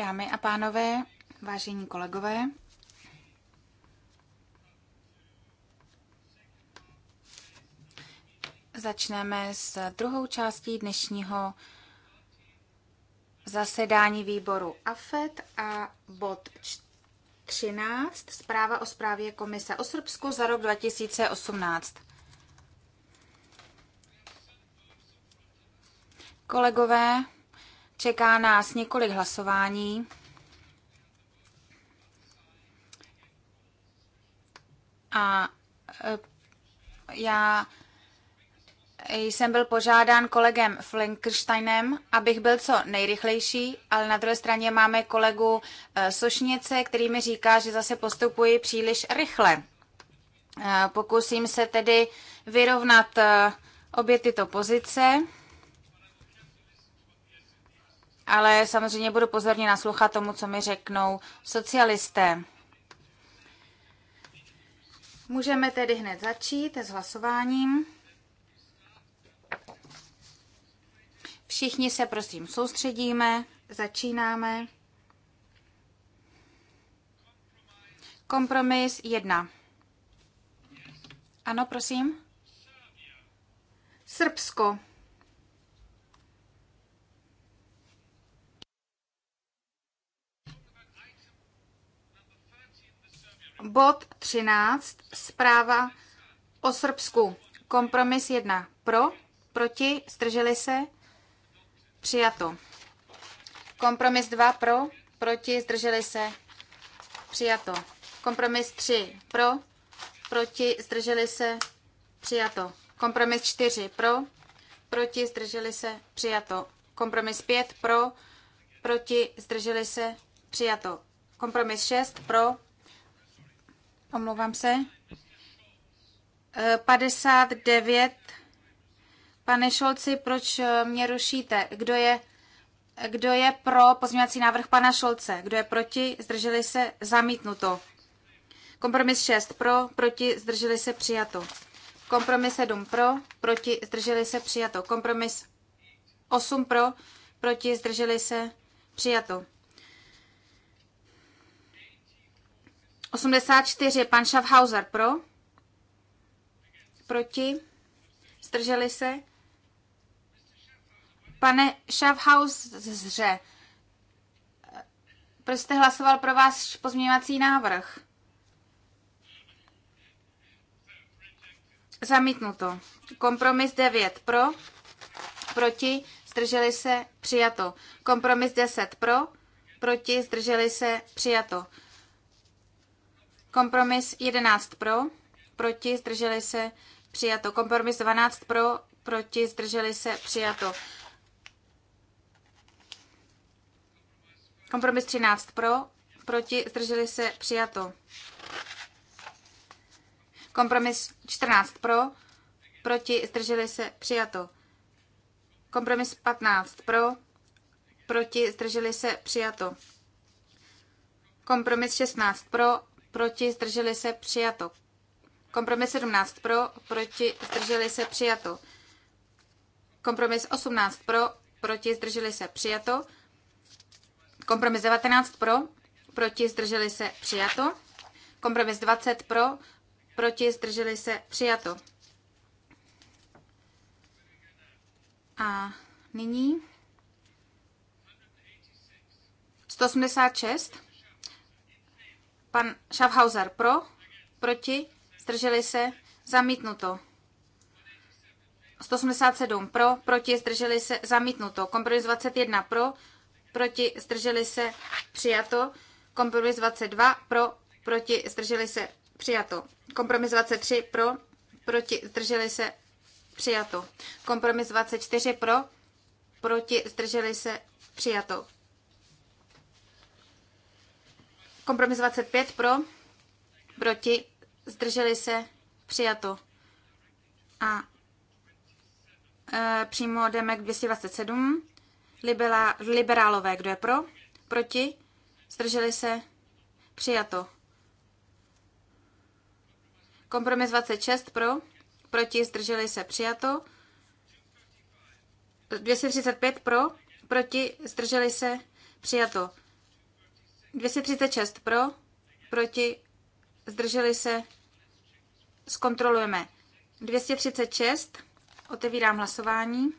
Dámy a pánové, vážení kolegové, začneme s druhou částí dnešního zasedání výboru AFET a bod 13, zpráva o zprávě Komise o Srbsku za rok 2018. Kolegové, Čeká nás několik hlasování. A e, já jsem byl požádán kolegem Flinkersteinem, abych byl co nejrychlejší, ale na druhé straně máme kolegu e, Sošnice, který mi říká, že zase postupuji příliš rychle. E, pokusím se tedy vyrovnat obě tyto pozice ale samozřejmě budu pozorně naslouchat tomu, co mi řeknou socialisté. Můžeme tedy hned začít s hlasováním. Všichni se prosím soustředíme, začínáme. Kompromis 1. Ano, prosím. Srbsko. Bod 13, zpráva o Srbsku. Kompromis 1 pro, proti, zdrželi se, přijato. Kompromis 2 pro, proti, zdrželi se, přijato. Kompromis 3 pro, proti, zdrželi se, přijato. Kompromis 4 pro, proti, zdrželi se, přijato. Kompromis 5 pro, proti, zdrželi se, přijato. Kompromis 6 pro, omlouvám se, 59. Eh, Pane Šolci, proč eh, mě rušíte? Kdo je, kdo je pro pozměňovací návrh pana Šolce? Kdo je proti? Zdrželi se? Zamítnuto. Kompromis 6 pro, proti, zdrželi se přijato. Kompromis 7 pro, proti, zdrželi se přijato. Kompromis 8 pro, proti, zdrželi se přijato. 84, pan Schaffhauser pro, proti, zdrželi se. Pane Schaffhauseře, proč jste hlasoval pro vás pozměňovací návrh? Zamítnuto. Kompromis 9 pro, proti, zdrželi se, přijato. Kompromis 10 pro, proti, zdrželi se, přijato. Kompromis 11 pro, proti, zdrželi se, přijato. Kompromis 12 pro, proti, zdrželi se, přijato. Kompromis 13 pro, proti, zdrželi se, přijato. Kompromis 14 pro, proti, zdrželi se, přijato. Kompromis 15 pro, proti, zdrželi se, přijato. Kompromis 16 pro, proti, zdrželi se, přijato. Kompromis 17 pro, proti, zdrželi se, přijato. Kompromis 18 pro, proti, zdrželi se, přijato. Kompromis 19 pro, proti, zdrželi se, přijato. Kompromis 20 pro, proti, zdrželi se, přijato. A nyní 186 Pan Schaffhauser pro, proti, zdrželi se, zamítnuto. 187 pro, proti, zdrželi se, zamítnuto. Kompromis 21 pro, proti, zdrželi se, přijato. Kompromis 22 pro, proti, zdrželi se, přijato. Kompromis 23 pro, proti, zdrželi se, přijato. Kompromis 24 pro, proti, zdrželi se, přijato. Kompromis 25 pro, proti, zdrželi se, přijato. A e, přímo jdeme k 227. Libera, liberálové, kdo je pro, proti, zdrželi se, přijato. Kompromis 26 pro, proti, zdrželi se, přijato. 235 pro, proti, zdrželi se, přijato. 236 pro, proti, zdrželi se, zkontrolujeme. 236, otevírám hlasování.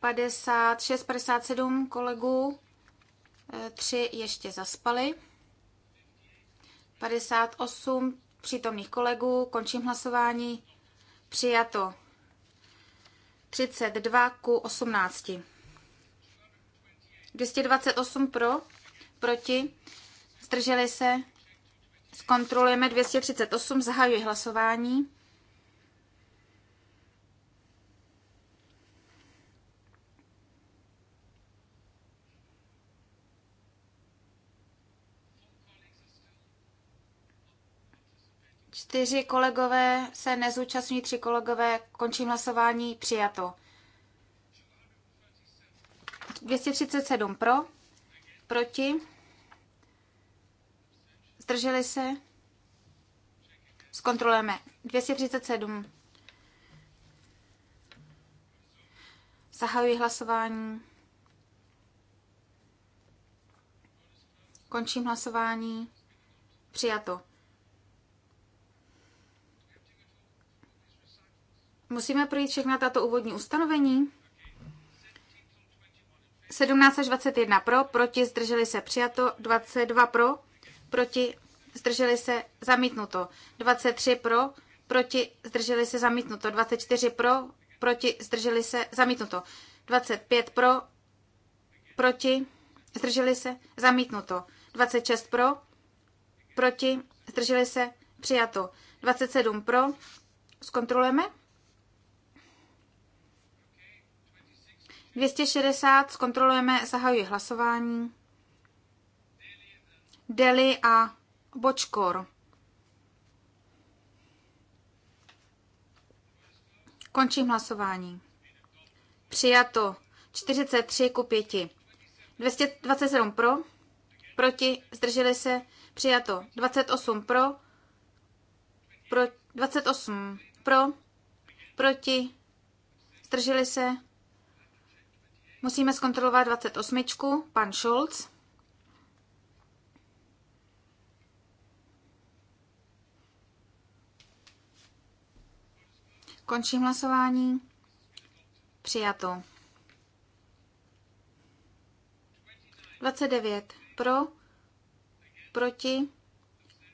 Padesát šest, padesát sedm kolegů, eh, tři ještě zaspali. padesát osm přítomných kolegů, končím hlasování. Přijato. 32 ku 18. 228 pro, proti, zdrželi se. Zkontrolujeme 238, zahajuji hlasování. Čtyři kolegové se nezúčastní, tři kolegové, končím hlasování, přijato. 237 pro, proti, zdrželi se, zkontrolujeme. 237. Zahajuji hlasování. Končím hlasování. Přijato. Musíme projít všechna tato úvodní ustanovení. 17 až 21 pro, proti, zdrželi se přijato, 22 pro, proti, zdrželi se zamítnuto, 23 pro, proti, zdrželi se zamítnuto, 24 pro, proti, zdrželi se zamítnuto, 25 pro, proti, zdrželi se zamítnuto, 26 pro, proti, zdrželi se přijato, 27 pro, zkontrolujeme. 260 zkontrolujeme, zahajuji hlasování. Deli a Bočkor. Končím hlasování. Přijato 43 ku 5. 227 pro, proti, zdrželi se, přijato 28 pro, pro 28 pro, proti, zdrželi se, Musíme zkontrolovat 28. Pan Schulz. Končím hlasování. Přijato. 29. Pro, proti,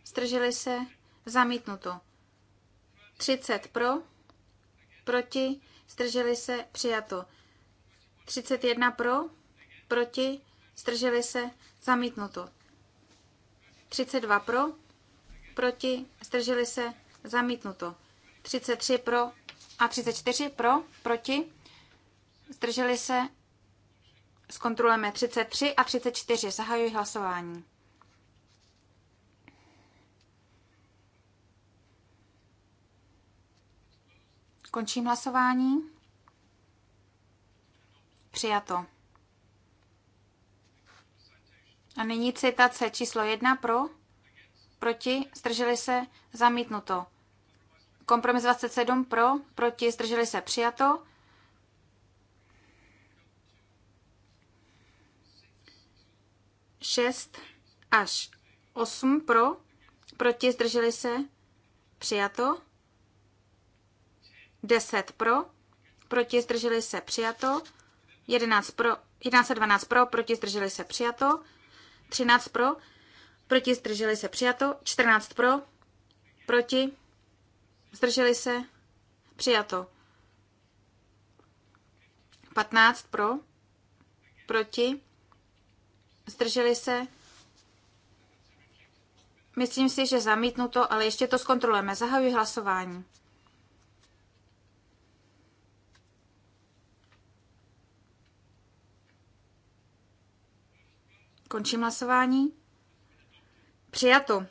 zdrželi se, zamítnuto. 30. Pro, proti, zdrželi se, přijato. 31 pro, proti, zdrželi se, zamítnuto. 32 pro, proti, zdrželi se, zamítnuto. 33 pro a 34 pro, proti, zdrželi se, zkontrolujeme 33 a 34, zahajuji hlasování. Končím hlasování. Přijato. A nyní citace číslo jedna pro, proti, zdrželi se, zamítnuto. Kompromis 27 pro, proti, zdrželi se, přijato. Šest až osm pro, proti, zdrželi se, přijato. Deset pro, proti, zdrželi se, přijato. 11, pro, 11 a 12 pro, proti zdrželi se přijato. 13 pro, proti zdrželi se přijato. 14 pro, proti zdrželi se přijato. 15 pro, proti zdrželi se Myslím si, že zamítnu to, ale ještě to zkontrolujeme. Zahajuji hlasování. Končím hlasování. Přijato.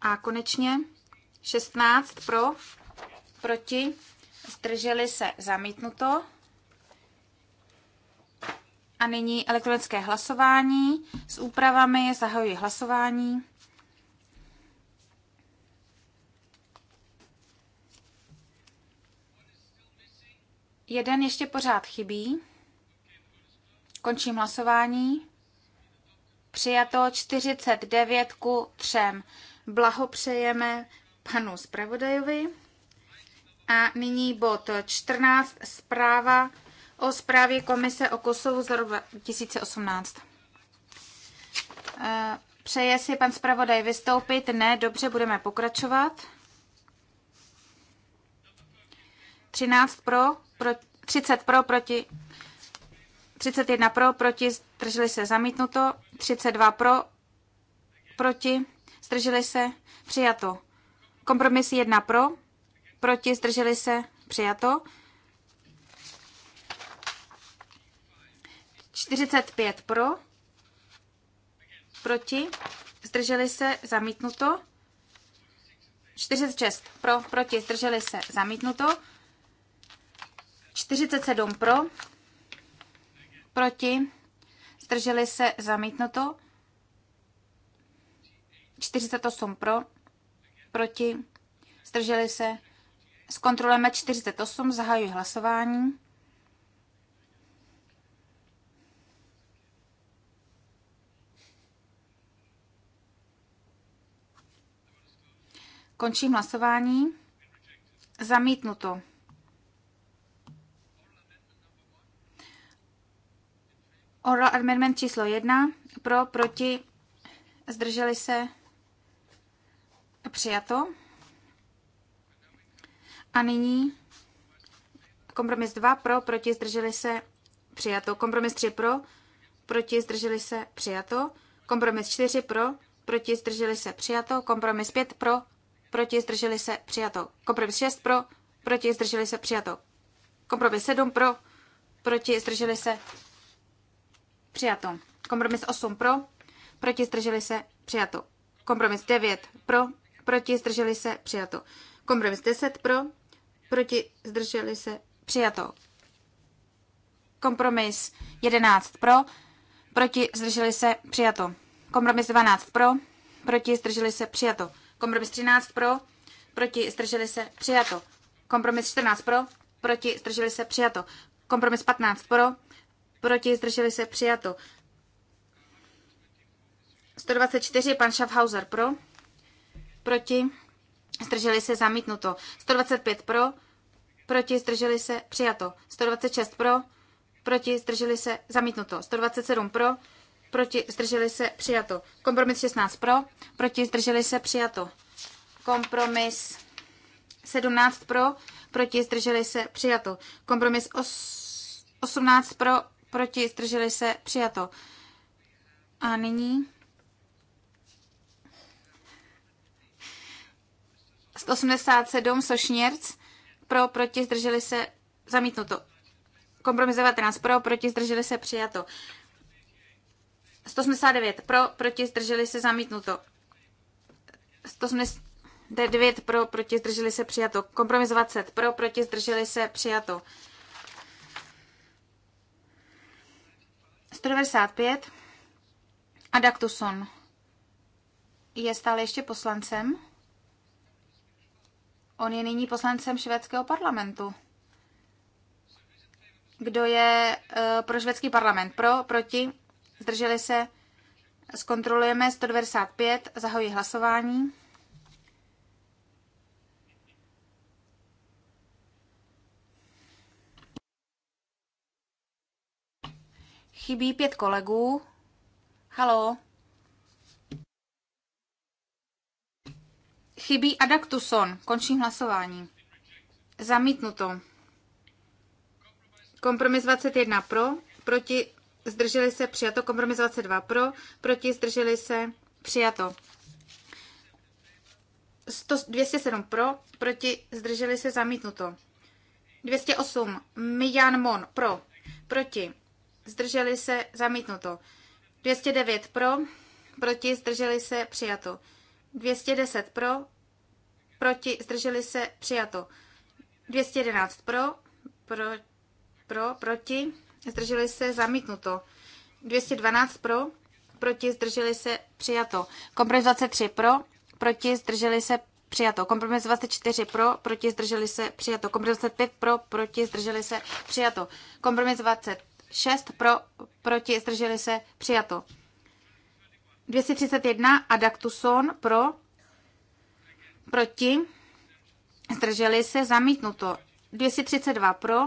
A konečně 16 pro, proti, zdrželi se zamítnuto. A nyní elektronické hlasování s úpravami. Zahajuji hlasování. Jeden ještě pořád chybí. Končím hlasování. Přijato 49 ku 3. Blahopřejeme panu zpravodajovi. A nyní bod 14, zpráva o zprávě Komise o Kosovu z roku 2018. Přeje si pan zpravodaj vystoupit? Ne, dobře, budeme pokračovat. 13 pro, pro 30 pro, proti 31 pro, proti, zdrželi se zamítnuto. 32 pro, proti, zdrželi se přijato. Kompromis 1 pro, proti, zdrželi se přijato. 45 pro, proti, zdrželi se zamítnuto. 46 pro, proti, zdrželi se zamítnuto. 47 pro, proti, zdrželi se, zamítnuto. 48 pro, proti, zdrželi se. Zkontrolujeme 48, zahajuji hlasování. Končím hlasování. Zamítnuto. Oral amendment číslo 1. Pro, proti, zdrželi se, přijato. A nyní kompromis 2 pro, proti, zdrželi se, přijato. Kompromis 3 pro, proti, zdrželi se, přijato. Kompromis 4 pro, proti, zdrželi se, přijato. Kompromis 5 pro, proti, zdrželi se, přijato. Kompromis 6 pro, proti, zdrželi se, přijato. Kompromis 7 pro, proti, zdrželi se, přijato. Kompromis 8 pro, proti zdrželi se, přijato. Kompromis 9 pro, proti zdrželi se, přijato. Kompromis 10 pro, proti zdrželi se, přijato. Kompromis 11 pro, proti zdrželi se, přijato. Kompromis 12 pro, proti zdrželi se, přijato. Kompromis 13 pro, proti zdrželi se, přijato. Kompromis 14 pro, proti zdrželi se, přijato. Kompromis 15 pro, proti, zdrželi se, přijato. 124, pan Schaffhauser pro, proti, zdrželi se, zamítnuto. 125 pro, proti, zdrželi se, přijato. 126 pro, proti, zdrželi se, zamítnuto. 127 pro, proti, zdrželi se, přijato. Kompromis 16 pro, proti, zdrželi se, přijato. Kompromis 17 pro, proti, zdrželi se, přijato. Kompromis 18 pro, proti, zdrželi se, přijato. A nyní 87 Sošněrc, pro, proti, zdrželi se, zamítnuto. Kompromis 19, pro, proti, zdrželi se, přijato. 189, pro, proti, zdrželi se, zamítnuto. 189, pro, proti, zdrželi se, přijato. Kompromis 20, pro, proti, zdrželi se, přijato. 195. Adaktuson je stále ještě poslancem. On je nyní poslancem švédského parlamentu. Kdo je uh, pro švédský parlament? Pro, proti? Zdrželi se? Zkontrolujeme 195. zahojí hlasování. Chybí pět kolegů. Halo? Chybí Adaktuson. Končím hlasování. Zamítnuto. Kompromis 21 pro, proti zdrželi se přijato. Kompromis 22 pro, proti zdrželi se přijato. 100, 207 pro, proti zdrželi se zamítnuto. 208 Mijan Mon pro, proti zdrželi se, zamítnuto. 209 pro, proti, zdrželi se, přijato. 210 pro, proti, zdrželi se, přijato. 211 pro, pro, pro proti, zdrželi se, zamítnuto. 212 pro, proti, zdrželi se, přijato. Kompromis 23 pro, proti, zdrželi se, přijato. Kompromis 24 pro, proti, zdrželi se, přijato. Kompromis 25 pro, proti, zdrželi se, přijato. Kompromis 20 6 pro, proti, zdrželi se, přijato. 231 Adaktuson pro, proti, zdrželi se, zamítnuto. 232 pro,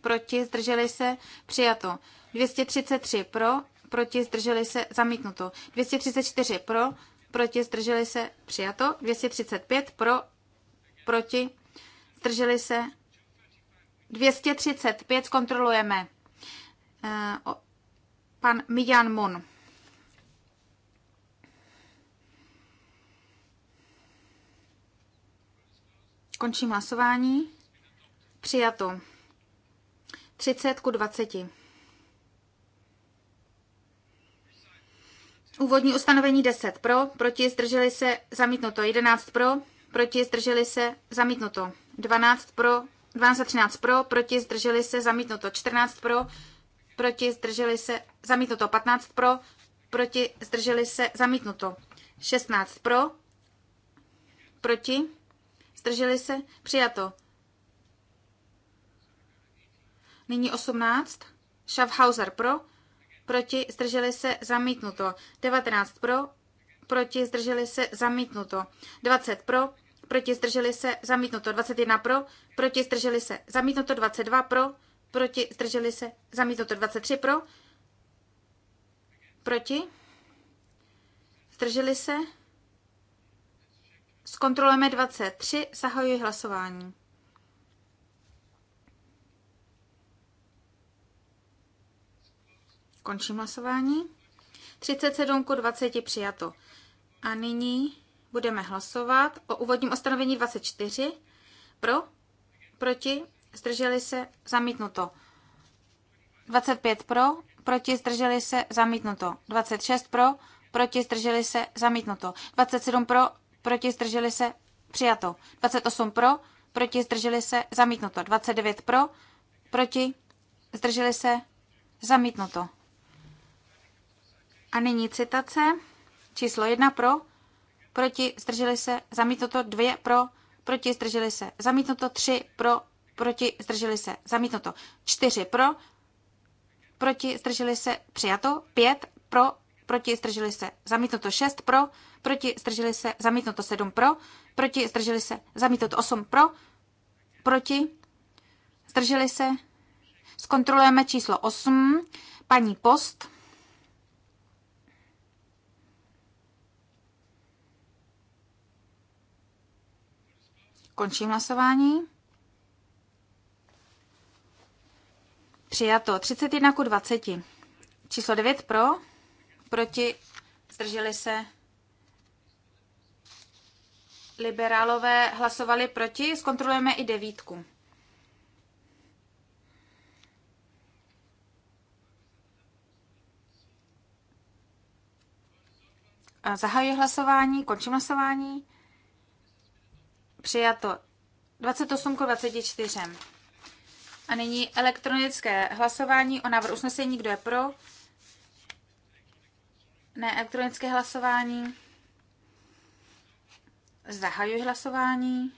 proti, zdrželi se, přijato. 233 pro, proti, zdrželi se, zamítnuto. 234 pro, proti, zdrželi se, přijato. 235 pro, proti, zdrželi se, 235 zkontrolujeme. Eh, pan Mijan Mon. Končím hlasování. Přijato. 30 ku 20. Úvodní ustanovení 10 pro, proti zdrželi se zamítnuto. 11 pro, proti zdrželi se zamítnuto. 12 pro, 12 a 13 pro, proti zdrželi se zamítnuto. 14 pro, proti, zdrželi se, zamítnuto. 15 pro, proti, zdrželi se, zamítnuto. 16 pro, proti, zdrželi se, přijato. Nyní 18. Schaffhauser pro, proti, zdrželi se, zamítnuto. 19 pro, proti, zdrželi se, zamítnuto. 20 pro, proti, zdrželi se, zamítnuto. 21 pro, proti, zdrželi se, zamítnuto. 22 pro, proti, zdrželi se, to 23 pro, proti, zdrželi se, zkontrolujeme 23, zahajuji hlasování. Končím hlasování. 37 k 20 přijato. A nyní budeme hlasovat o úvodním ustanovení 24. Pro, proti, zdrželi se, zamítnuto. 25 pro, proti, zdrželi se, zamítnuto. 26 pro, proti, zdrželi se, zamítnuto. 27 pro, proti, zdrželi se, přijato. 28 pro, proti, zdrželi se, zamítnuto. 29 pro, proti, zdrželi se, zamítnuto. A nyní citace. Číslo 1 pro, proti, zdrželi se, zamítnuto. 2 pro, proti, zdrželi se, zamítnuto. 3 pro, proti, zdrželi se, zamítnuto. čtyři pro, proti, zdrželi se, přijato. Pět pro, proti, zdrželi se, zamítnuto. Šest pro, proti, zdrželi se, zamítnuto. Sedm pro, proti, zdrželi se, zamítnuto. Osm pro, proti, zdrželi se. Zkontrolujeme číslo osm. paní Post. Končím hlasování. Přijato 31 ku 20. Číslo 9 pro, proti, zdrželi se. Liberálové hlasovali proti, zkontrolujeme i devítku. Zahajuji hlasování, končím hlasování. Přijato 28 k 24. A nyní elektronické hlasování o návrhu usnesení. Kdo je pro? Ne, elektronické hlasování. Zahajuji hlasování.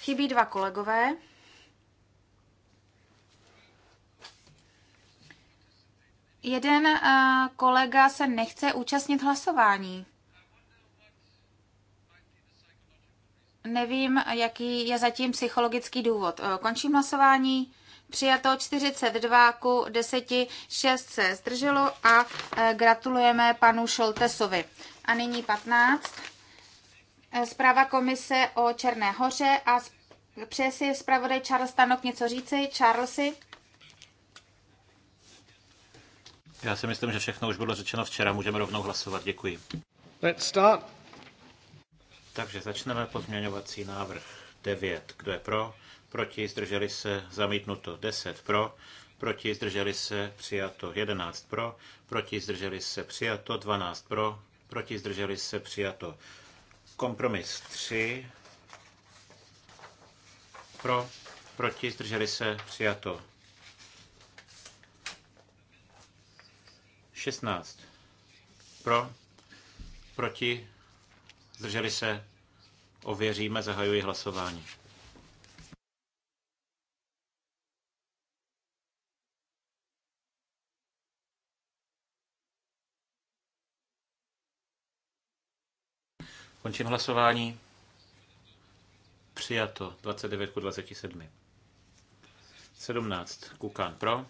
Chybí dva kolegové. Jeden eh, kolega se nechce účastnit hlasování. Nevím, jaký je zatím psychologický důvod. Eh, končím hlasování. Přijato 42 ku 10, 6 se zdrželo a eh, gratulujeme panu Šoltesovi. A nyní 15. Eh, zpráva komise o Černé hoře a přeje si zpravodaj Charles Tanok něco říci. Charlesy? Já si myslím, že všechno už bylo řečeno včera. Můžeme rovnou hlasovat. Děkuji. Let's start. Takže začneme pozměňovací návrh 9. Kdo je pro? Proti zdrželi se zamítnuto 10 pro, proti zdrželi se přijato 11 pro, proti zdrželi se přijato 12 pro, proti zdrželi se přijato kompromis 3 pro, proti zdrželi se přijato 16 pro, proti Zdrželi se? Ověříme, zahajuji hlasování. Končím hlasování. Přijato 29 ku 27. 17. Kukan pro.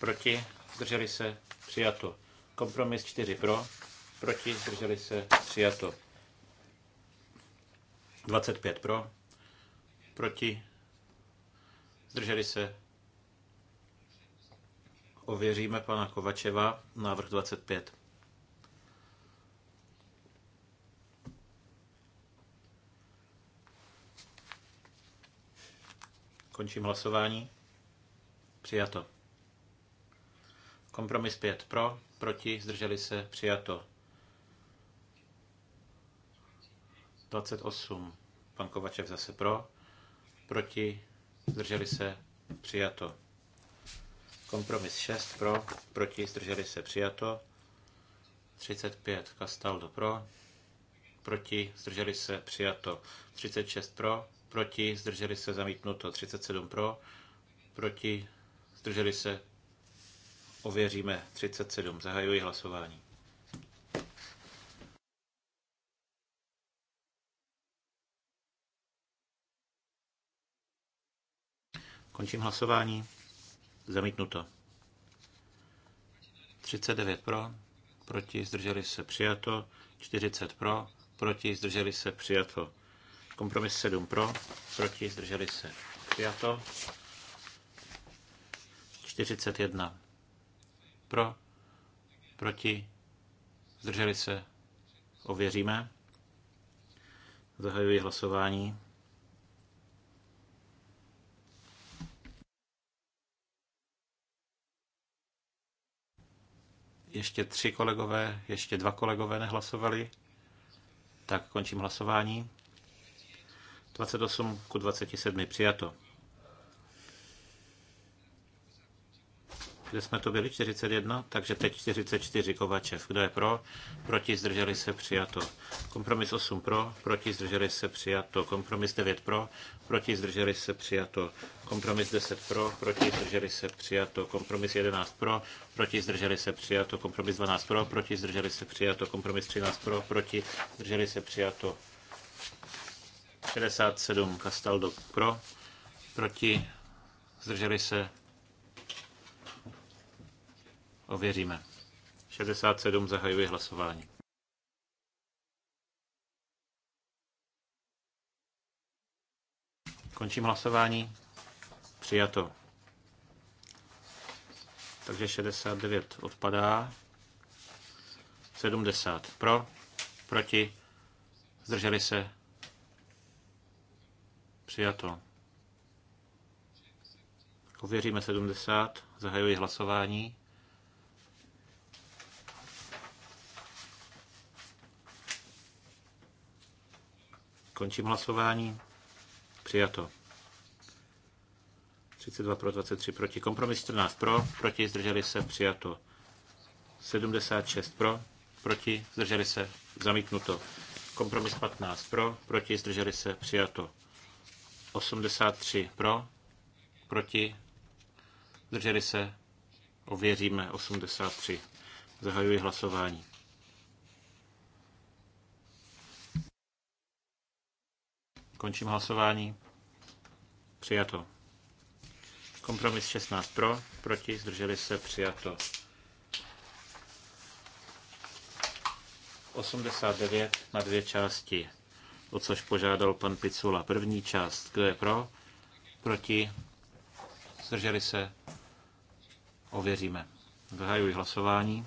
Proti. Zdrželi se. Přijato. Kompromis 4 pro. Proti. Zdrželi se. Přijato. 25 pro, proti, zdrželi se. Ověříme pana Kovačeva, návrh 25. Končím hlasování. Přijato. Kompromis 5 pro, proti, zdrželi se, přijato. 28 Pan Kovačev zase pro. Proti. Zdrželi se. Přijato. Kompromis 6 pro. Proti. Zdrželi se. Přijato. 35. Castaldo pro. Proti. Zdrželi se. Přijato. 36 pro. Proti. Zdrželi se. Zamítnuto. 37 pro. Proti. Zdrželi se. Ověříme 37. Zahajuji hlasování. Končím hlasování. Zamítnuto. 39 pro, proti, zdrželi se přijato. 40 pro, proti, zdrželi se přijato. Kompromis 7 pro, proti, zdrželi se přijato. 41 pro, proti, zdrželi se, ověříme. Zahajuji hlasování. Ještě tři kolegové, ještě dva kolegové nehlasovali. Tak končím hlasování. 28 ku 27 přijato. kde jsme to byli? 41, takže teď 44 Kovačev. Kdo je pro? Proti zdrželi se přijato. Kompromis 8 pro, proti zdrželi se přijato. Kompromis 9 pro, proti zdrželi se přijato. Kompromis 10 pro, proti zdrželi se přijato. Kompromis 11 pro, proti zdrželi se přijato. Kompromis 12 pro, proti zdrželi se přijato. Kompromis 13 pro, proti zdrželi se přijato. 67 Kastaldo pro, proti zdrželi se Ověříme. 67 zahajuje hlasování. Končím hlasování. Přijato. Takže 69 odpadá. 70 pro, proti, zdrželi se. Přijato. Ověříme 70, zahajuji hlasování. Končím hlasování. Přijato. 32 pro, 23 proti. Kompromis 14 pro, proti, zdrželi se, přijato. 76 pro, proti, zdrželi se, zamítnuto. Kompromis 15 pro, proti, zdrželi se, přijato. 83 pro, proti, zdrželi se, ověříme 83. Zahajuji hlasování. Končím hlasování. Přijato. Kompromis 16 pro, proti, zdrželi se, přijato. 89 na dvě části, o což požádal pan Picula. První část, kdo je pro, proti, zdrželi se, ověříme. Zahajuji hlasování.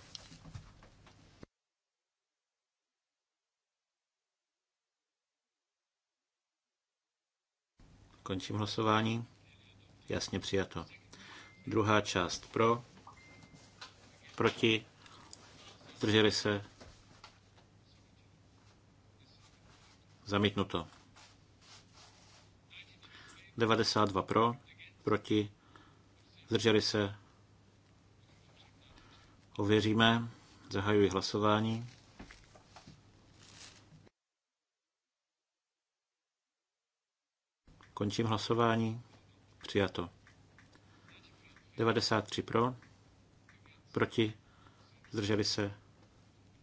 Končím hlasování. Jasně přijato. Druhá část pro, proti, drželi se, zamítnuto. 92 pro, proti, zdrželi se, ověříme, zahajuji hlasování. Končím hlasování. Přijato. 93 pro, proti, zdrželi se,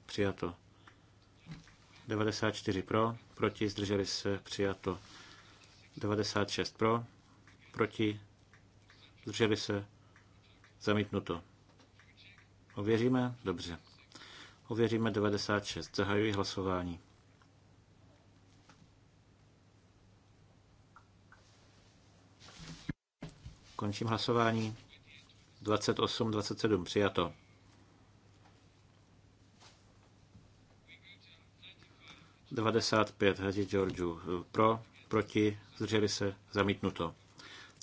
přijato. 94 pro, proti, zdrželi se, přijato. 96 pro, proti, zdrželi se, zamítnuto. Ověříme? Dobře. Ověříme 96. Zahajuji hlasování. Končím hlasování. 28, 27 přijato. Devadesát pět Hadži Georgiou pro, proti, zdrželi se, zamítnuto.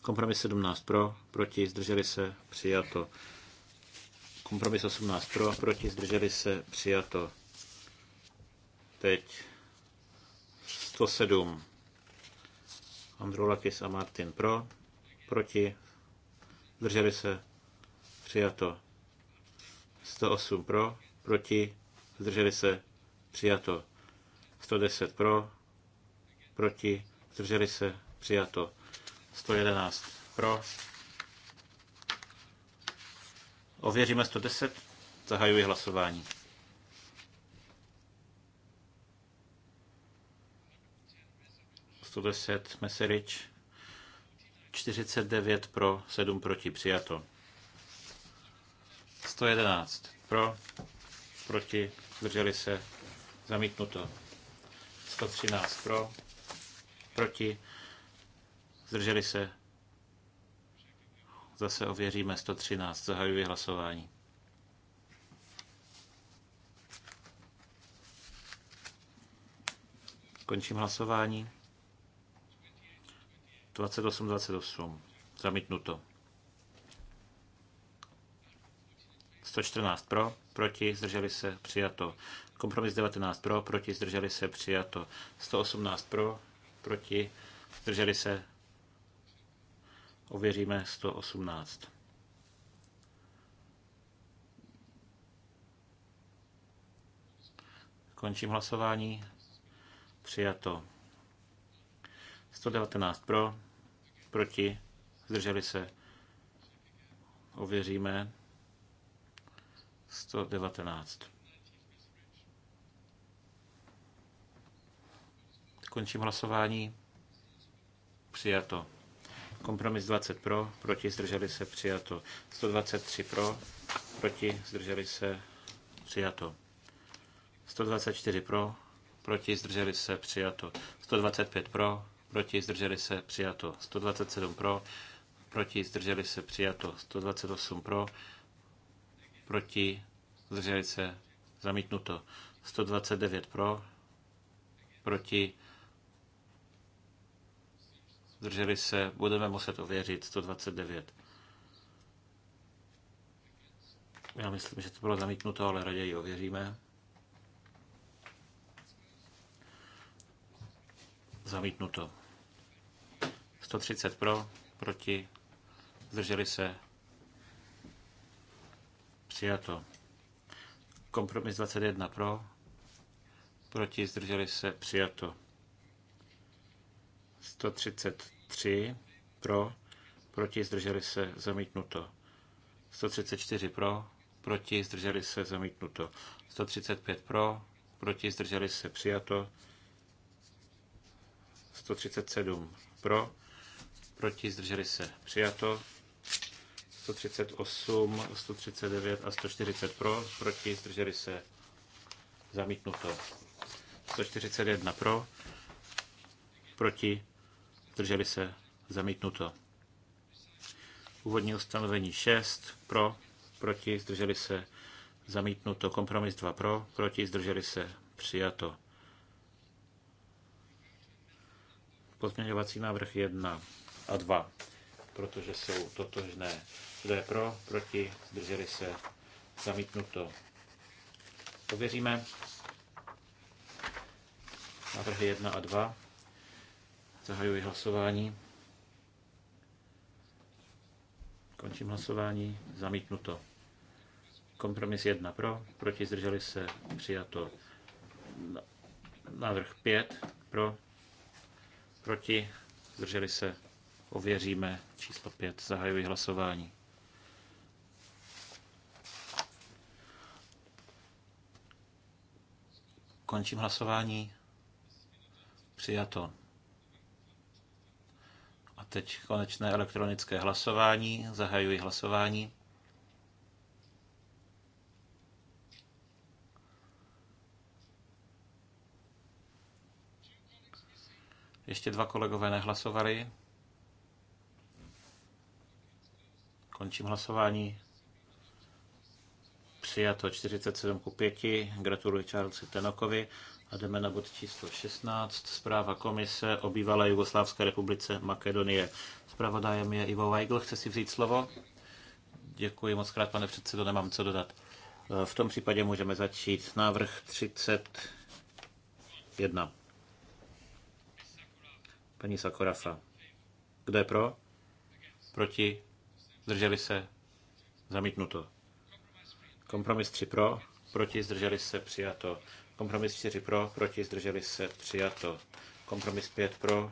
Kompromis 17 pro, proti, zdrželi se, přijato. Kompromis 18 pro, proti, zdrželi se, přijato. Teď 107. Androlakis a Martin pro, proti, zdrželi se, přijato. 108 pro, proti, zdrželi se, přijato. 110 pro, proti, zdrželi se, přijato. 111 pro. Ověříme 110, zahajuji hlasování. Meserich. 49 pro, 7 proti, přijato. 111 pro, proti, zdrželi se, zamítnuto. 113 pro, proti, zdrželi se. Zase ověříme 113, zahajuji hlasování. Končím hlasování. 28, 28. Zamítnuto. 114 pro, proti, zdrželi se, přijato. Kompromis 19 pro, proti, zdrželi se, přijato. 118 pro, proti, zdrželi se. Ověříme 118. Končím hlasování. Přijato. 119 pro, proti, zdrželi se, ověříme. 119. Končím hlasování. Přijato. Kompromis 20 pro, proti zdrželi se přijato. 123 pro, proti zdrželi se přijato. 124 pro, proti zdrželi se přijato. 125 pro, proti, zdrželi se, přijato 127 pro, proti, zdrželi se, přijato 128 pro, proti, zdrželi se, zamítnuto 129 pro, proti, zdrželi se, budeme muset ověřit 129. Já myslím, že to bylo zamítnuto, ale raději ověříme. Zamítnuto. 130 pro, proti, zdrželi se, přijato. Kompromis 21 pro, proti, zdrželi se, přijato. 133 pro, proti, zdrželi se, zamítnuto. 134 pro, proti, zdrželi se, zamítnuto. 135 pro, proti, zdrželi se, přijato. 137 pro, proti, zdrželi se, přijato. 138, 139 a 140 pro, proti, zdrželi se, zamítnuto. 141 pro, proti, zdrželi se, zamítnuto. Úvodní ustanovení 6 pro, proti, zdrželi se, zamítnuto. Kompromis 2 pro, proti, zdrželi se, přijato. Pozměňovací návrh 1 a 2, protože jsou totožné. Kdo je pro, proti, zdrželi se, zamítnuto. Pověříme návrhy 1 a 2. Zahajuji hlasování. Končím hlasování. Zamítnuto. Kompromis 1 pro, proti zdrželi se, přijato. Návrh 5 pro, proti zdrželi se, Ověříme číslo 5. Zahajuji hlasování. Končím hlasování. Přijato. A teď konečné elektronické hlasování. Zahajuji hlasování. Ještě dva kolegové nehlasovali. Končím hlasování. Přijato 47 ku 5. Gratuluji Charlesi Tenokovi. A jdeme na bod číslo 16. Zpráva komise o bývalé Jugoslávské republice Makedonie. Zpravodajem je Ivo Weigl. Chce si vzít slovo? Děkuji moc krát, pane předsedo, nemám co dodat. V tom případě můžeme začít. Návrh 31. Paní Sakorafa. Kdo je pro? Proti? zdrželi se, zamítnuto. Kompromis 3 pro, proti, zdrželi se, přijato. Kompromis 4 pro, proti, zdrželi se, přijato. Kompromis 5 pro,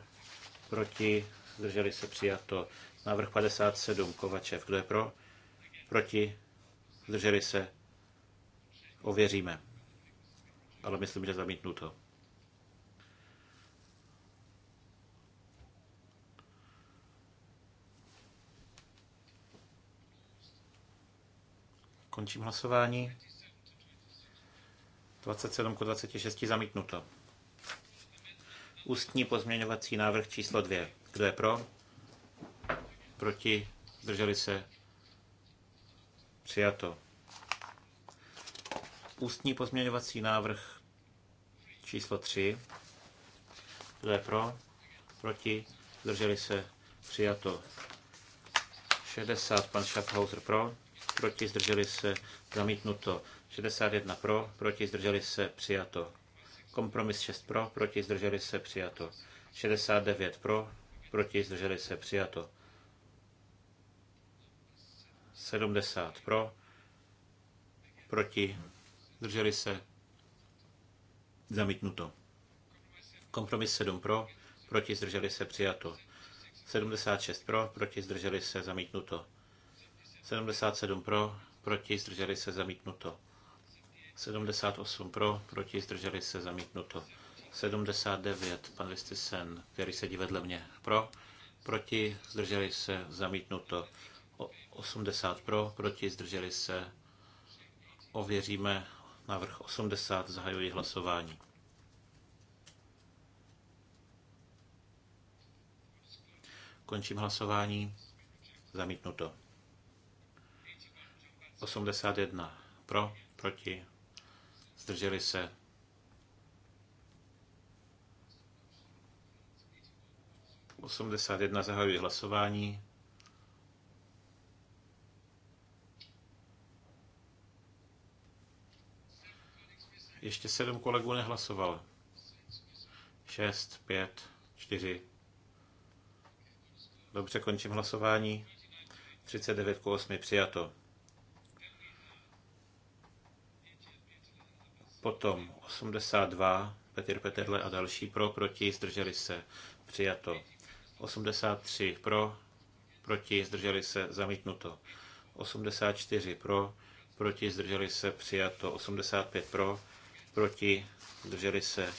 proti, zdrželi se, přijato. Návrh 57, Kovačev, kdo je pro? Proti, zdrželi se, ověříme. Ale myslím, že zamítnuto. Končím hlasování. 27 k 26 zamítnuto. Ústní pozměňovací návrh číslo 2. Kdo je pro? Proti? Drželi se? Přijato. Ústní pozměňovací návrh číslo 3. Kdo je pro? Proti? Drželi se? Přijato. 60. Pan Schaffhauser pro proti zdrželi se zamítnuto. 61 pro, proti zdrželi se přijato. Kompromis 6 pro, proti zdrželi se přijato. 69 pro, proti zdrželi se přijato. 70 pro, proti zdrželi se zamítnuto. Kompromis 7 pro, proti zdrželi se přijato. 76 pro, proti zdrželi se zamítnuto. 77 pro, proti, zdrželi se zamítnuto. 78 pro, proti, zdrželi se zamítnuto. 79, pan Vistisen, který sedí vedle mě, pro, proti, zdrželi se zamítnuto. 80 pro, proti, zdrželi se. Ověříme návrh 80, zahajuji hlasování. Končím hlasování. Zamítnuto. 81 pro, proti, zdrželi se. Osmdesát jedna zahajuje hlasování. Ještě sedm kolegů nehlasovalo. Šest, pět, čtyři. Dobře, končím hlasování. devět k osmi přijato. Potom 82, Petr Petrle a další pro, proti, zdrželi se, přijato. 83 pro, proti, zdrželi se, zamítnuto. 84 pro, proti, zdrželi se, přijato. 85 pro, proti, zdrželi se,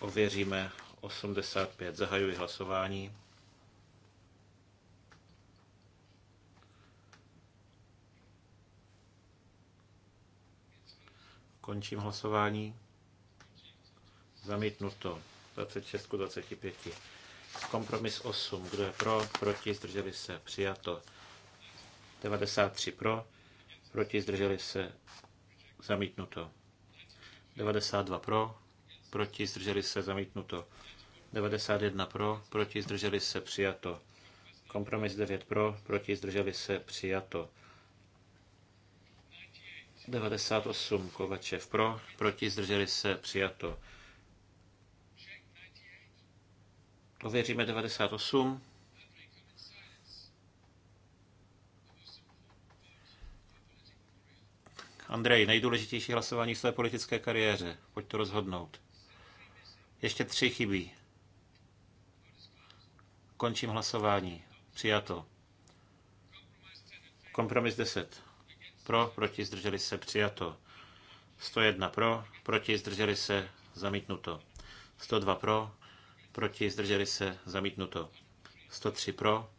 ověříme. 85, zahajuji hlasování. Končím hlasování. Zamítnuto. 26 k 25. Kompromis 8. Kdo je pro? Proti? Zdrželi se? Přijato. 93 pro. Proti? Zdrželi se? Zamítnuto. 92 pro. Proti? Zdrželi se? Zamítnuto. 91 pro. Proti? Zdrželi se? Přijato. Kompromis 9 pro. Proti? Zdrželi se? Přijato. 98 Kovačev pro, proti zdrželi se přijato. Ověříme 98. Andrej, nejdůležitější hlasování v své politické kariéře. Pojď to rozhodnout. Ještě tři chybí. Končím hlasování. Přijato. Kompromis 10 pro, proti, zdrželi se, přijato. 101 pro, proti, zdrželi se, zamítnuto. 102 pro, proti, zdrželi se, zamítnuto. 103 pro,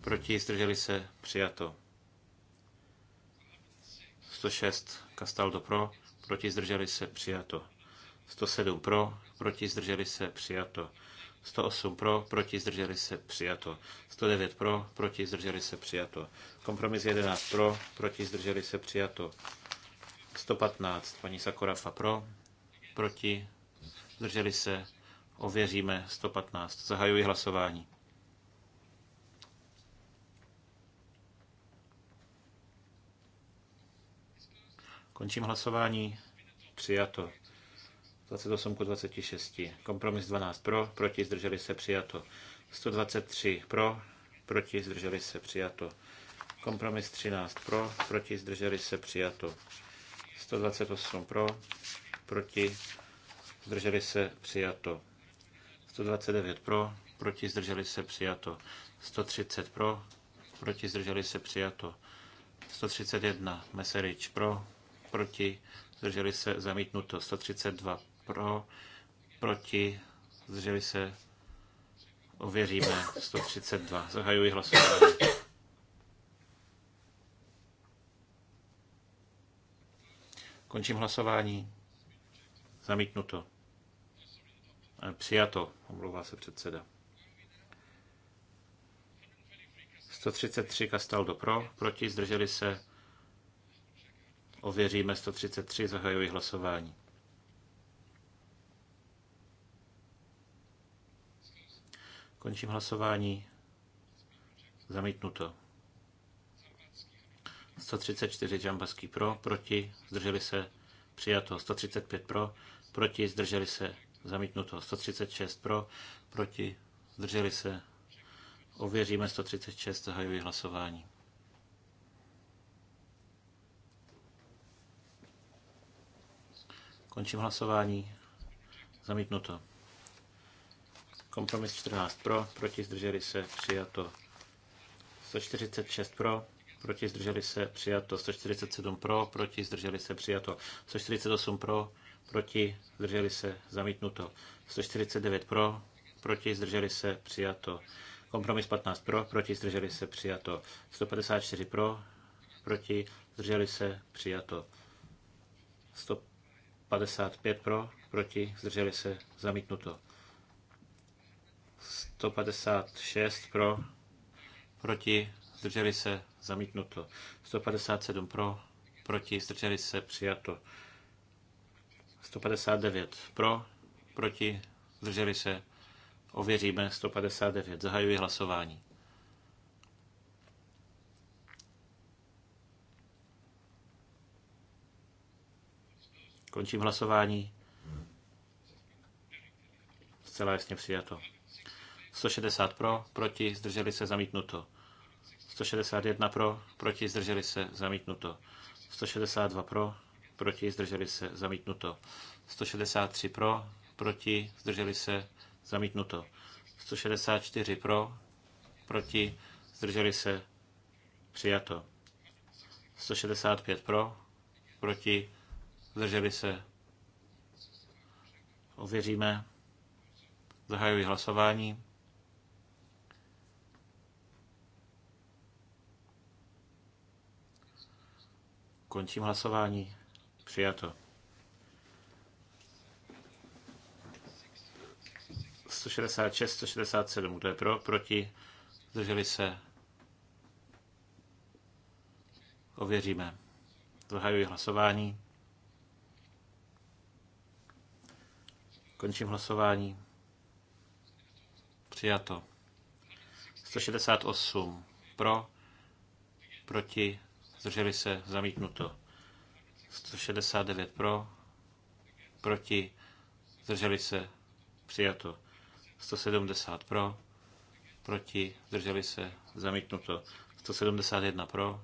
proti, zdrželi se, přijato. 106 Castaldo pro, proti, zdrželi se, přijato. 107 pro, proti, zdrželi se, přijato. 108 pro, proti, zdrželi se, přijato. 109 pro, proti, zdrželi se, přijato. Kompromis 11 pro, proti, zdrželi se, přijato. 115, paní Sakorafa pro, proti, zdrželi se, ověříme 115. Zahajuji hlasování. Končím hlasování. Přijato. 28 ku 26. Kompromis 12 pro, proti zdrželi se přijato. 123 pro, proti zdrželi se přijato. Kompromis 13 pro, proti zdrželi se přijato. 128 pro, proti zdrželi se přijato. 129 pro, proti zdrželi se přijato. 130 pro, proti zdrželi se přijato. 131 Meserič pro, proti zdrželi se zamítnuto. 132 pro, proti, zdrželi se, ověříme 132. Zahajuji hlasování. Končím hlasování. Zamítnuto. E, přijato, omlouvá se předseda. 133 kastal do pro, proti, zdrželi se. Ověříme 133, zahajuji hlasování. Končím hlasování. Zamítnuto. 134 Džambaský pro, proti, zdrželi se, přijato. 135 pro, proti, zdrželi se, zamítnuto. 136 pro, proti, zdrželi se. Ověříme 136, zahajuji hlasování. Končím hlasování. Zamítnuto. Kompromis 14 pro, proti zdrželi se, přijato. 146 pro, proti zdrželi se, přijato. 147 pro, proti zdrželi se, přijato. 148 pro, proti zdrželi se, zamítnuto. 149 pro, proti zdrželi se, přijato. Kompromis 15 pro, proti zdrželi se, přijato. 154 pro, proti zdrželi se, přijato. 155 pro, proti zdrželi se, zamítnuto. 156 pro, proti, zdrželi se, zamítnuto. 157 pro, proti, zdrželi se, přijato. 159 pro, proti, zdrželi se, ověříme 159. Zahajuji hlasování. Končím hlasování. Zcela jasně přijato. 160 pro, proti, zdrželi se, zamítnuto. 161 pro, proti, zdrželi se, zamítnuto. 162 pro, proti, zdrželi se, zamítnuto. 163 pro, proti, zdrželi se, zamítnuto. 164 pro, proti, zdrželi se, přijato. 165 pro, proti, zdrželi se, ověříme, zahajuji hlasování. Končím hlasování. Přijato. 166, 167, kdo je pro, proti, zdrželi se. Ověříme. Zahajuji hlasování. Končím hlasování. Přijato. 168 pro, proti, zdrželi se, zamítnuto. 169 pro, proti, zdrželi se, přijato. 170 pro, proti, zdrželi se, zamítnuto. 171 pro,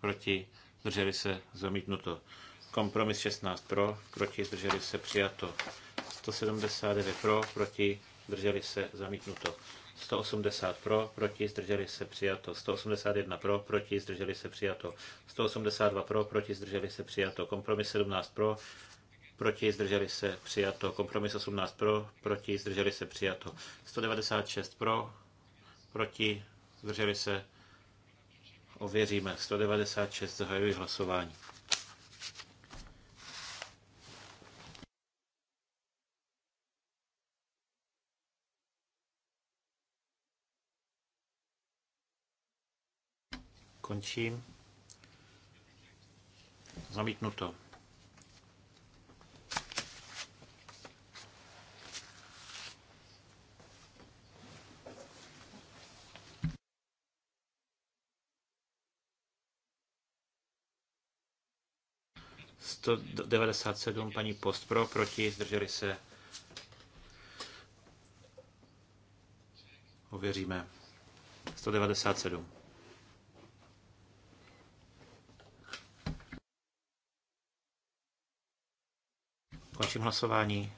proti, zdrželi se, zamítnuto. Kompromis 16 pro, proti, zdrželi se, přijato. 179 pro, proti, zdrželi se, zamítnuto. 180 pro, proti, zdrželi se přijato. 181 pro, proti, zdrželi se přijato. 182 pro, proti, zdrželi se přijato. Kompromis 17 pro, proti, zdrželi se přijato. Kompromis 18 pro, proti, zdrželi se přijato. 196 pro, proti, zdrželi se. Ověříme. 196 zahajuji hlasování. končím. Zamítnuto. To devadesát paní Postpro proti, zdrželi se. Ověříme. 197. Končím hlasování.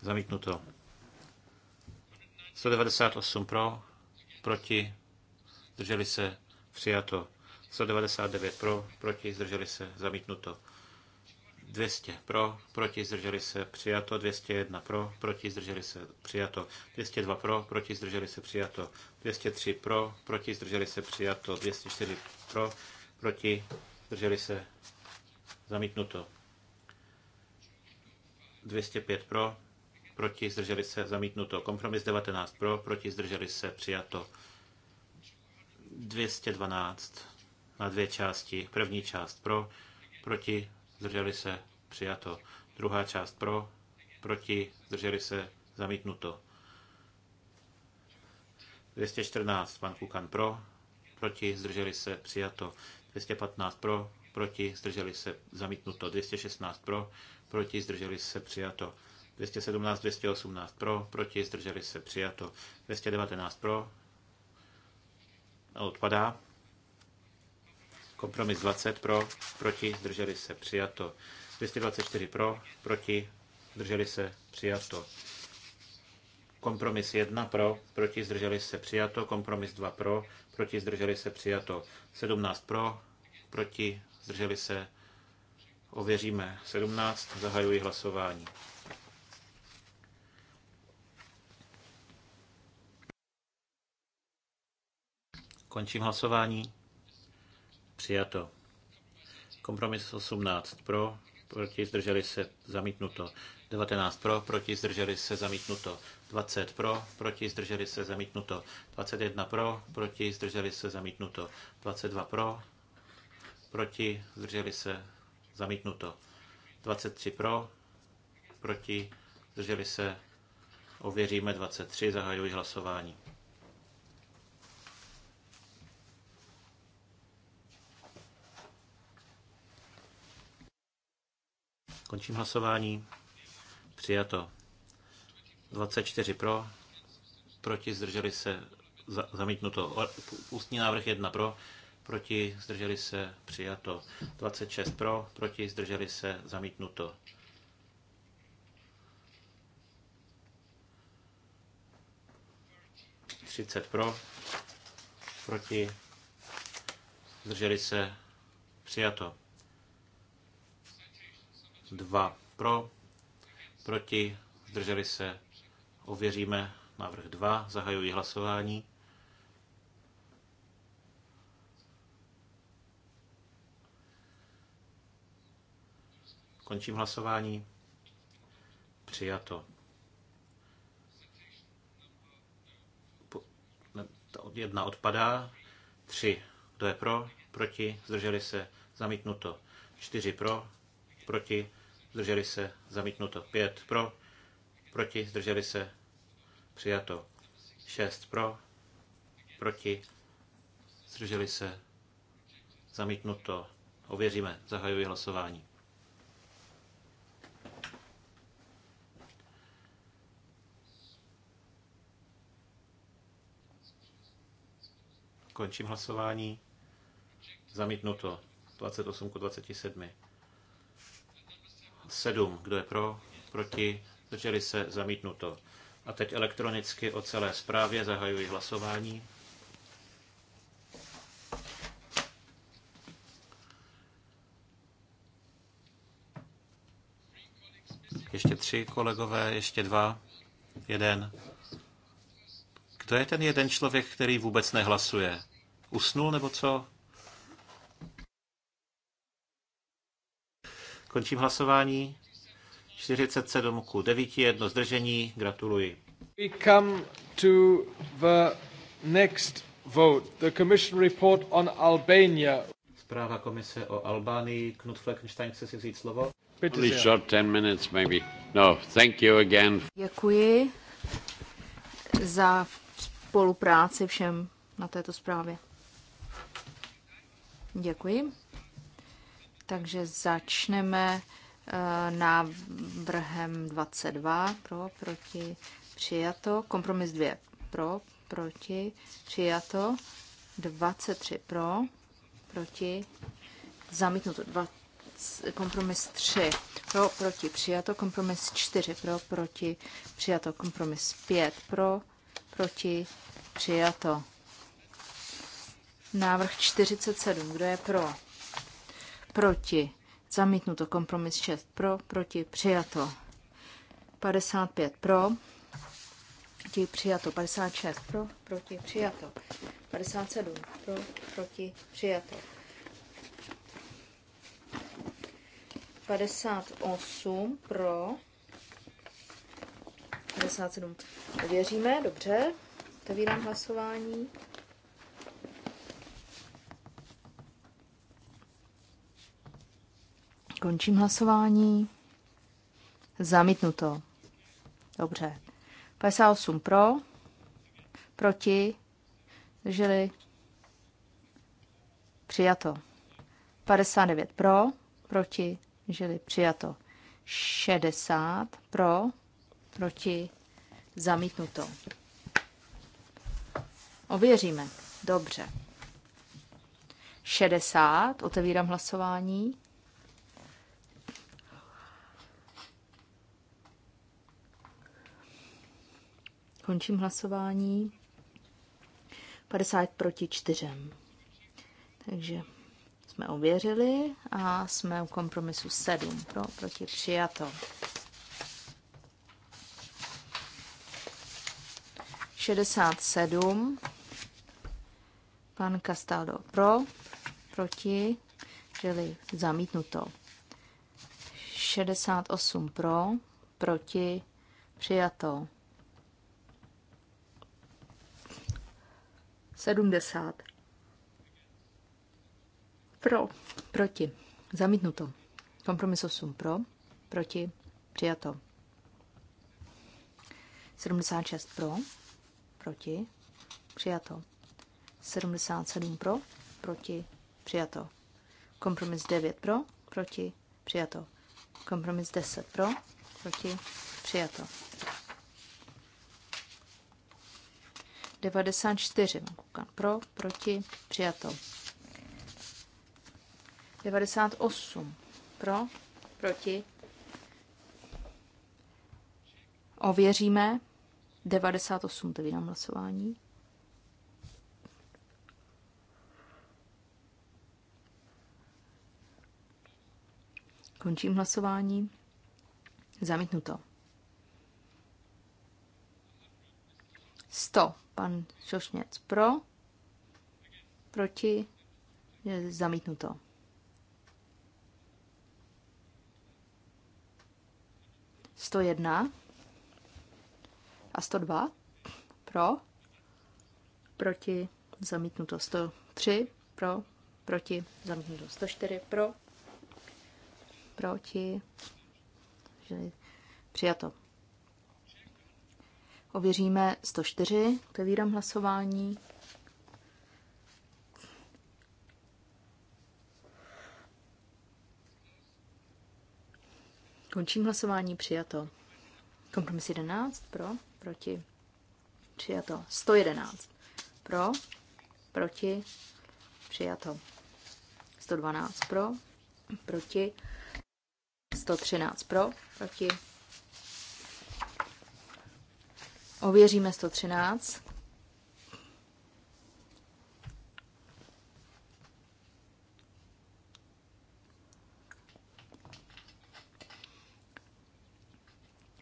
Zamítnuto. 198 pro, proti, zdrželi se, přijato. 199 pro, proti, zdrželi se, zamítnuto. 200 pro, proti, zdrželi se, přijato. 201 pro, proti, zdrželi se, přijato. 202 pro, proti, zdrželi se, přijato. 203 pro, proti, zdrželi se, přijato. 204 pro, proti, zdrželi se, zamítnuto. 205 pro, proti zdrželi se zamítnuto. Kompromis 19 pro, proti zdrželi se přijato. 212 na dvě části. První část pro, proti zdrželi se přijato. Druhá část pro, proti zdrželi se zamítnuto. 214 pan Kukan pro, proti zdrželi se přijato. 215 pro, proti zdrželi se zamítnuto. 216 pro, proti, zdrželi se, přijato. 217, 218 pro, proti, zdrželi se, přijato. 219 pro, odpadá. Kompromis 20 pro, proti, zdrželi se, přijato. 224 pro, proti, zdrželi se, přijato. Kompromis 1 pro, proti, zdrželi se, přijato. Kompromis 2 pro, proti, zdrželi se, přijato. 17 pro, proti, zdrželi se, Ověříme 17, zahajuji hlasování. Končím hlasování. Přijato. Kompromis 18 pro, proti zdrželi se zamítnuto. 19 pro, proti zdrželi se zamítnuto. 20 pro, proti zdrželi se zamítnuto. 21 pro, proti zdrželi se zamítnuto. 22 pro, proti zdrželi se Zamítnuto. 23 pro, proti, zdrželi se, ověříme 23, zahajuji hlasování. Končím hlasování. Přijato. 24 pro, proti zdrželi se, zamítnuto. Ústní návrh 1 pro, proti, zdrželi se, přijato. 26 pro, proti, zdrželi se, zamítnuto. pro, proti, zdrželi se, přijato. 2 pro, proti, zdrželi se, ověříme návrh 2, zahajuji hlasování. Končím hlasování. Přijato. Jedna odpadá. Tři. Kdo je pro? Proti? Zdrželi se? Zamítnuto. Čtyři pro? Proti? Zdrželi se? Zamítnuto. Pět pro? Proti? Zdrželi se? Přijato. Šest pro? Proti? Zdrželi se? Zamítnuto. Ověříme. Zahajuji hlasování. Končím hlasování. Zamítnuto. 28 k 27. 7. Kdo je pro? Proti? Zdrželi se? Zamítnuto. A teď elektronicky o celé zprávě zahajuji hlasování. Ještě tři kolegové, ještě dva, jeden. To je ten jeden člověk, který vůbec nehlasuje. Usnul nebo co? Končím hlasování. 47 ku 9, jedno zdržení. Gratuluji. We come to the next vote. The commission report on Albania. Zpráva komise o Albánii. Knut Fleckenstein chce si vzít slovo. Only short 10 minutes maybe. No, thank you again. Děkuji za spolupráci všem na této zprávě. Děkuji. Takže začneme eh, návrhem 22 pro, proti, přijato. Kompromis 2 pro, proti, přijato. 23 pro, proti, zamítnuto. Dva, kompromis 3 pro, proti, přijato. Kompromis 4 pro, proti, přijato. Kompromis 5 pro, proti, přijato. Návrh 47, kdo je pro, proti, zamítnuto. Kompromis 6, pro, proti, přijato. 55 pro, proti, přijato. 56 pro, proti, přijato. 57 pro, proti, přijato. 58 pro, 57. Věříme, dobře. Otevírám hlasování. Končím hlasování. Zamítnuto. Dobře. 58 pro, proti, drželi, přijato. 59 pro, proti, drželi, přijato. 60 pro, proti, zamítnuto. Ověříme. Dobře. 60, otevírám hlasování. Končím hlasování. 50 proti 4. Takže jsme ověřili a jsme u kompromisu 7 pro, proti přijato. 67. Pan Castaldo pro, proti, čili zamítnuto. 68 pro, proti, přijato. 70. Pro, proti, zamítnuto. Kompromis 8 pro, proti, přijato. 76 pro, proti, přijato. 77 pro, proti, přijato. Kompromis 9 pro, proti, přijato. Kompromis 10 pro, proti, přijato. 94 kukan pro, proti, přijato. 98 pro, proti. Ověříme. 98, tedy na hlasování. Končím hlasování. Zamítnuto. 100. Pan Šošněc pro. Proti. Je zamítnuto. Sto jedna a 102 pro, proti, zamítnuto 103 pro, proti, zamítnuto 104 pro, proti, že přijato. Ověříme 104, otevírám hlasování. Končím hlasování, přijato. Kompromis 11 pro proti, přijato. 111 pro, proti, přijato. 112 pro, proti, 113 pro, proti. Ověříme 113.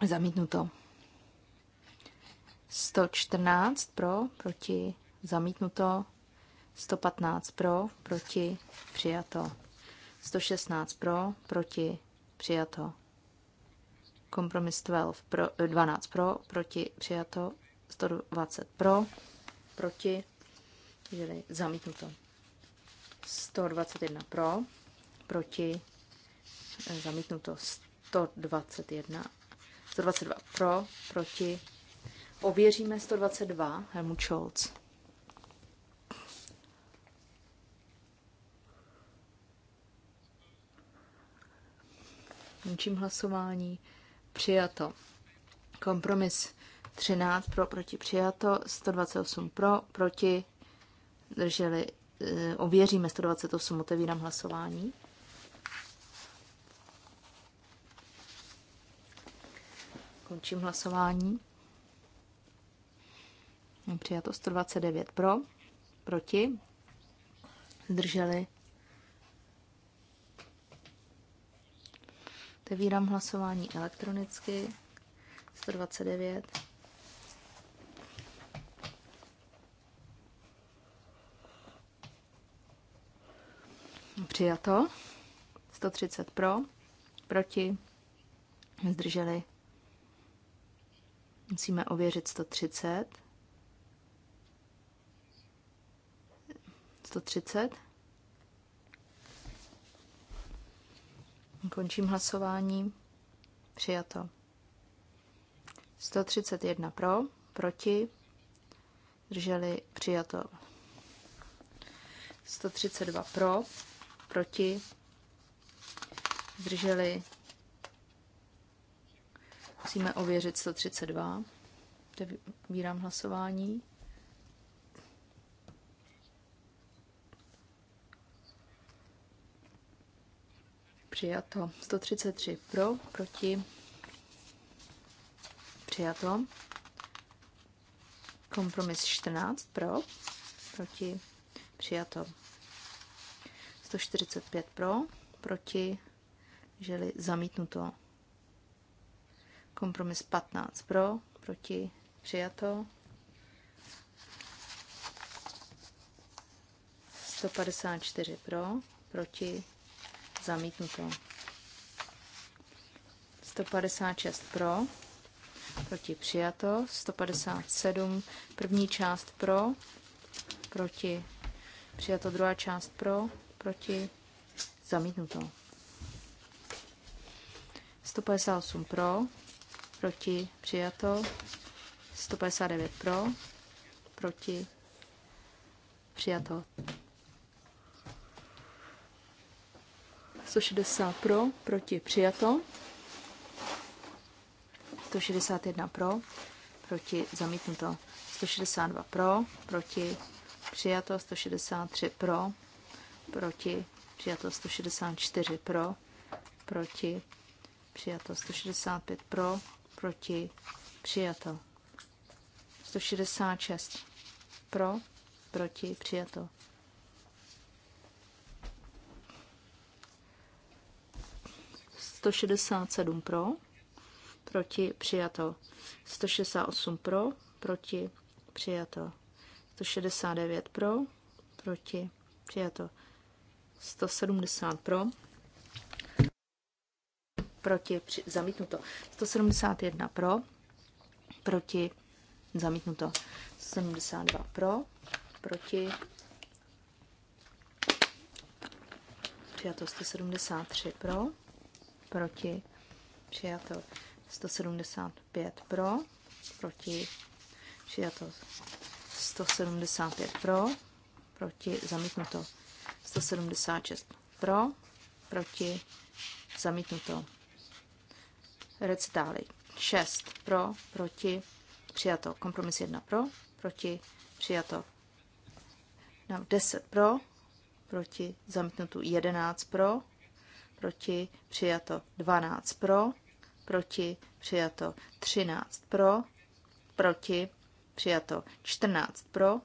Zamítnuto. 114 pro, proti, zamítnuto. 115 pro, proti, přijato. 116 pro, proti, přijato. Kompromis 12 pro, 12 pro, proti, přijato. 120 pro, proti, čili zamítnuto. 121 pro, proti, zamítnuto. 121, 122 pro, proti, Ověříme 122, Helmut Scholz. Končím hlasování. Přijato. Kompromis 13 pro, proti přijato, 128 pro, proti drželi, eh, ověříme 128, otevírám hlasování. Končím hlasování. Přijato 129 pro, proti, zdrželi. Otevírám hlasování elektronicky. 129. Přijato. 130 pro, proti, zdrželi. Musíme ověřit 130. 130. Končím hlasování. Přijato. 131 pro, proti, drželi přijato. 132 pro, proti, zdrželi. Musíme ověřit 132. Vybírám hlasování. Přijato. 133 pro, proti. Přijato. Kompromis 14 pro, proti. Přijato. 145 pro, proti. Želi zamítnuto. Kompromis 15 pro, proti. Přijato. 154 pro, proti Zamítnuto. 156 pro, proti přijato. 157 první část pro, proti přijato. Druhá část pro, proti zamítnuto. 158 pro, proti přijato. 159 pro, proti přijato. 160 pro, proti přijato. 161 pro, proti zamítnuto. 162 pro, proti přijato. 163 pro, proti přijato. 164 pro, proti přijato. 165 pro, proti přijato. 166 pro, proti přijato. 167 pro, proti přijato. 168 pro, proti přijato. 169 pro, proti přijato. 170 pro, proti při, zamítnuto. 171 pro, proti zamítnuto. 172 pro, proti přijato 173 pro, proti, přijato 175 pro, proti, přijato 175 pro, proti, zamítnuto 176 pro, proti, zamítnuto. Recitály 6 pro, proti, přijato. Kompromis 1 pro, proti, přijato. Nám no, 10 pro, proti, zamítnutu 11 pro, proti přijato 12 pro, proti přijato 13 pro, proti přijato 14 pro,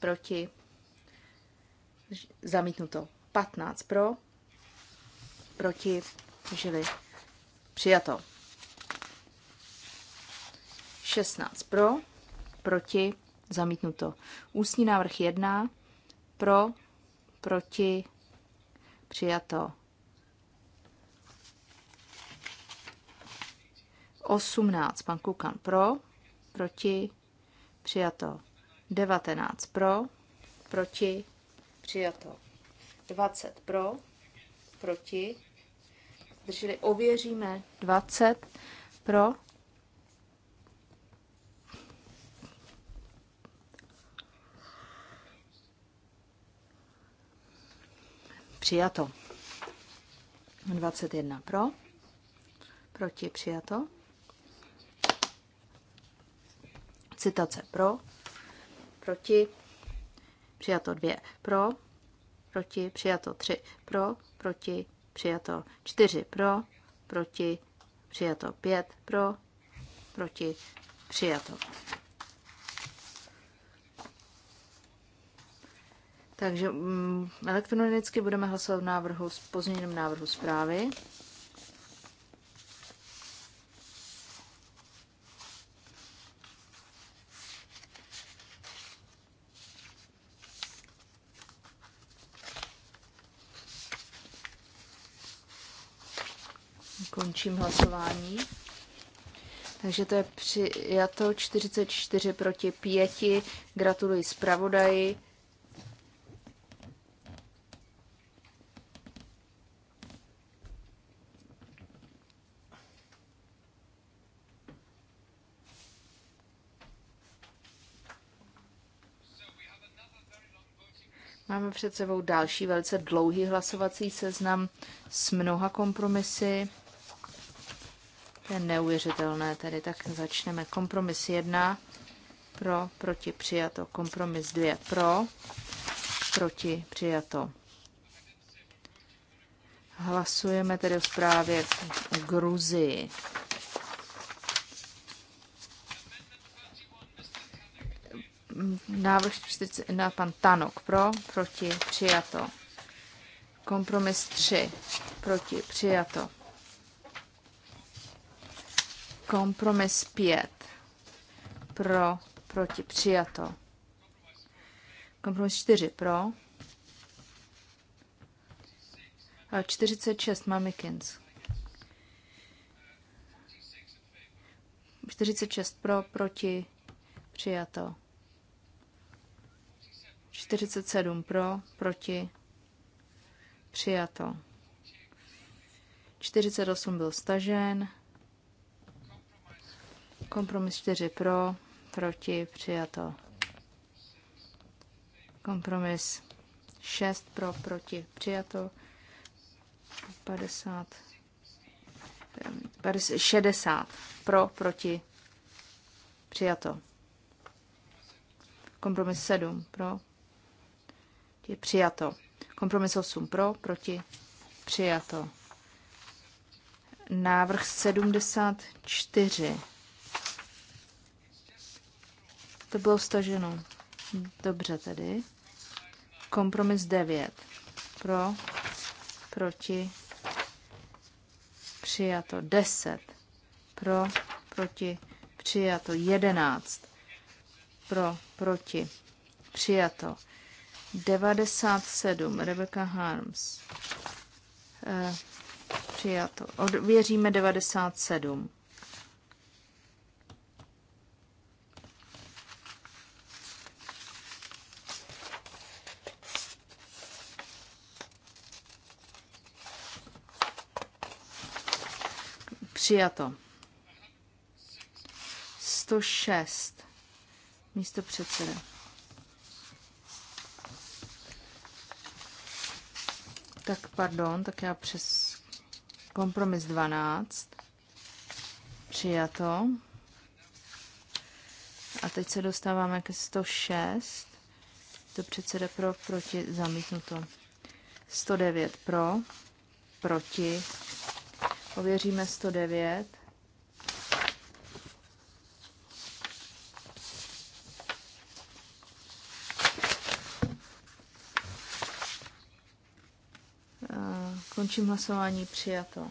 proti zamítnuto 15 pro, proti žili přijato 16 pro, proti zamítnuto. Ústní návrh 1 pro, proti přijato 18. Pan Kukan pro, proti, přijato. 19 pro, proti, přijato. 20 pro, proti, drželi, ověříme 20 pro, přijato. 21 pro, proti přijato. Citace pro, proti, přijato dvě pro, proti, přijato tři pro, proti, přijato čtyři pro, proti, přijato pět pro, proti, přijato. Takže mm, elektronicky budeme hlasovat v návrhu s pozměněným návrhu zprávy. Končím hlasování. Takže to je přijato 44 proti 5. Gratuluji zpravodaji. Máme před sebou další velice dlouhý hlasovací seznam s mnoha kompromisy je neuvěřitelné. Tady tak začneme. Kompromis 1 pro, proti přijato. Kompromis 2 pro, proti přijato. Hlasujeme tedy o zprávě v Gruzii. Návrh 40 na pan Tanok pro, proti přijato. Kompromis 3, proti přijato. Kompromis 5. Pro, proti, přijato. Kompromis 4 pro. A 46 Mamikins. 46 pro, proti, přijato. 47 pro, proti, přijato. 48 byl stažen. Kompromis 4 pro, proti, přijato. Kompromis 6 pro, proti, přijato. 50, 50 60 pro, proti, přijato. Kompromis 7 pro, proti, přijato. Kompromis 8 pro, proti, přijato. Návrh 74 to bylo staženo. Dobře tedy. Kompromis 9. Pro, proti, přijato 10. Pro, proti, přijato 11. Pro, proti, přijato 97. Rebecca Harms. Eh, přijato. Odvěříme 97. Přijato. 106. Místo předseda. Tak pardon, tak já přes kompromis 12. Přijato. A teď se dostáváme ke 106. To předseda pro, proti, zamítnuto. 109 pro, proti, Ověříme 109. Končím hlasování přijato.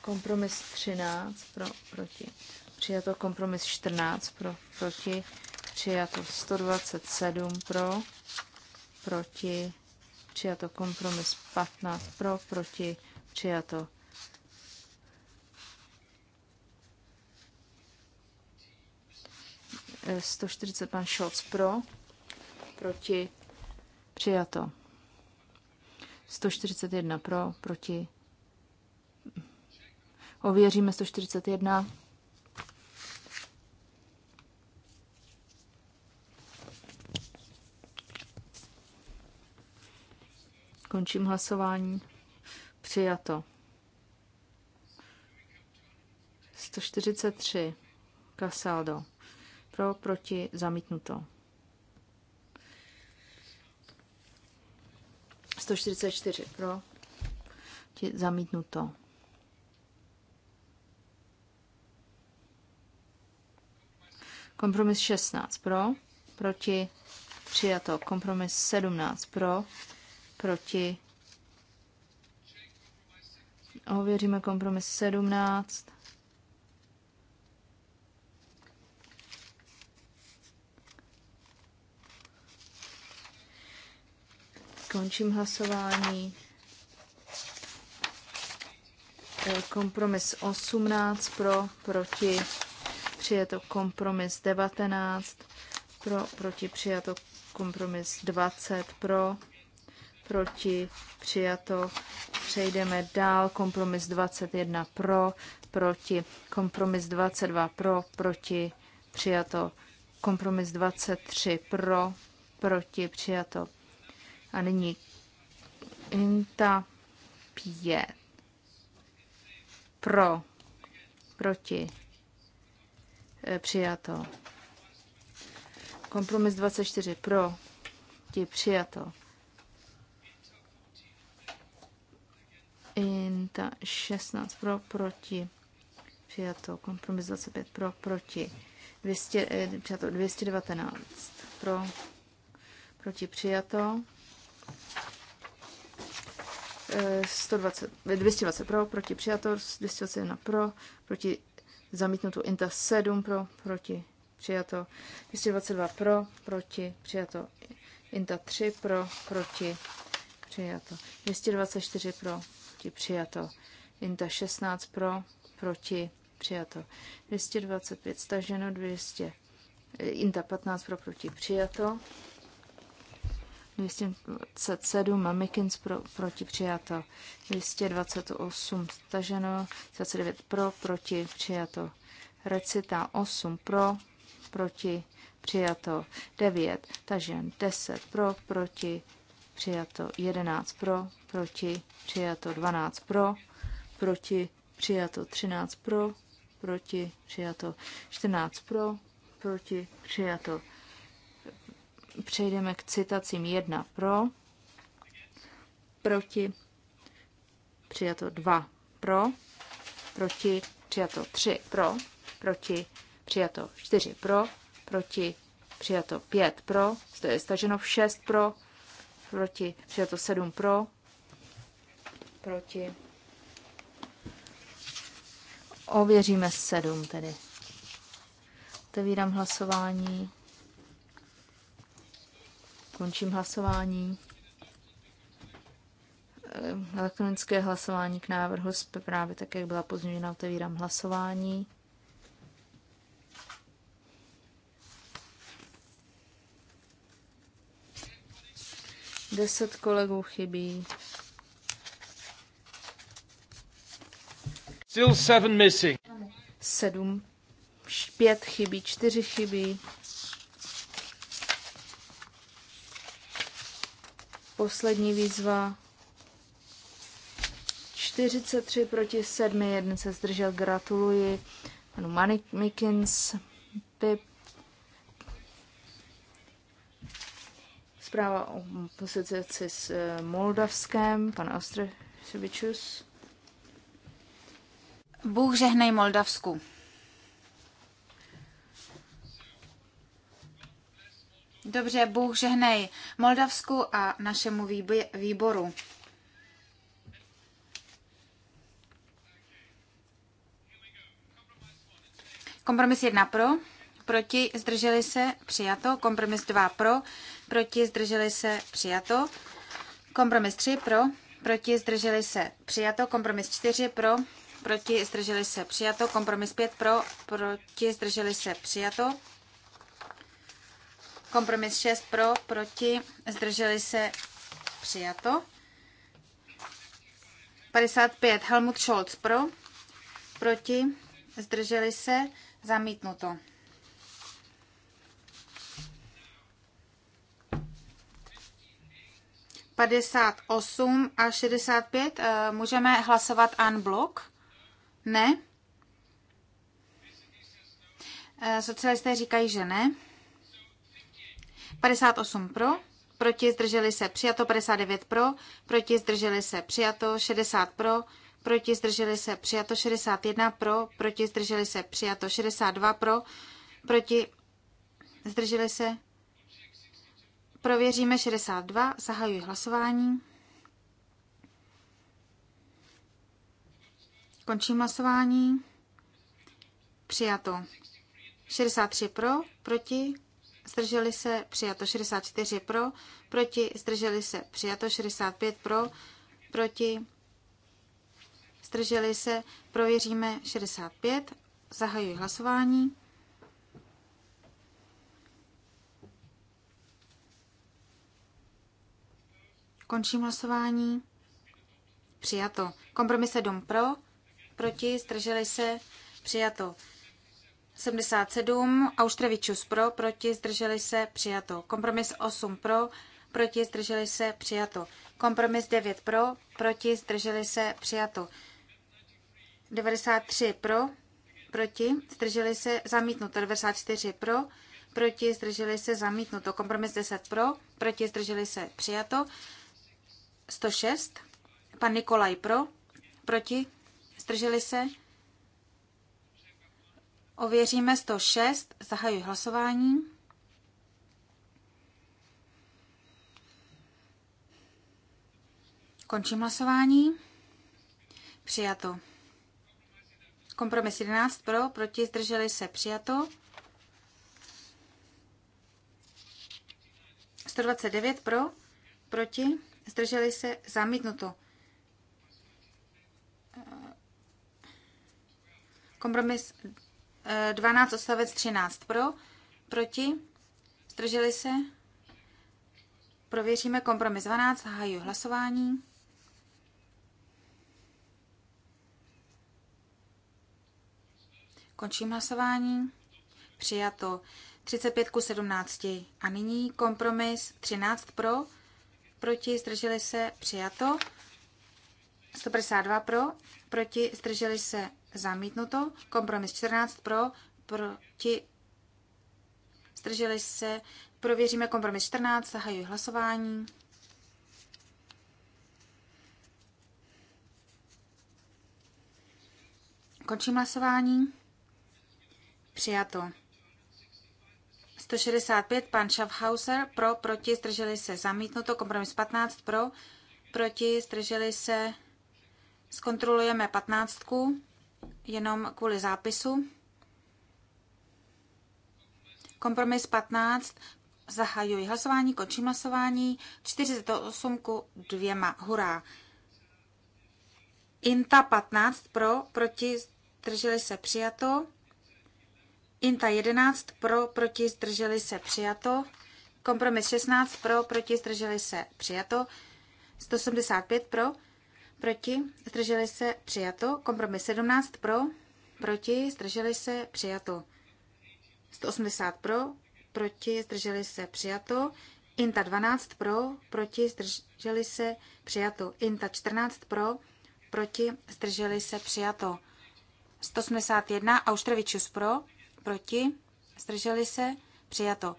Kompromis 13 pro, proti. Přijato kompromis 14 pro, proti. Přijato 127 pro, proti přijato kompromis 15 pro, proti, přijato. E, eh, 140 pan Scholz pro, proti, přijato. 141 pro, proti. Ověříme 141. Končím hlasování. Přijato. 143. Casaldo. Pro, proti, zamítnuto. 144. Pro, proti, zamítnuto. Kompromis 16. Pro, proti, přijato. Kompromis 17. Pro, proti. Ověříme kompromis 17. Končím hlasování. E, kompromis 18 pro, proti přijato kompromis 19 pro, proti přijato kompromis 20 pro, proti, přijato. Přejdeme dál, kompromis 21 pro, proti, kompromis 22 pro, proti, přijato. Kompromis 23 pro, proti, přijato. A nyní Inta 5 pro, proti, eh, přijato. Kompromis 24 pro, ti přijato. Inta 16 pro, proti, přijato, kompromis 25 pro, proti, 200, eh, přijato, 219 pro, proti, přijato, eh, 120, 220 eh, pro, proti, přijato, 221 pro, proti, zamítnuto, Inta 7 pro, proti, přijato, 222 pro, proti, přijato, Inta 3 pro, proti, přijato, 224 pro, proti přijato. Inta 16 pro, proti přijato. 225 staženo, 200. Inta 15 pro, proti přijato. 227 Mamikins pro, proti přijato. 228 staženo, 29 pro, proti přijato. Recita 8 pro, proti přijato. 9 tažen, 10 pro, proti přijato 11 pro, proti, přijato 12 pro, proti, přijato 13 pro, proti, přijato 14 pro, proti, přijato. Přejdeme k citacím 1 pro, proti, přijato 2 pro, proti, přijato 3 pro, proti, přijato 4 pro, proti, přijato 5 pro, to je staženo 6 pro, proti, přijato 7 pro, proti. Ověříme 7 tedy. Otevírám hlasování. Končím hlasování. Ehm, elektronické hlasování k návrhu zprávy, tak jak byla pozměněna, otevírám hlasování. Deset kolegů chybí. Still seven missing. Sedm. Pět chybí, čtyři chybí. Poslední výzva. 43 proti 7, jeden se zdržel, gratuluji Manik Mikins, Pip, zpráva o pozici s eh, Moldavském, pan Ostrevičus. Bůh žehnej Moldavsku. Dobře, Bůh žehnej Moldavsku a našemu výboru. Kompromis 1 pro, proti, zdrželi se, přijato. Kompromis 2 pro, proti, zdrželi se, přijato. Kompromis 3 pro, proti, zdrželi se, přijato. Kompromis 4 pro, proti, zdrželi se, přijato. Kompromis 5 pro, proti, zdrželi se, přijato. Kompromis 6 pro, proti, zdrželi se, přijato. 55 Helmut Scholz pro, proti, zdrželi se, zamítnuto. 58 a 65 eh, můžeme hlasovat en blok? Ne? Eh, socialisté říkají, že ne. 58 pro, proti zdrželi se přijato, 59 pro, proti zdrželi se přijato, 60 pro, proti zdrželi se přijato, 61 pro, proti zdrželi se přijato, 62 pro, proti zdrželi se Prověříme 62, zahajuji hlasování. Končím hlasování. Přijato. 63 pro, proti, zdrželi se, přijato 64 pro, proti, zdrželi se, přijato 65 pro, proti, zdrželi se, prověříme 65, zahajuji hlasování. Končím hlasování. Přijato. Kompromise dom pro, proti, zdrželi se, přijato. 77, Austrevičus pro, proti, zdrželi se, přijato. Kompromis 8 pro, proti, zdrželi se, přijato. Kompromis 9 pro, proti, zdrželi se, přijato. 93 pro, proti, zdrželi se, zamítnuto. 94 pro, proti, zdrželi se, zamítnuto. Kompromis 10 pro, proti, zdrželi se, přijato. 106. Pan Nikolaj pro, proti, zdrželi se. Ověříme 106, zahajuji hlasování. Končím hlasování. Přijato. Kompromis 11 pro, proti, zdrželi se. Přijato. 129 pro, proti zdrželi se, zamítnuto. Kompromis 12 eh, odstavec 13 pro, proti, zdrželi se, prověříme kompromis 12, zahajuji hlasování. Končím hlasování. Přijato 35 ku 17. A nyní kompromis 13 pro, proti, zdrželi se, přijato. 152 pro, proti, zdrželi se, zamítnuto. Kompromis 14 pro, proti, zdrželi se, prověříme kompromis 14, zahajuji hlasování. Končím hlasování. Přijato. 165, pan Schaffhauser, pro, proti, zdrželi se, zamítnuto, kompromis 15, pro, proti, zdrželi se, zkontrolujeme 15, jenom kvůli zápisu. Kompromis 15, zahajuji hlasování, končím hlasování, 48 ku 2, hurá. Inta 15 pro, proti, zdrželi se přijato. Inta 11 pro, proti, zdrželi se, přijato. Kompromis 16 pro, proti, zdrželi se, přijato. 175 pro, proti, zdrželi se, přijato. Kompromis 17 pro, proti, zdrželi se, přijato. 180 pro, proti, zdrželi se, přijato. Inta 12 pro, proti, zdrželi se, přijato. Inta 14 pro, proti, zdrželi se, přijato. 181 Auštrevičus pro, proti, zdrželi se, přijato.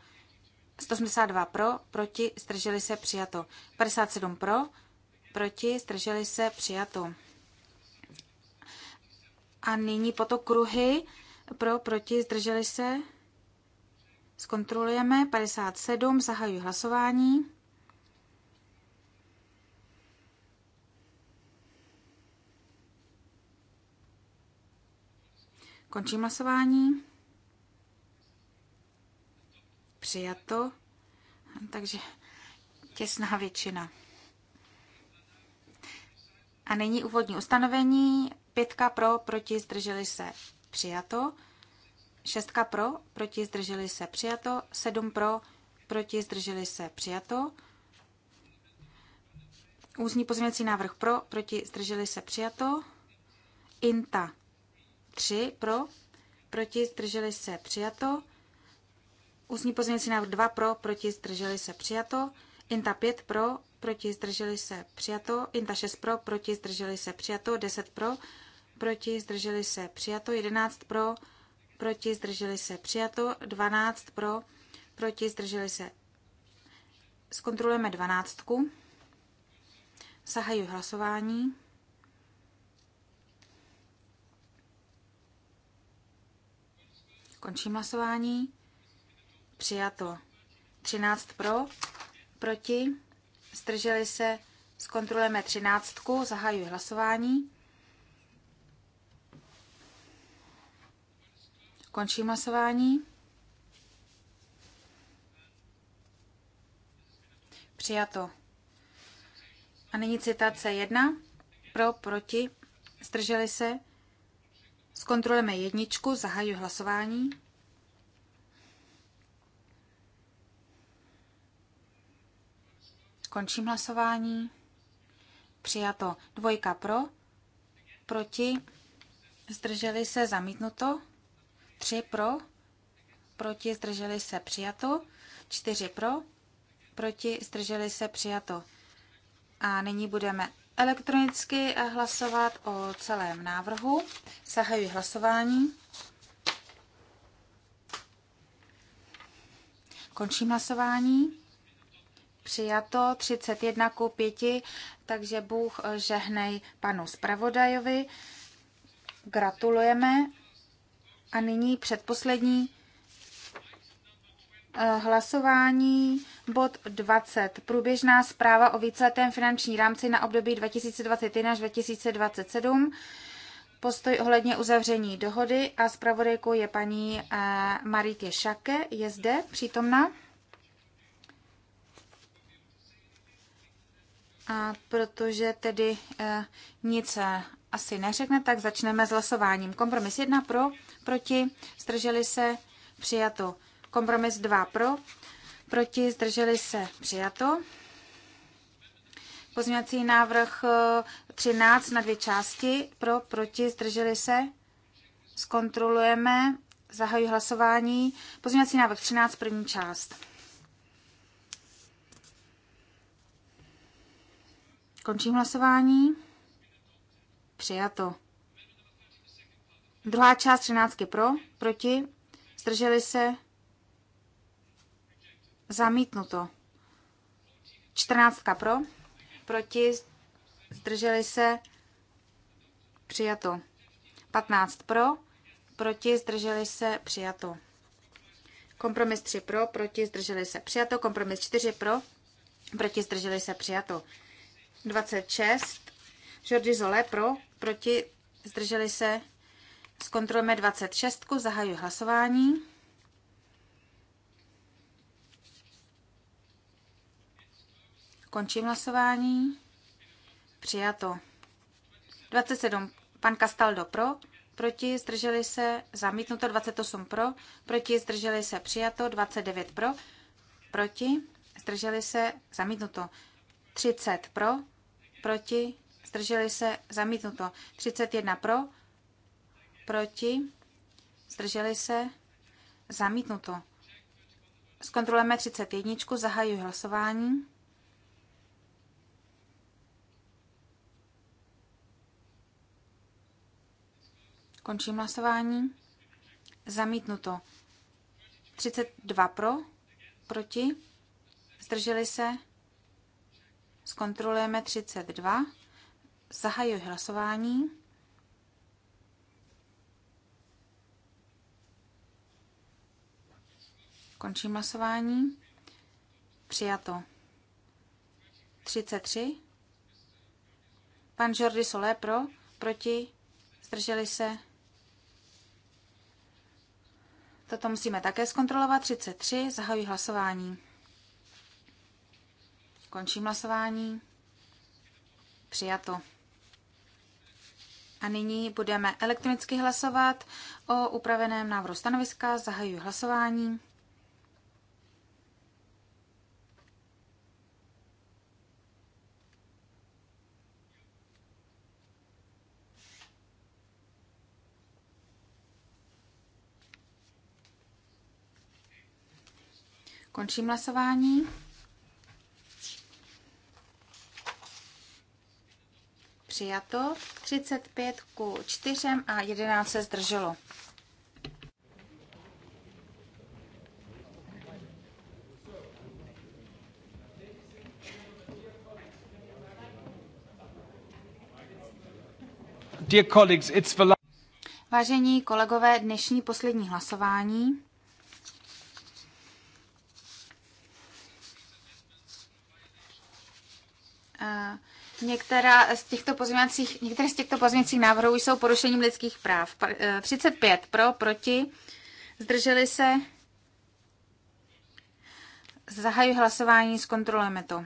182 pro, proti, zdrželi se, přijato. 57 pro, proti, zdrželi se, přijato. A nyní potom kruhy pro, proti, zdrželi se. Zkontrolujeme 57, zahajuji hlasování. Končím hlasování. Přijato. Takže těsná většina. A nyní úvodní ustanovení. Pětka pro, proti, zdrželi se. Přijato. Šestka pro, proti, zdrželi se. Přijato. Sedm pro, proti, zdrželi se. Přijato. Ústní pozměňovací návrh pro, proti, zdrželi se. Přijato. INTA 3 pro, proti, zdrželi se. Přijato. Ústní pozměňující návrh 2 pro, proti, zdrželi se, přijato. Inta 5 pro, proti, zdrželi se, přijato. Inta 6 pro, proti, zdrželi se, přijato. 10 pro, proti, zdrželi se, přijato. 11 pro, proti, zdrželi se, přijato. 12 pro, proti, zdrželi se. Zkontrolujeme 12. Zahajuji hlasování. Končím hlasování. Přijato. 13 pro, proti, zdrželi se, zkontrolujeme třináctku, zahajuji hlasování. Končím hlasování. Přijato. A nyní citace 1. Pro, proti, zdrželi se. Zkontrolujeme jedničku, zahajuji hlasování. Končím hlasování. Přijato. Dvojka pro. Proti. Zdrželi se zamítnuto. Tři pro. Proti. Zdrželi se přijato. Čtyři pro. Proti. Zdrželi se přijato. A nyní budeme elektronicky hlasovat o celém návrhu. Zahajuji hlasování. Končím hlasování přijato 31 ku 5, takže Bůh žehnej panu zpravodajovi. Gratulujeme. A nyní předposlední eh, hlasování bod 20. Průběžná zpráva o víceletém finanční rámci na období 2021 až 2027. Postoj ohledně uzavření dohody a zpravodajkou je paní eh, Marie Šake. Je zde přítomna? A protože tedy e, nic eh, asi neřekne, tak začneme s hlasováním. Kompromis 1 pro, proti, zdrželi se, přijato. Kompromis 2 pro, proti, zdrželi se, přijato. Pozměňovací návrh 13 eh, na dvě části, pro, proti, zdrželi se, zkontrolujeme, zahajuji hlasování. Pozměňovací návrh 13, první část. Končím hlasování. Přijato. Druhá část 13 pro, proti, zdrželi se, zamítnuto. 14 pro, proti, zdrželi se, přijato. 15 pro, proti, zdrželi se, přijato. Kompromis 3 pro, proti, zdrželi se, přijato. Kompromis 4 pro, proti, zdrželi se, přijato. 26. Jordi Zole pro, proti, zdrželi se. Zkontrolujeme 26. Zahajuji hlasování. Končím hlasování. Přijato. 27. Pan Castaldo pro, proti, zdrželi se, zamítnuto 28 pro, proti, zdrželi se, přijato 29 pro, proti, zdrželi se, zamítnuto 30 pro, proti, zdrželi se, zamítnuto. 31 pro, proti, zdrželi se, zamítnuto. Zkontrolujeme 31, zahajuji hlasování. Končím hlasování. Zamítnuto. 32 pro, proti, zdrželi se, Zkontrolujeme 32. Zahajuji hlasování. Končím hlasování. Přijato. 33. Pan Jordi Solé pro, proti, zdrželi se. Toto musíme také zkontrolovat. 33. Zahajuji hlasování. Končím hlasování. Přijato. A nyní budeme elektronicky hlasovat o upraveném návrhu stanoviska. Zahajuji hlasování. Končím hlasování. přijato, 35 ku 4 a 11 se zdrželo. Dear colleagues, it's the last... Vážení kolegové, dnešní poslední hlasování. Uh, Některá z těchto některé z těchto pozměňovacích návrhů jsou porušením lidských práv. 35 eh, pro, proti, zdrželi se. Zahajuji hlasování, zkontrolujeme to.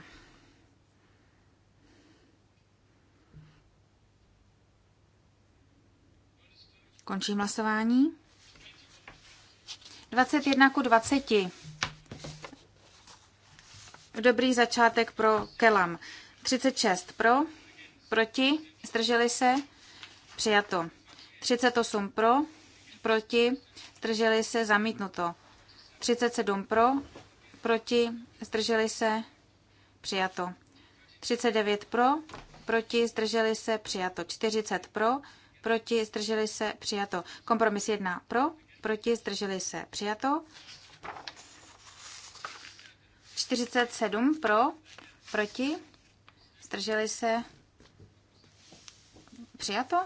Končím hlasování. 21 ku 20. Dobrý začátek pro Kelam. 36 pro, proti, zdrželi se, přijato. 38 pro, proti, zdrželi se, zamítnuto. 37 pro, proti, zdrželi se, přijato. 39 pro, proti, zdrželi se, přijato. 40 pro, proti, zdrželi se, přijato. Kompromis 1 pro, proti, zdrželi se, přijato. 47 pro, proti, Zdrželi se? Přijato?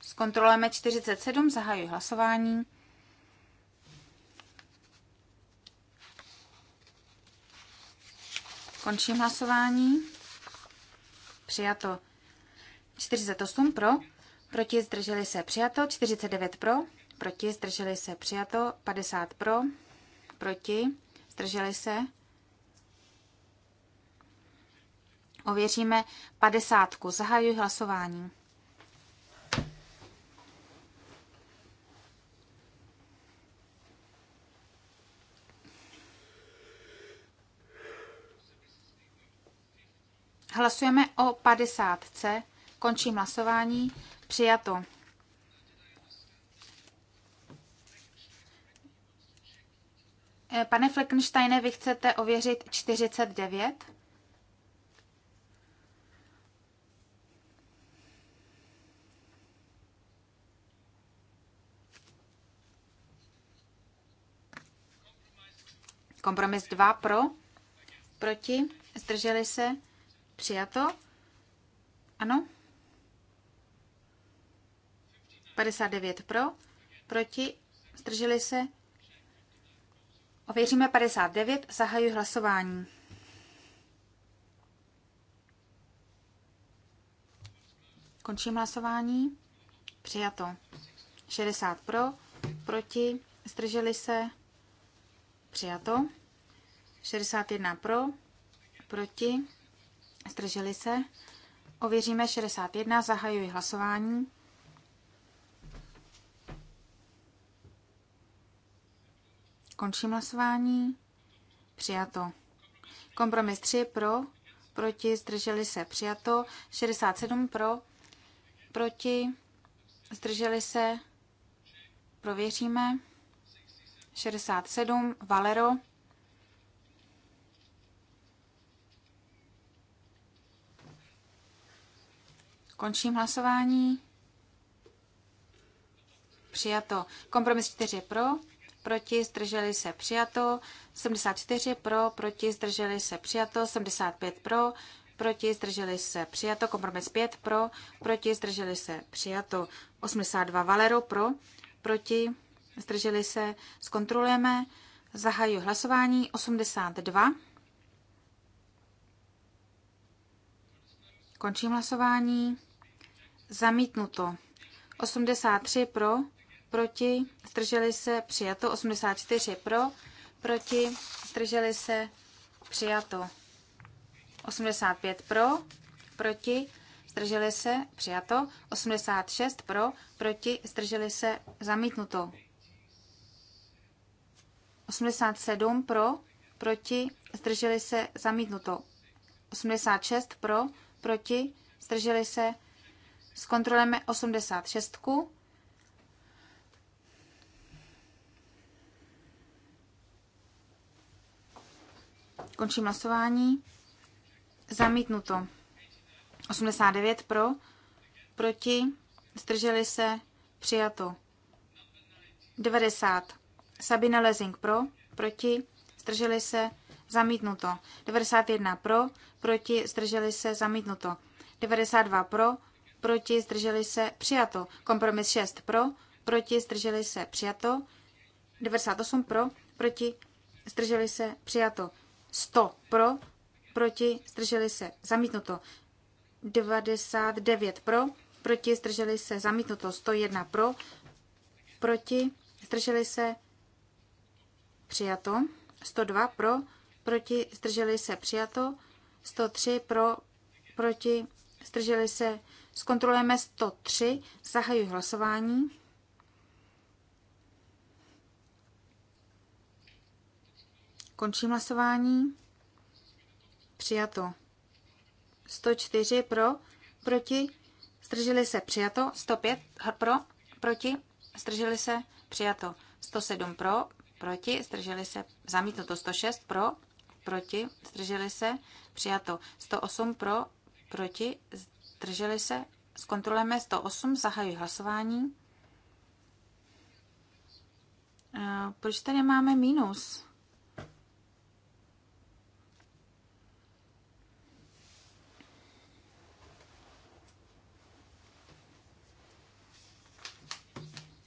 Zkontrolujeme 47, zahajuji hlasování. Končím hlasování. Přijato 48 pro, proti zdrželi se přijato, 49 pro, proti zdrželi se přijato, 50 pro, proti zdrželi se Ověříme padesátku. Zahajuji hlasování. Hlasujeme o padesátce. Končím hlasování. Přijato. Eh, pane Fleckensteine, vy chcete ověřit 49? Kompromis 2 pro, proti, zdrželi se, přijato. Ano. 59 pro, proti, zdrželi se. Ověříme 59, zahajuji hlasování. Končím hlasování. Přijato. 60 pro, proti, zdrželi se. Přijato. 61 pro, proti, zdrželi se. Ověříme 61, zahajuji hlasování. Končím hlasování. Přijato. Kompromis 3 pro, proti, zdrželi se. Přijato. 67 pro, proti, zdrželi se. Prověříme. 67 Valero. Končím hlasování. Přijato. Kompromis 4 pro, proti, zdrželi se přijato. 74 pro, proti, zdrželi se přijato. 75 pro, proti, zdrželi se přijato. Kompromis 5 pro, proti, zdrželi se přijato. 82 Valero pro, proti, zdrželi se, zkontrolujeme. Zahajuji hlasování 82. Končím hlasování. Zamítnuto. 83 pro, proti, zdrželi se, přijato. 84 pro, proti, zdrželi se, přijato. 85 pro, proti, zdrželi se, přijato. 86 pro, proti, zdrželi se, zamítnuto. 87 pro, proti, zdrželi se, zamítnuto. 86 pro, proti, zdrželi se, zkontrolujeme 86. Končím hlasování. Zamítnuto. 89 pro, proti, zdrželi se, přijato. 90 Sabina Lezing pro, proti, zdrželi se, zamítnuto. 91 pro, proti, zdrželi se, zamítnuto. 92 pro, proti, zdrželi se, přijato. Kompromis 6 pro, proti, zdrželi se, přijato. 98 pro, proti, zdrželi se, přijato. 100 pro, proti, zdrželi se, zamítnuto. 99 pro, proti, zdrželi se, zamítnuto. 101 pro, proti, zdrželi se, přijato, 102 pro, proti, zdrželi se, přijato, 103 pro, proti, zdrželi se, zkontrolujeme 103, zahajuji hlasování. Končím hlasování. Přijato. 104 pro, proti, zdrželi se přijato, 105 pro, proti, zdrželi se přijato, 107 pro, proti, zdrželi se, zamítnuto 106 pro, proti, zdrželi se, přijato 108 pro, proti, zdrželi se, zkontrolujeme 108, zahajuji hlasování. Proč tady máme minus?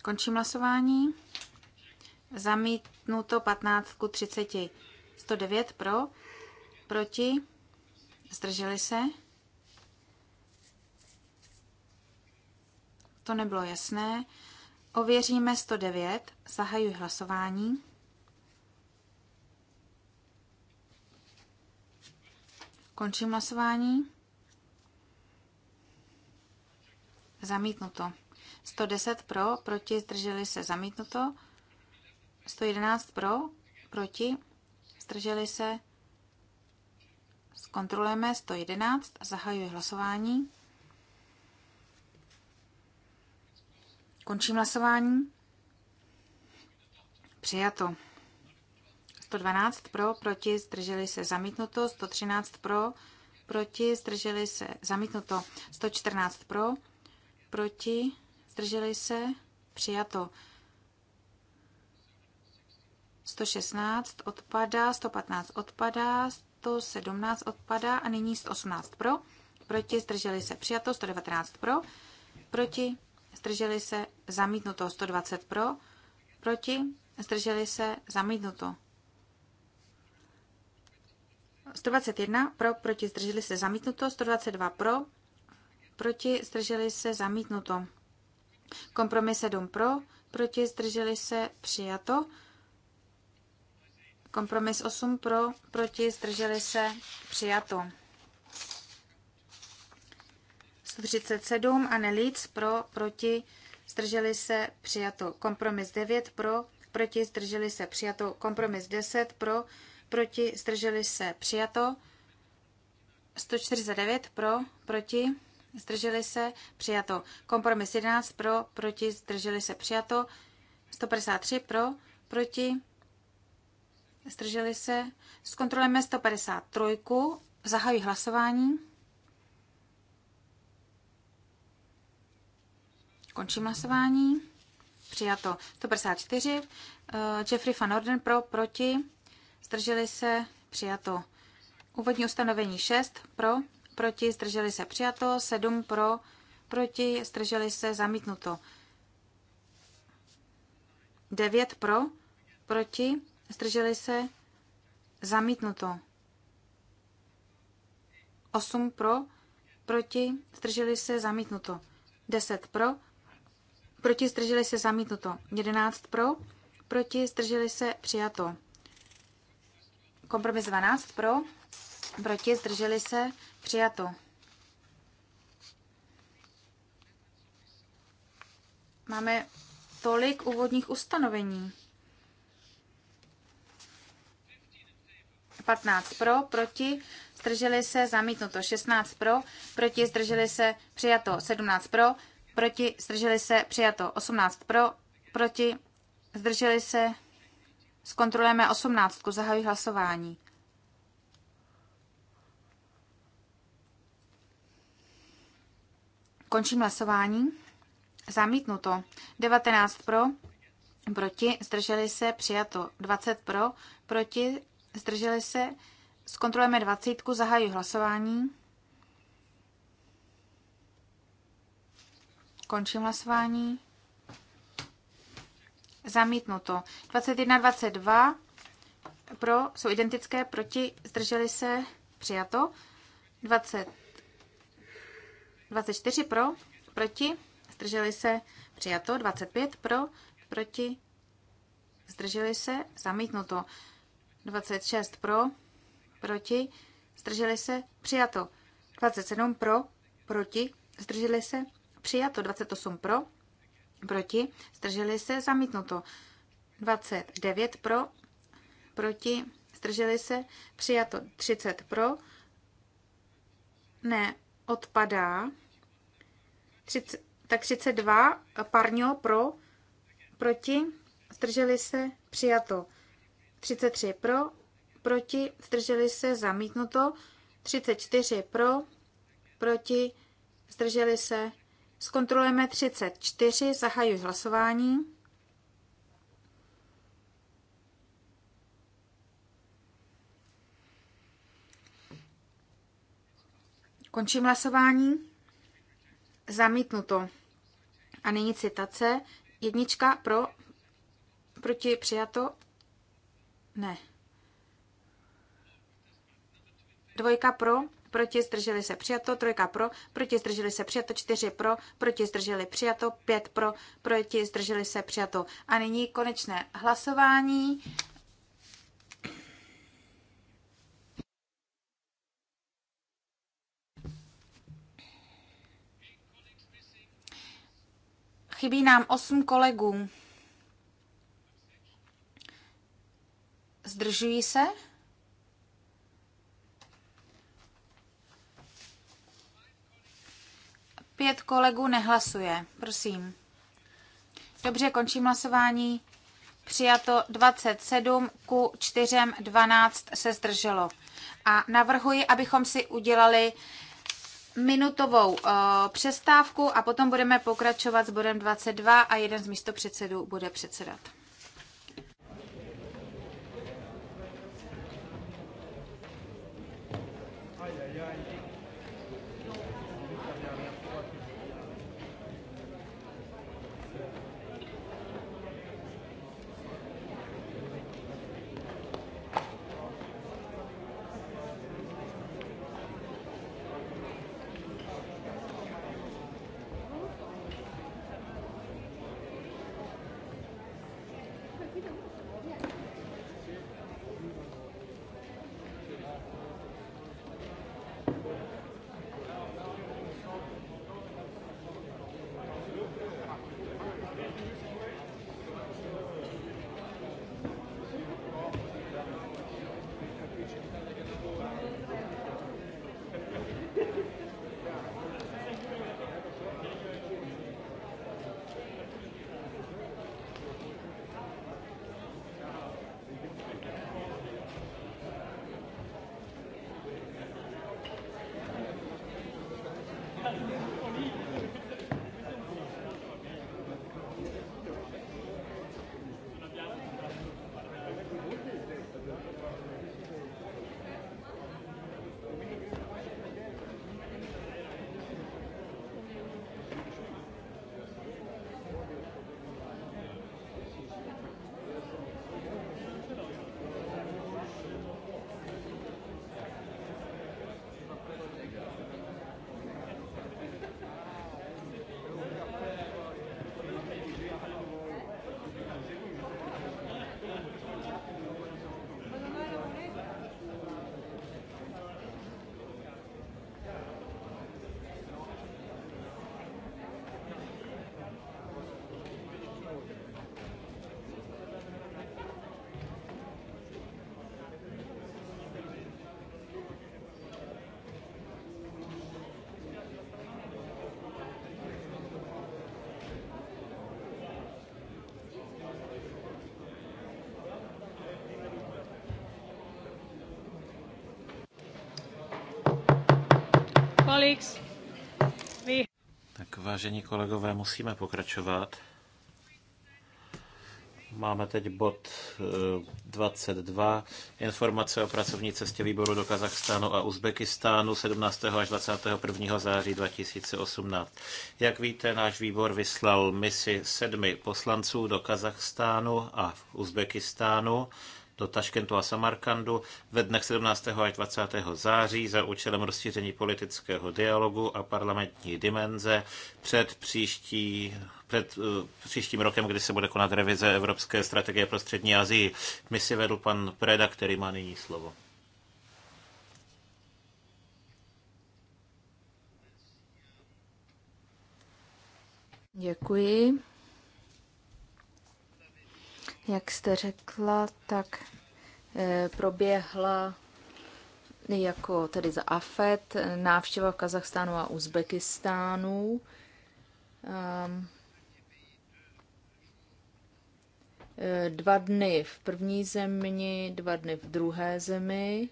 Končím hlasování. Zamítnuto 15 ku 30. 109 pro, proti, zdrželi se. To nebylo jasné. Ověříme 109, zahajuji hlasování. Končím hlasování. Zamítnuto. 110 pro, proti, zdrželi se, zamítnuto. 111 pro, proti, zdrželi se. Zkontrolujeme 111 a zahajuji hlasování. Končím hlasování. Přijato. 112 pro, proti, zdrželi se zamítnuto, 113 pro, proti, zdrželi se zamítnuto, 114 pro, proti, zdrželi se přijato. 116 odpadá, 115 odpadá, 117 odpadá a nyní 118 pro. Proti zdrželi se přijato 119 pro. Proti zdrželi se zamítnuto 120 pro. Proti zdrželi se zamítnuto 121 pro, proti zdrželi se zamítnuto, 122 pro, proti zdrželi se zamítnuto. Kompromis 7 pro, proti zdrželi se přijato, Kompromis 8 pro, proti, zdrželi se, přijato. 137 a nelíc pro, proti, zdrželi se, přijato. Kompromis 9 pro, proti, zdrželi se, přijato. Kompromis 10 pro, proti, zdrželi se, přijato. 149 pro, proti, zdrželi se, přijato. Kompromis 11 pro, proti, zdrželi se, přijato. 153 pro, proti, Zdrželi se? Zkontrolujeme 153. Zahají hlasování. Končím hlasování. Přijato 154. Eh, Jeffrey van Orden pro, proti. Zdrželi se? Přijato. Úvodní ustanovení 6 pro, proti, zdrželi se přijato, 7 pro, proti, zdrželi se zamítnuto. 9 pro, proti, zdrželi se, zamítnuto. 8 pro, proti, zdrželi se, zamítnuto. 10 pro, proti, zdrželi se, zamítnuto. 11 pro, proti, zdrželi se, přijato. Kompromis 12 pro, proti, zdrželi se, přijato. Máme tolik úvodních ustanovení. 15 pro, proti, zdrželi se, zamítnuto 16 pro, proti, zdrželi se, přijato 17 pro, proti, zdrželi se, přijato 18 pro, proti, zdrželi se, zkontrolujeme 18, zahajuji hlasování. Končím hlasování. Zamítnuto. 19 pro, proti, zdrželi se, přijato. 20 pro, proti, zdrželi se, zkontrolujeme dvacítku, zahájí hlasování. Končím hlasování. Zamítnuto. 21, 22 pro, jsou identické, proti, zdrželi se, přijato. 20, 24 pro, proti, zdrželi se, přijato. 25 pro, proti, zdrželi se, zamítnuto. 26 pro, proti, zdrželi se, přijato. 27 pro, proti, zdrželi se, přijato. 28 pro, proti, zdrželi se, zamítnuto. 29 pro, proti, zdrželi se, přijato. 30 pro, ne, odpadá. 30, tak 32, parňo pro, proti, zdrželi se, přijato. 33 pro, proti, zdrželi se, zamítnuto. 34 pro, proti, zdrželi se. Zkontrolujeme 34, zahajuji hlasování. Končím hlasování. Zamítnuto. A nyní citace. Jednička pro, proti přijato, ne. Dvojka pro, proti zdrželi se přijato, trojka pro, proti zdrželi se přijato, čtyři pro, proti zdrželi přijato, pět pro, proti zdrželi se přijato. A nyní konečné hlasování. Chybí nám osm kolegů. Zdržují se? Pět kolegů nehlasuje. Prosím. Dobře, končím hlasování. Přijato 27 ku 4, 12 se zdrželo. A navrhuji, abychom si udělali minutovou eh, přestávku a potom budeme pokračovat s bodem 22 a jeden z místopředsedů bude předsedat. Tak vážení kolegové, musíme pokračovat. Máme teď bod 22. Eh, informace o pracovní cestě výboru do Kazachstánu a Uzbekistánu 17. až 21. září 2018. Jak víte, náš výbor vyslal misi sedmi poslanců do Kazachstánu a Uzbekistánu do Taškentu a Samarkandu ve dnech 17. až 20. září za účelem rozšíření politického dialogu a parlamentní dimenze před, příští, před eh, příštím rokem, kdy se bude konat revize Evropské strategie pro střední Asii. si vedl pan Preda, který má nyní slovo. Děkuji. Jak jste řekla, tak eh, proběhla jako tedy za AFET návštěva v Kazachstánu a Uzbekistánu. Ehm, eh, dva dny v první zemi, dva dny v druhé zemi.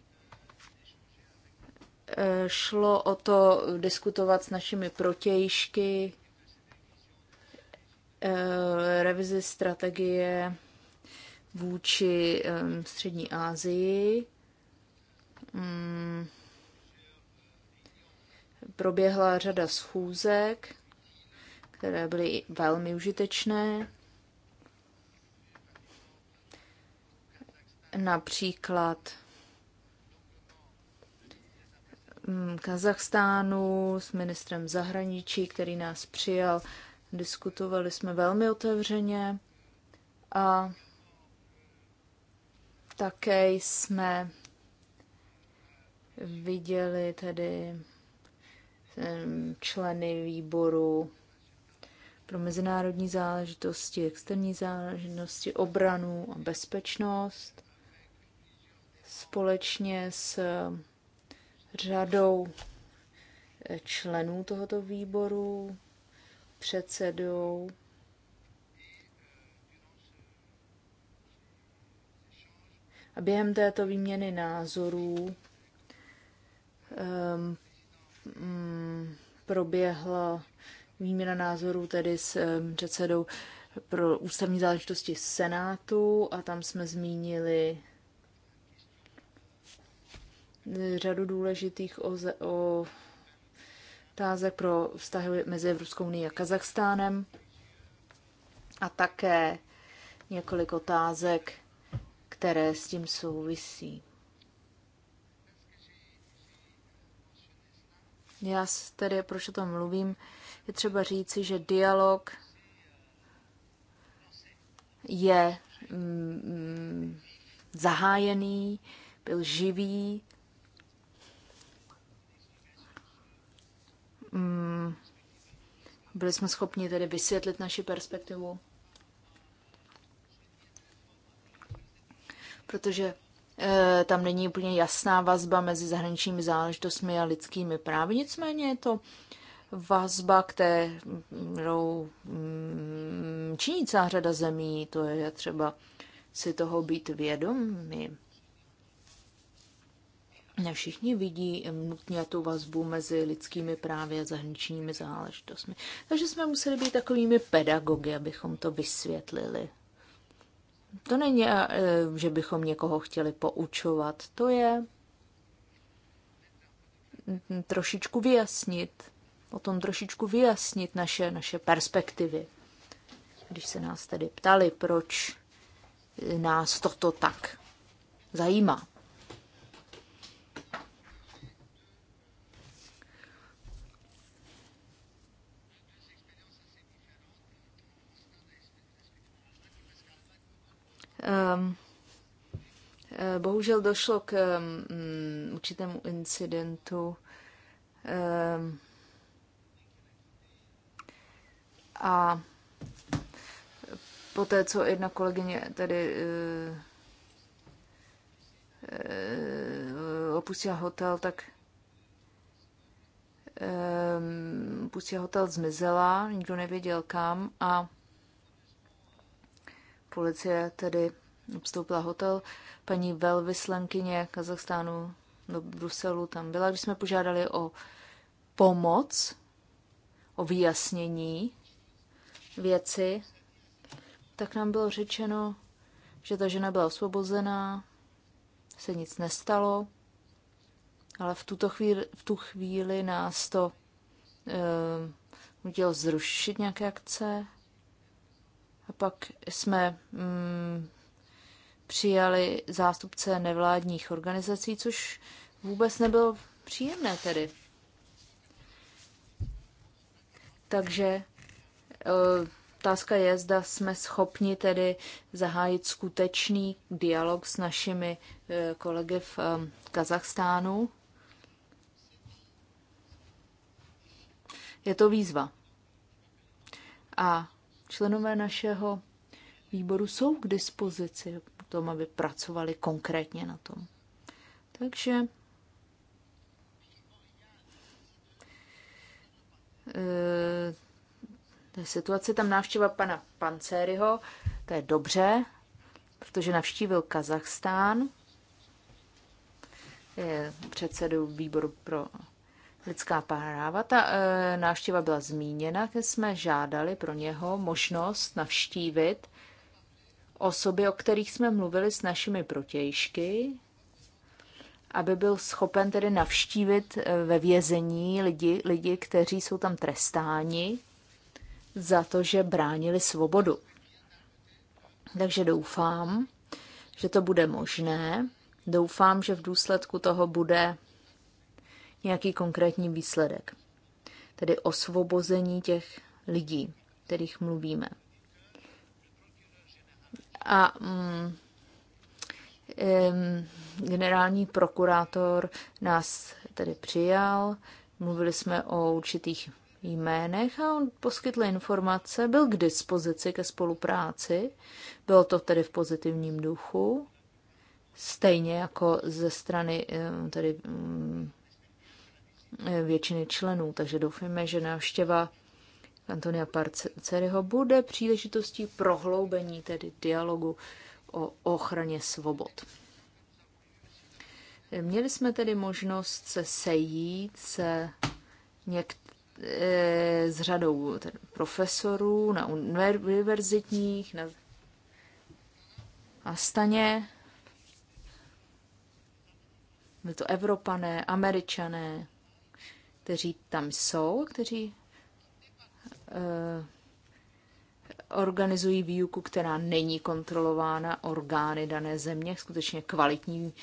Eh, šlo o to diskutovat s našimi protějšky, revizi strategie vůči um, Střední Asii. Um, proběhla řada schůzek, které byly velmi užitečné. Například mm, Kazachstánu s ministrem zahraničí, který nás přijal. Diskutovali jsme velmi otevřeně a také jsme viděli tedy členy výboru pro mezinárodní záležitosti, externí záležitosti, obranu a bezpečnost společně s řadou eh, členů tohoto výboru, předsedou A během této výměny názorů um, proběhla výměna názorů tedy s předsedou pro ústavní záležitosti Senátu a tam jsme zmínili e, řadu důležitých o, o tázek pro vztahy mezi Evropskou unii a Kazachstánem a také několik otázek které s tím souvisí. Já tedy, proč o tom mluvím, je třeba říci, že dialog je mm, zahájený, byl živý. Mm, byli jsme schopni tedy vysvětlit naši perspektivu. protože eh, tam není úplně jasná vazba mezi zahraničními záležitostmi a lidskými právy. Nicméně je to vazba, kterou mm, činí celá řada zemí, to je třeba si toho být vědomý. Ne všichni vidí nutně tu vazbu mezi lidskými právy a zahraničními záležitostmi. Takže jsme museli být takovými pedagogy, abychom to vysvětlili. To není, eh, že bychom někoho chtěli poučovat, to je trošičku vyjasnit, o tom trošičku vyjasnit naše, naše perspektivy. Když se nás tedy ptali, proč nás toto tak zajímá. Ehm, eh, bohužel došlo k mm, určitému incidentu ehm, a poté, co jedna kolegyně uh, opustila hotel, tak ehm, opustila hotel, zmizela, nikdo nevěděl kam a Policie tedy obstoupila hotel. Paní velvyslankyně Kazachstánu do Bruselu tam byla, když jsme požádali o pomoc, o vyjasnění věci, tak nám bylo řečeno, že ta žena byla osvobozená, se nic nestalo, ale v, tuto chvíli, v tu chvíli nás to e, eh, udělalo zrušit nějaké akce a pak jsme mm, přijali zástupce nevládních organizací, což vůbec nebylo příjemné tedy. Takže e, otázka je, zda jsme schopni tedy zahájit skutečný dialog s našimi e, kolegy v e, Kazachstánu. Je to výzva. A Členové našeho výboru jsou k dispozici k tom, aby pracovali konkrétně na tom. Takže e, situace tam návštěva pana Pancériho, to je dobře, protože navštívil Kazachstán, je předsedou výboru pro lidská práva. Ta e, návštěva byla zmíněna, kde jsme žádali pro něho možnost navštívit osoby, o kterých jsme mluvili s našimi protějšky, aby byl schopen tedy navštívit eh, ve vězení lidi, lidi, kteří jsou tam trestáni za to, že bránili svobodu. Takže doufám, že to bude možné. Doufám, že v důsledku toho bude nějaký konkrétní výsledek. Tedy osvobození těch lidí, kterých mluvíme. A mm, generální prokurátor nás tedy přijal, mluvili jsme o určitých jménech a on poskytl informace, byl k dispozici ke spolupráci, bylo to tedy v pozitivním duchu, stejně jako ze strany tedy většiny členů. Takže doufáme, že návštěva Antonia Parceriho bude příležitostí prohloubení tedy dialogu o ochraně svobod. Měli jsme tedy možnost se sejít se něk- eh, s řadou profesorů na univerzitních, na Astaně. Byli to Evropané, Američané, kteří tam jsou, kteří eh, organizují výuku, která není kontrolována orgány dané země, skutečně kvalitní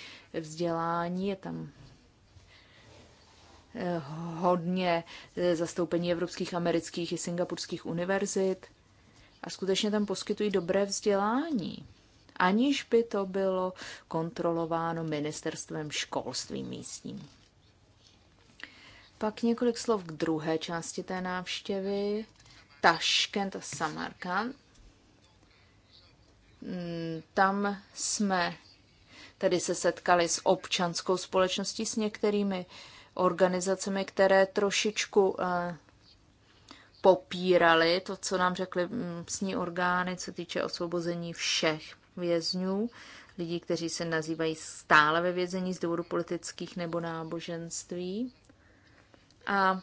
vzdělání, je tam eh, hodně eh, zastoupení evropských, amerických i singapurských univerzit a skutečně tam poskytují dobré vzdělání, aniž by to bylo kontrolováno ministerstvem školství místním. Pak několik slov k druhé části té návštěvy. Taškent a Samarkand. Mm, tam jsme tedy se setkali s občanskou společností, s některými organizacemi, které trošičku eh, popírali to, co nám řekly mm, místní orgány, co týče osvobození všech vězňů, lidí, kteří se nazývají stále ve vězení z důvodu politických nebo náboženství. A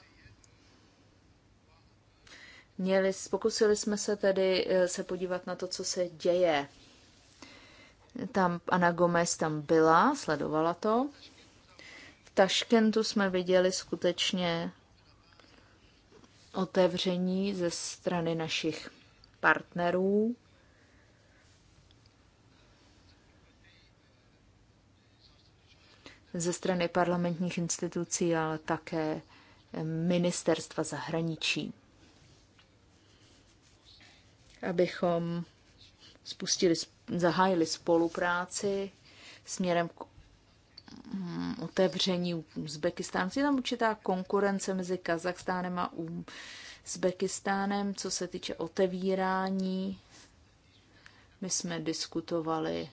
měli, pokusili jsme se tedy eh, se podívat na to, co se děje. Tam Ana Gomez tam byla, sledovala to. V Taškentu jsme viděli skutečně otevření ze strany našich partnerů. Ze strany parlamentních institucí, ale také ministerstva zahraničí, abychom spustili, zahájili spolupráci směrem k mm, otevření Uzbekistánu. Je tam určitá konkurence mezi Kazachstánem a Uzbekistánem, co se týče otevírání. My jsme diskutovali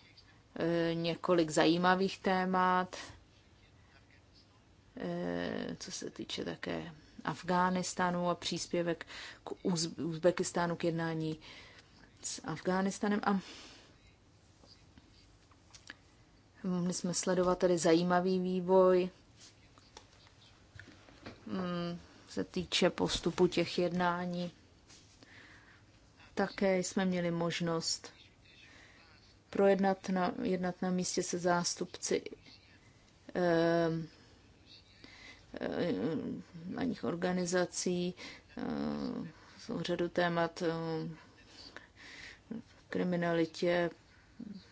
eh, několik zajímavých témat Eh, co se týče také Afghánistánu a příspěvek k Uzbekistánu k jednání s Afghánistánem. A mohli jsme sledovat tady zajímavý vývoj, mm, se týče postupu těch jednání. Také jsme měli možnost projednat na, jednat na místě se zástupci eh, Eh, nich organizací, eh, jsou řadu témat eh, kriminalitě,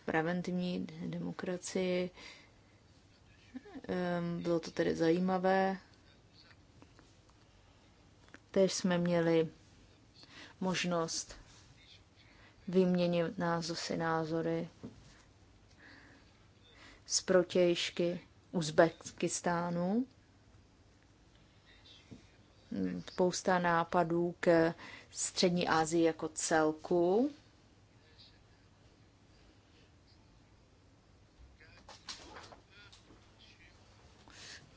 preventivní demokracii. Bylo to tedy zajímavé. Tež jsme měli možnost vyměnit názory, názory z protějšky Uzbekistánu spousta nápadů k střední Asii jako celku.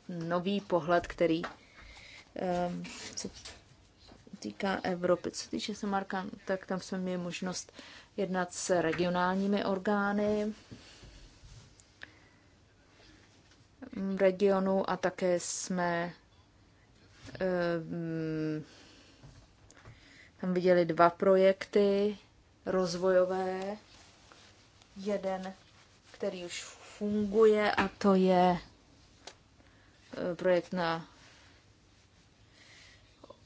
Nový pohled, který um, ehm, se týká Evropy. Co týče se Marka, tak tam jsme měli možnost jednat s regionálními orgány regionu a také jsme Ehm, tam viděli dva projekty rozvojové. Jeden, který už funguje, a to je eh, projekt na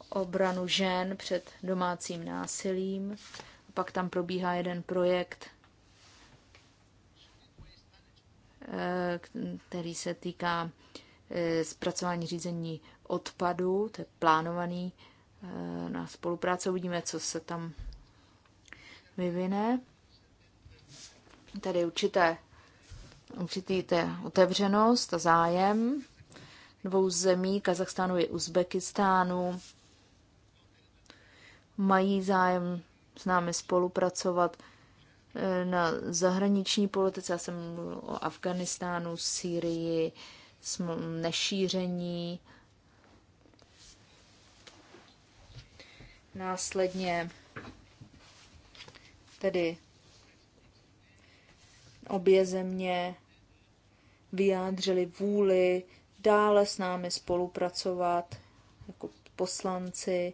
obranu žen před domácím násilím. A pak tam probíhá jeden projekt, eh, který se týká eh, zpracování řízení odpadu, to je plánovaný eh, na spolupráce, uvidíme, co se tam vyvine. Tady určité, určitý je otevřenost a zájem dvou zemí, Kazachstánu i Uzbekistánu, mají zájem s námi spolupracovat eh, na zahraniční politice. Já jsem mluvil o Afganistánu, Sýrii, nešíření, Následně tedy obě země vyjádřili vůli dále s námi spolupracovat jako poslanci.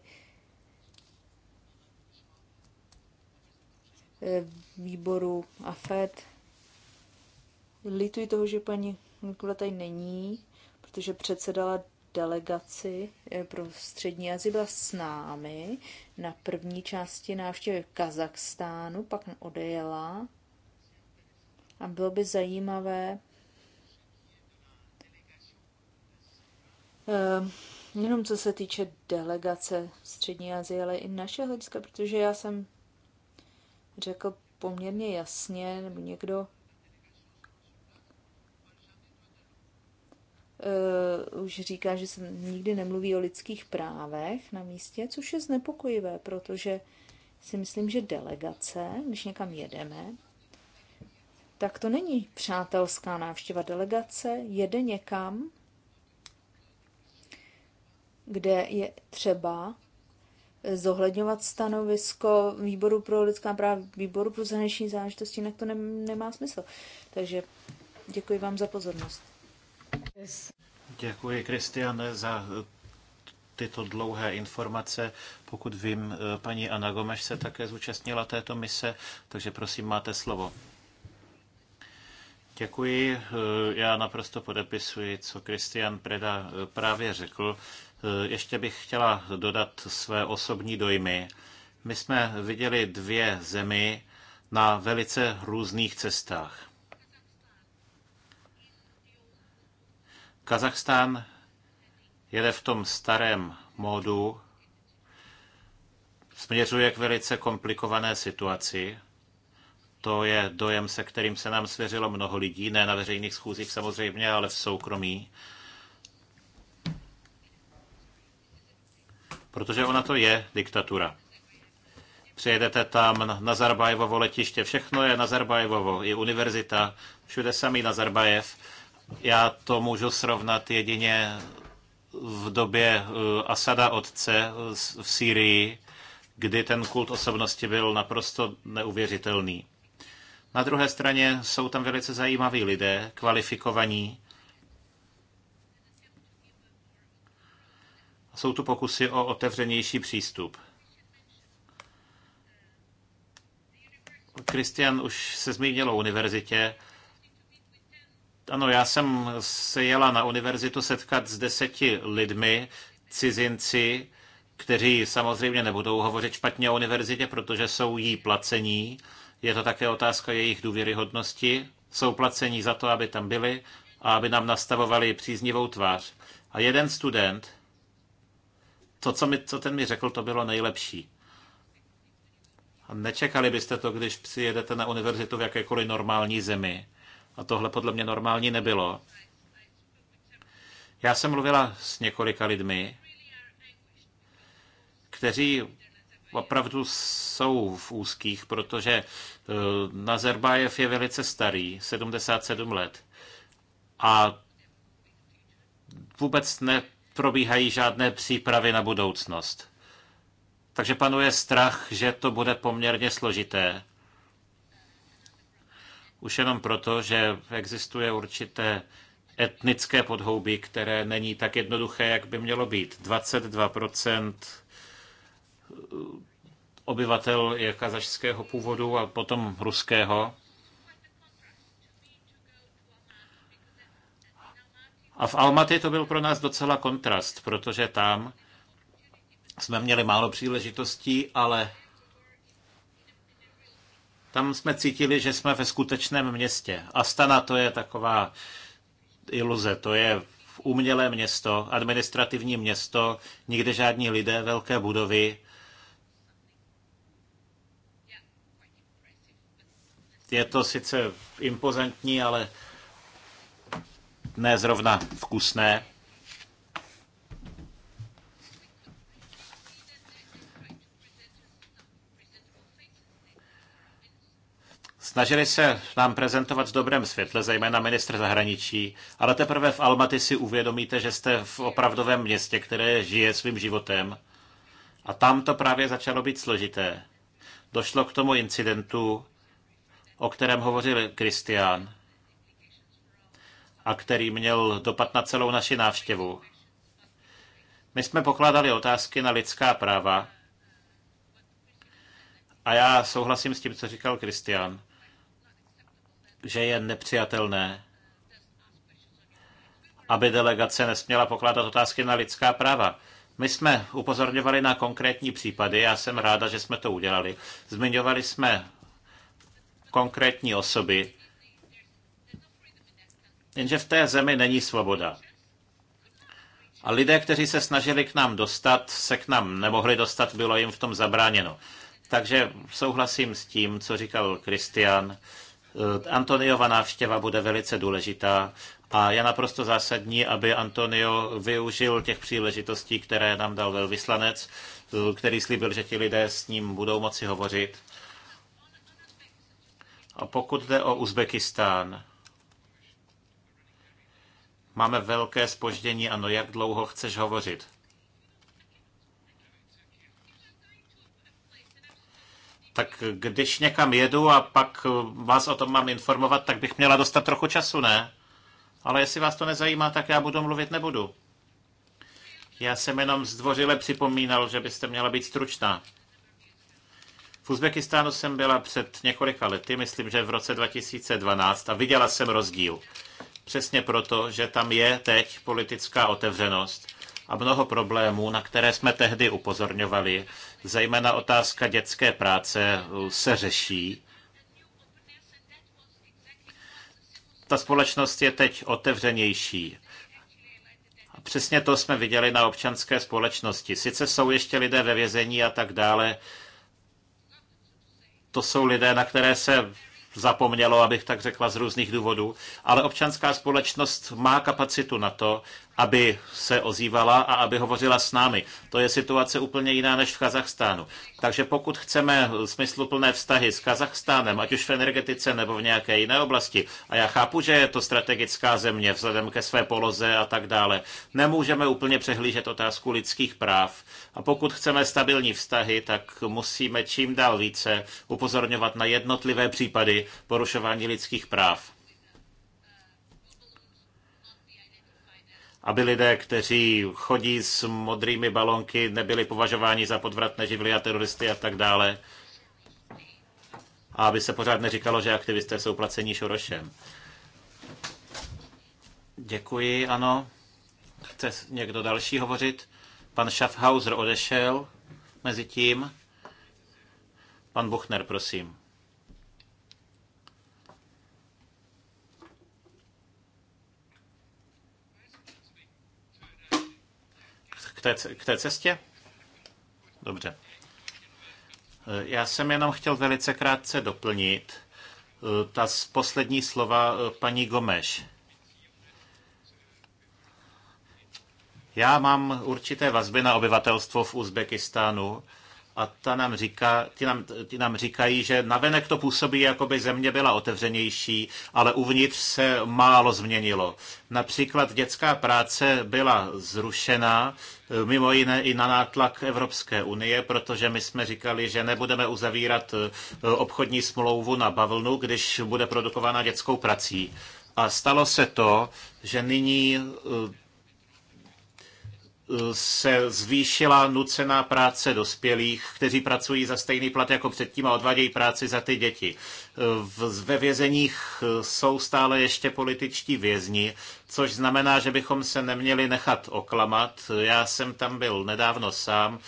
Eh, výboru AFED. Lituji toho, že paní Nikola tady není, protože předsedala delegaci eh, pro střední Azi byla s námi na první části návštěvy v Kazachstánu, pak odejela a bylo by zajímavé eh, jenom co se týče delegace Střední Asie, ale i naše hlediska, protože já jsem řekl poměrně jasně, nebo někdo uh, už říká, že se nikdy nemluví o lidských právech na místě, což je znepokojivé, protože si myslím, že delegace, když někam jedeme, tak to není přátelská návštěva. Delegace jede někam, kde je třeba zohledňovat stanovisko výboru pro lidská práva, výboru pro zahraniční záležitosti, jinak to nemá smysl. Takže děkuji vám za pozornost. Děkuji, Kristiane, za eh, tyto dlouhé informace. Pokud vím, eh, paní Anna Gomeš se také zúčastnila této mise, takže prosím, máte slovo. Děkuji. Eh, já naprosto podepisuji, co Kristian Preda právě řekl. Ještě bych chtěla dodat své osobní dojmy. My jsme viděli dvě zemi na velice různých cestách. Kazachstán jede v tom starém módu, směřuje k velice komplikované situaci. To je dojem, se kterým se nám svěřilo mnoho lidí, ne na veřejných schůzích samozřejmě, ale v soukromí. Protože ona to je diktatura. Přijedete tam, na Zarbajevovo letiště, všechno je Nazarbajevovo, i univerzita, všude samý Nazarbajev já to můžu srovnat jedině v době eh, Asada otce eh, v Sýrii, kdy ten kult osobnosti byl naprosto neuvěřitelný. Na druhé straně jsou tam velice zajímaví lidé, kvalifikovaní. Jsou tu pokusy o otevřenější přístup. Kristian už se zmínil o univerzitě. Ano, já jsem se jela na univerzitu setkat s deseti lidmi, cizinci, kteří samozřejmě nebudou hovořit špatně o univerzitě, protože jsou jí placení. Je to také otázka jejich důvěryhodnosti. Jsou placení za to, aby tam byli a aby nám nastavovali příznivou tvář. A jeden student, to, co, mi, co ten mi řekl, to bylo nejlepší. A nečekali byste to, když přijedete na univerzitu v jakékoliv normální zemi. A tohle podle mě normální nebylo. Já jsem mluvila s několika lidmi, kteří opravdu jsou v úzkých, protože e, Nazarbájev je velice starý, 77 let. A vůbec neprobíhají žádné přípravy na budoucnost. Takže panuje strach, že to bude poměrně složité. Už jenom proto, že existuje určité etnické podhoubí, které není tak jednoduché, jak by mělo být. 22% obyvatel je kazašského původu a potom ruského. A v Almaty to byl pro nás docela kontrast, protože tam jsme měli málo příležitostí, ale tam jsme cítili, že jsme ve skutečném městě. Astana to je taková iluze, to je umělé město, administrativní město, nikde žádní lidé, velké budovy. Je to sice impozantní, ale ne zrovna vkusné. Snažili se nám prezentovat v dobrém světle, zejména ministr zahraničí, ale teprve v Almaty si uvědomíte, že jste v opravdovém městě, které žije svým životem. A tam to právě začalo být složité. Došlo k tomu incidentu, o kterém hovořil Kristián a který měl dopad na celou naši návštěvu. My jsme pokládali otázky na lidská práva a já souhlasím s tím, co říkal Kristián že je nepřijatelné, aby delegace nesměla pokládat otázky na lidská práva. My jsme upozorňovali na konkrétní případy, já jsem ráda, že jsme to udělali. Zmiňovali jsme konkrétní osoby, jenže v té zemi není svoboda. A lidé, kteří se snažili k nám dostat, se k nám nemohli dostat, bylo jim v tom zabráněno. Takže souhlasím s tím, co říkal Kristian, Eh, Antoniova návštěva bude velice důležitá a je naprosto zásadní, aby Antonio využil těch příležitostí, které nám dal velvyslanec, eh, který slíbil, že ti lidé s ním budou moci hovořit. A pokud jde o Uzbekistán, máme velké spoždění, ano, jak dlouho chceš hovořit? Tak když někam jedu a pak vás o tom mám informovat, tak bych měla dostat trochu času, ne? Ale jestli vás to nezajímá, tak já budu mluvit nebudu. Já jsem jenom zdvořile připomínal, že byste měla být stručná. V Uzbekistánu jsem byla před několika lety, myslím, že v roce 2012, a viděla jsem rozdíl. Přesně proto, že tam je teď politická otevřenost a mnoho problémů, na které jsme tehdy upozorňovali, zejména otázka dětské práce uh, se řeší. Ta společnost je teď otevřenější. A přesně to jsme viděli na občanské společnosti. Sice jsou ještě lidé ve vězení a tak dále, to jsou lidé, na které se zapomnělo, abych tak řekla, z různých důvodů, ale občanská společnost má kapacitu na to, aby se ozývala a aby hovořila s námi. To je situace úplně jiná než v Kazachstánu. Takže pokud chceme smysluplné vztahy s Kazachstánem, ať už v energetice nebo v nějaké jiné oblasti, a já chápu, že je to strategická země vzhledem ke své poloze a tak dále, nemůžeme úplně přehlížet otázku lidských práv. A pokud chceme stabilní vztahy, tak musíme čím dál více upozorňovat na jednotlivé případy porušování lidských práv. aby lidé, kteří chodí s modrými balonky, nebyli považováni za podvratné živly a teroristy a tak dále. A aby se pořád neříkalo, že aktivisté jsou placení Šorošem. Děkuji, ano. Chce někdo další hovořit? Pan Schaffhauser odešel mezi tím. Pan Buchner, prosím. K té, k té cestě? Dobře. E, já jsem jenom chtěl velice krátce doplnit e, ta poslední slova e, paní Gomeš. Já mám určité vazby na obyvatelstvo v Uzbekistánu a ta nám říká, ti, nám, ti nám říkají, že navenek to působí, jako by země byla otevřenější, ale uvnitř se málo změnilo. Například dětská práce byla zrušena, eh, mimo jiné i na nátlak Evropské unie, protože my jsme říkali, že nebudeme uzavírat eh, obchodní smlouvu na bavlnu, když bude produkována dětskou prací. A stalo se to, že nyní eh, se zvýšila nucená práce dospělých, kteří pracují za stejný plat jako předtím a odvádějí práci za ty děti. Ve vězeních jsou stále ještě političtí vězni, což znamená, že bychom se neměli nechat oklamat. Já jsem tam byl nedávno sám,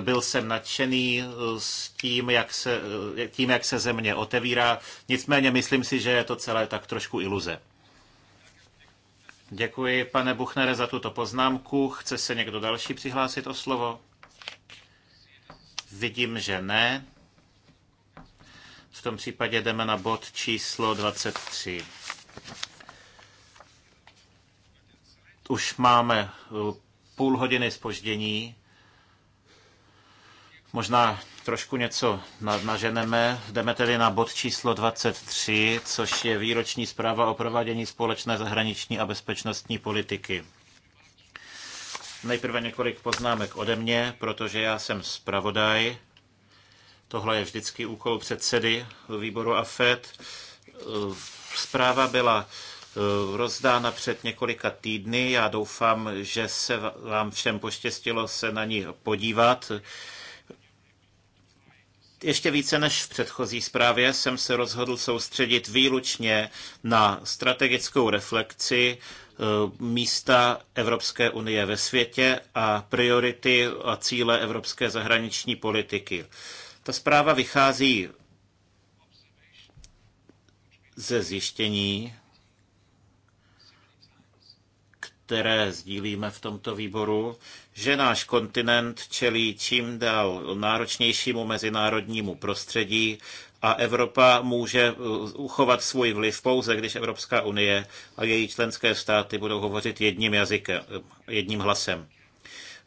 byl jsem nadšený eh, s tím, jak se, eh, tím, jak se země otevírá. Nicméně myslím si, že je to celé tak trošku iluze. Děkuji, pane Buchnere, za tuto poznámku. Chce se někdo další přihlásit o slovo? Vidím, že ne. V tom případě jdeme na bod číslo 23. Už máme eh, půl hodiny spoždění, Možná trošku něco naženeme. Jdeme tedy na bod číslo 23, což je výroční zpráva o provádění společné zahraniční a bezpečnostní politiky. Nejprve několik poznámek ode mě, protože já jsem zpravodaj. Tohle je vždycky úkol předsedy výboru AFED. Zpráva byla eh, rozdána před několika týdny. Já doufám, že se vám všem poštěstilo se na ní podívat ještě více než v předchozí zprávě jsem se rozhodl soustředit výlučně na strategickou reflekci eh, místa Evropské unie ve světě a priority a cíle evropské zahraniční politiky. Ta zpráva vychází ze zjištění, které sdílíme v tomto výboru, že náš kontinent čelí čím dál náročnějšímu mezinárodnímu prostředí a Evropa může uh, uchovat svůj vliv pouze, když Evropská unie a její členské státy budou hovořit jedním jazykem, jedním hlasem.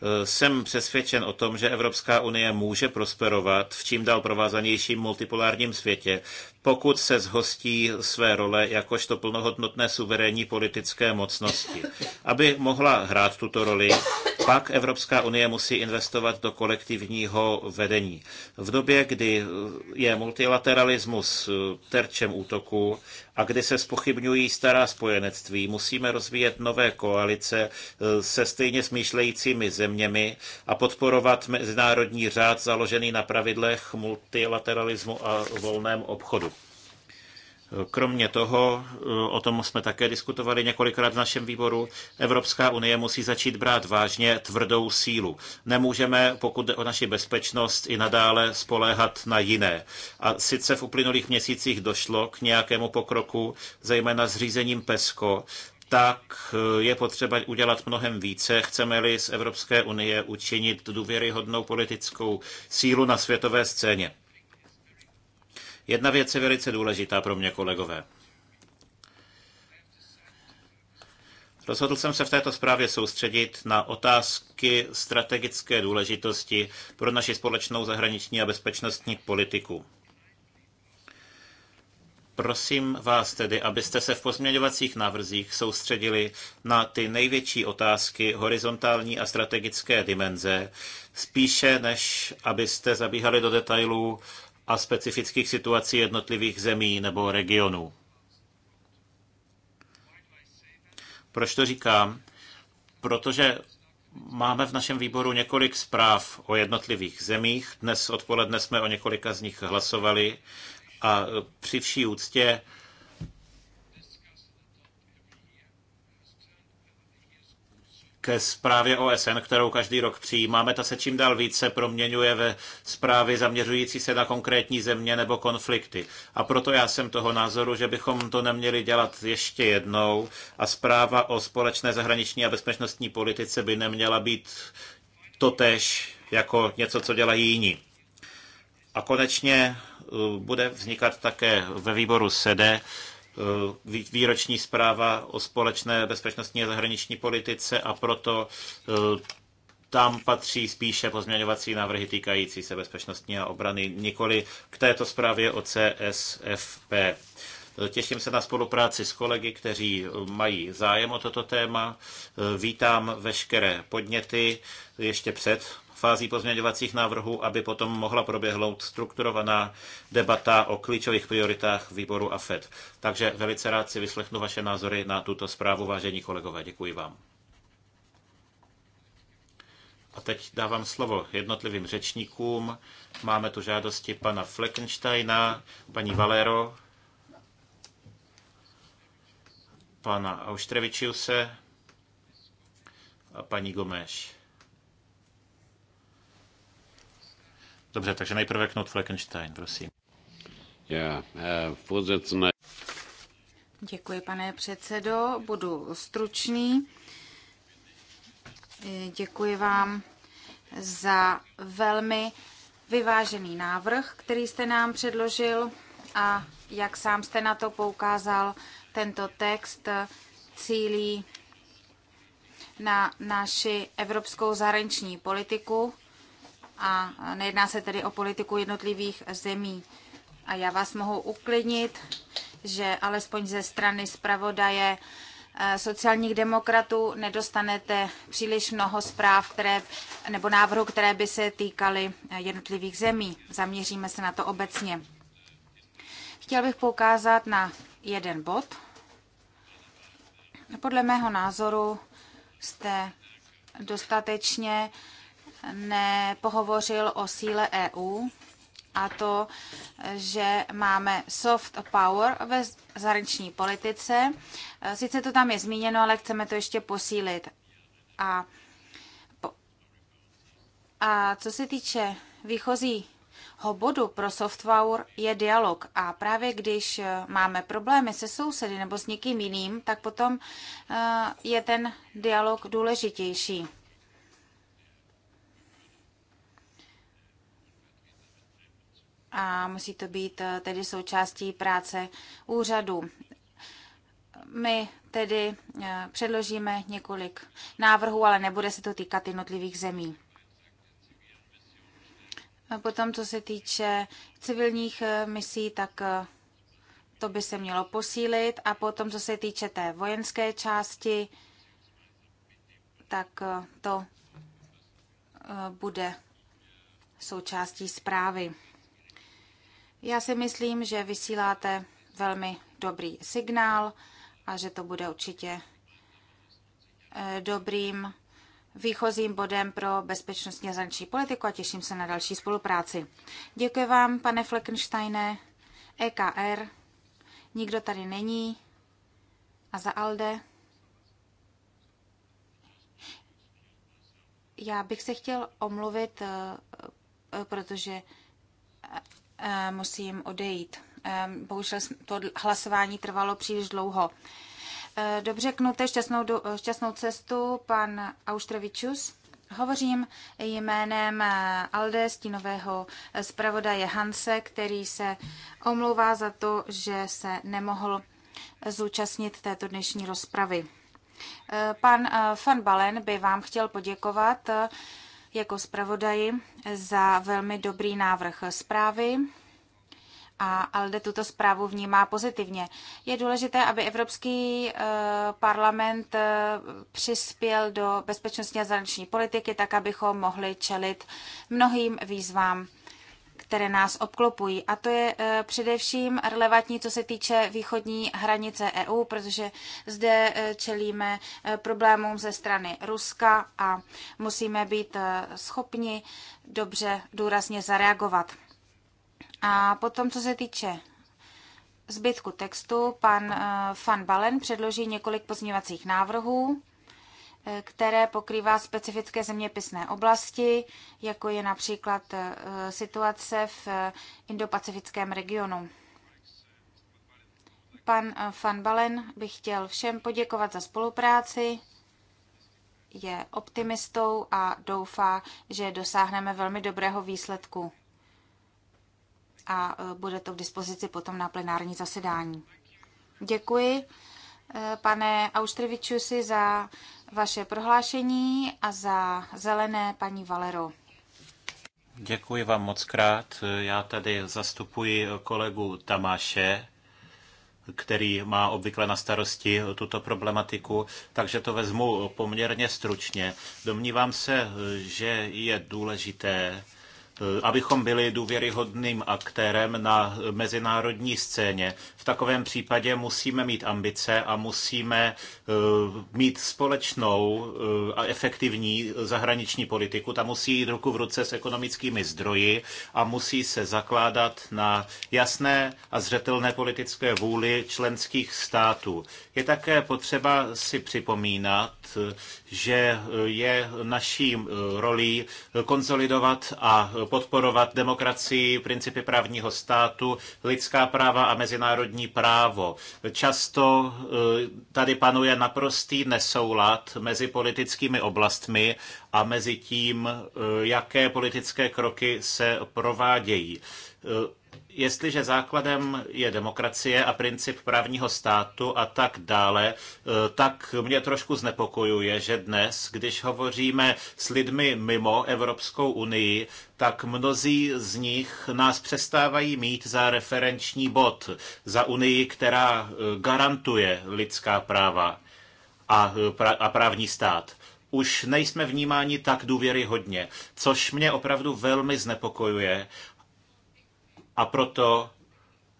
Eh, jsem přesvědčen o tom, že Evropská unie může prosperovat v čím dál provázanějším multipolárním světě, pokud se zhostí své role jakožto plnohodnotné suverénní politické mocnosti. Aby mohla hrát tuto roli, pak Evropská unie musí investovat do kolektivního vedení. V době, kdy je multilateralismus terčem útoku a kdy se spochybňují stará spojenectví, musíme rozvíjet nové koalice se stejně smýšlejícími zeměmi a podporovat mezinárodní řád založený na pravidlech multilateralismu a volném obchodu. Kromě toho, eh, o tom jsme také diskutovali několikrát v našem výboru, Evropská unie musí začít brát vážně tvrdou sílu. Nemůžeme, pokud jde o naši bezpečnost, i nadále spoléhat na jiné. A sice v uplynulých měsících došlo k nějakému pokroku, zejména zřízením PESCO, tak eh, je potřeba udělat mnohem více. Chceme-li z Evropské unie učinit důvěryhodnou politickou sílu na světové scéně. Jedna věc je velice důležitá pro mě, kolegové. Rozhodl jsem se v této zprávě soustředit na otázky strategické důležitosti pro naši společnou zahraniční a bezpečnostní politiku. Prosím vás tedy, abyste se v pozměňovacích návrzích soustředili na ty největší otázky horizontální a strategické dimenze, spíše než abyste zabíhali do detailů a specifických situací jednotlivých zemí nebo regionů. Proč to říkám? Protože máme v našem výboru několik zpráv o jednotlivých zemích. Dnes odpoledne jsme o několika z nich hlasovali a při vší úctě ke zprávě OSN, kterou každý rok přijímáme. Ta se čím dál více proměňuje ve zprávy zaměřující se na konkrétní země nebo konflikty. A proto já jsem toho názoru, že bychom to neměli dělat ještě jednou a zpráva o společné zahraniční a bezpečnostní politice by neměla být totež jako něco, co dělají jiní. A konečně uh, bude vznikat také ve výboru SEDE Eh, výroční zpráva o společné bezpečnostní a zahraniční politice a proto eh, tam patří spíše pozměňovací návrhy týkající se bezpečnostní a obrany, nikoli k této zprávě o CSFP. Eh, těším se na spolupráci s kolegy, kteří mají zájem o toto téma. Vítám veškeré podněty ještě před fází pozměňovacích návrhů, aby potom mohla proběhnout strukturovaná debata o klíčových prioritách výboru FED. Takže velice rád si vyslechnu vaše názory na tuto zprávu, vážení kolegové. Děkuji vám. A teď dávám slovo jednotlivým řečníkům. Máme tu žádosti pana Fleckensteina, paní Valero, pana Auštrevičiuse a paní Gomeš. Dobře, takže nejprve Knut Fleckenstein, prosím. Já, yeah, Děkuji, pane předsedo. Budu stručný. Eh, děkuji vám za velmi vyvážený návrh, který jste nám předložil a jak sám jste na to poukázal, tento text cílí na naši evropskou zahraniční politiku a nejedná se tedy o politiku jednotlivých zemí. A já vás mohu uklidnit, že alespoň ze strany zpravodaje eh, sociálních demokratů nedostanete příliš mnoho zpráv které, nebo návrhů, které by se týkaly eh, jednotlivých zemí. Zaměříme se na to obecně. Chtěl bych poukázat na jeden bod. Podle mého názoru jste dostatečně uh, nepohovořil o síle EU a to, že máme soft power ve zahraniční politice. Sice to tam je zmíněno, ale chceme to ještě posílit. A, a co se týče výchozí bodu pro soft power je dialog a právě když eh, máme problémy se sousedy nebo s někým jiným, tak potom eh, je ten dialog důležitější. a musí to být eh, tedy součástí práce úřadu. My tedy eh, předložíme několik návrhů, ale nebude se to týkat jednotlivých zemí. A potom, co se týče civilních eh, misí, tak to by se mělo posílit. A potom, co se týče té vojenské části, tak to bude součástí zprávy. Já si myslím, že vysíláte velmi dobrý signál a že to bude určitě eh, dobrým výchozím bodem pro bezpečnostní a zahraniční politiku a těším se na další spolupráci. Děkuji vám, pane Fleckensteine, EKR, nikdo tady není a za ALDE. Já bych se chtěl omluvit, eh, eh, protože Eh, musím odejít. Bohužel to hlasování trvalo příliš dlouho. Eh, dobře, knuté šťastnou, šťastnou cestu, pan Auštrevičus. Hovořím jménem eh, Alde Stínového zpravodaje Hanse, který se omlouvá za to, že se nemohl zúčastnit této dnešní rozpravy. Pan Van Balen by vám chtěl poděkovat jako zpravodaji za velmi dobrý návrh zprávy a ALDE tuto zprávu vnímá pozitivně. Je důležité, aby Evropský eh, parlament eh, přispěl do bezpečnostní a zahraniční politiky, tak abychom mohli čelit mnohým výzvám které nás obklopují. A to je eh, především relevantní, co se týče východní hranice EU, protože zde eh, čelíme eh, problémům ze strany Ruska a musíme být schopni dobře, důrazně zareagovat. A potom, co se týče zbytku textu, pan Van Balen předloží několik pozměňovacích návrhů Eh, které pokrývá specifické zeměpisné oblasti, jako je například eh, situace v eh, indopacifickém regionu. Pan Van Balen bych chtěl všem poděkovat za spolupráci, je optimistou a doufá, že dosáhneme velmi dobrého výsledku. A bude to k dispozici potom na plenární zasedání. Děkuji, pane Austrivičusi, za vaše prohlášení a za zelené paní Valero. Děkuji vám moc krát. Já tady zastupuji kolegu Tamáše, který má obvykle na starosti tuto problematiku, takže to vezmu poměrně stručně. Domnívám se, že je důležité, abychom byli důvěryhodným aktérem na mezinárodní scéně v takovém případě musíme mít ambice a musíme eh, mít společnou eh, a efektivní zahraniční politiku. Ta musí jít ruku v ruce s ekonomickými zdroji a musí se zakládat na jasné a zřetelné politické vůli členských států. Je také potřeba si připomínat, že je naší eh, rolí konsolidovat a podporovat demokracii, principy právního státu, lidská práva a mezinárodní mezinárodní právo. Často eh, tady panuje naprostý nesoulad mezi politickými oblastmi a mezi tím, eh, jaké politické kroky se provádějí. Eh, Jestliže základem je demokracie a princip právního státu a tak dále, eh, tak mě trošku znepokojuje, že dnes, když hovoříme s lidmi mimo Evropskou unii, tak mnozí z nich nás přestávají mít za referenční bod, za unii, která eh, garantuje lidská práva a, eh, pra- a právní stát už nejsme vnímáni tak důvěryhodně, což mě opravdu velmi znepokojuje a proto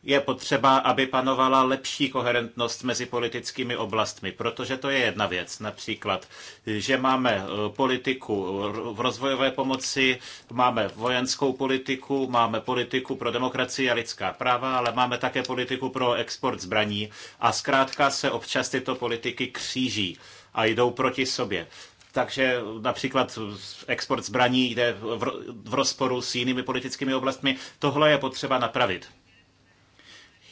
je potřeba, aby panovala lepší koherentnost mezi politickými oblastmi, protože to je jedna věc. Například, že máme eh, politiku v rozvojové pomoci, máme vojenskou politiku, máme politiku pro demokracii a lidská práva, ale máme také politiku pro export zbraní a zkrátka se občas tyto politiky kříží a jdou proti sobě. Takže například export zbraní jde v rozporu s jinými politickými oblastmi. Tohle je potřeba napravit.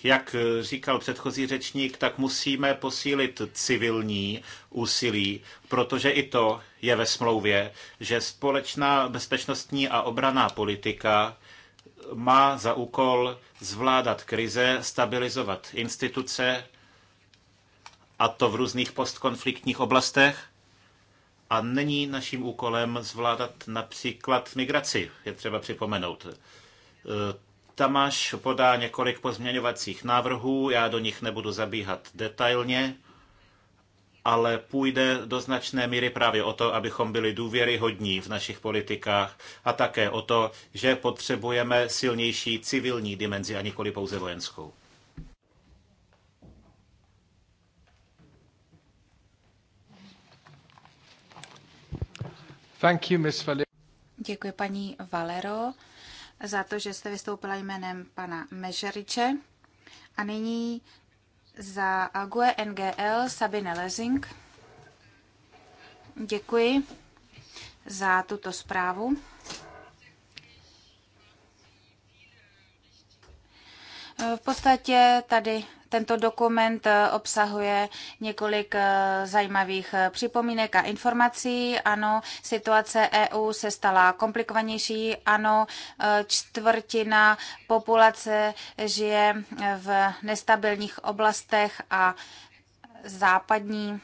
Jak říkal předchozí řečník, tak musíme posílit civilní úsilí, protože i to je ve smlouvě, že společná bezpečnostní a obraná politika má za úkol zvládat krize, stabilizovat instituce, a to v různých postkonfliktních oblastech a není naším úkolem zvládat například migraci, je třeba připomenout. E, Tamáš podá několik pozměňovacích návrhů, já do nich nebudu zabíhat detailně, ale půjde do značné míry právě o to, abychom byli důvěryhodní v našich politikách a také o to, že potřebujeme silnější civilní dimenzi a nikoli pouze vojenskou. Thank you, Děkuji paní Valero za to, že jste vystoupila jménem pana Mežeriče. A nyní za AGUE NGL Sabine Lezing. Děkuji za tuto zprávu. V podstatě tady tento dokument eh, obsahuje několik eh, zajímavých eh, připomínek a informací. Ano, situace EU se stala komplikovanější. Ano, čtvrtina populace žije v nestabilních oblastech a západní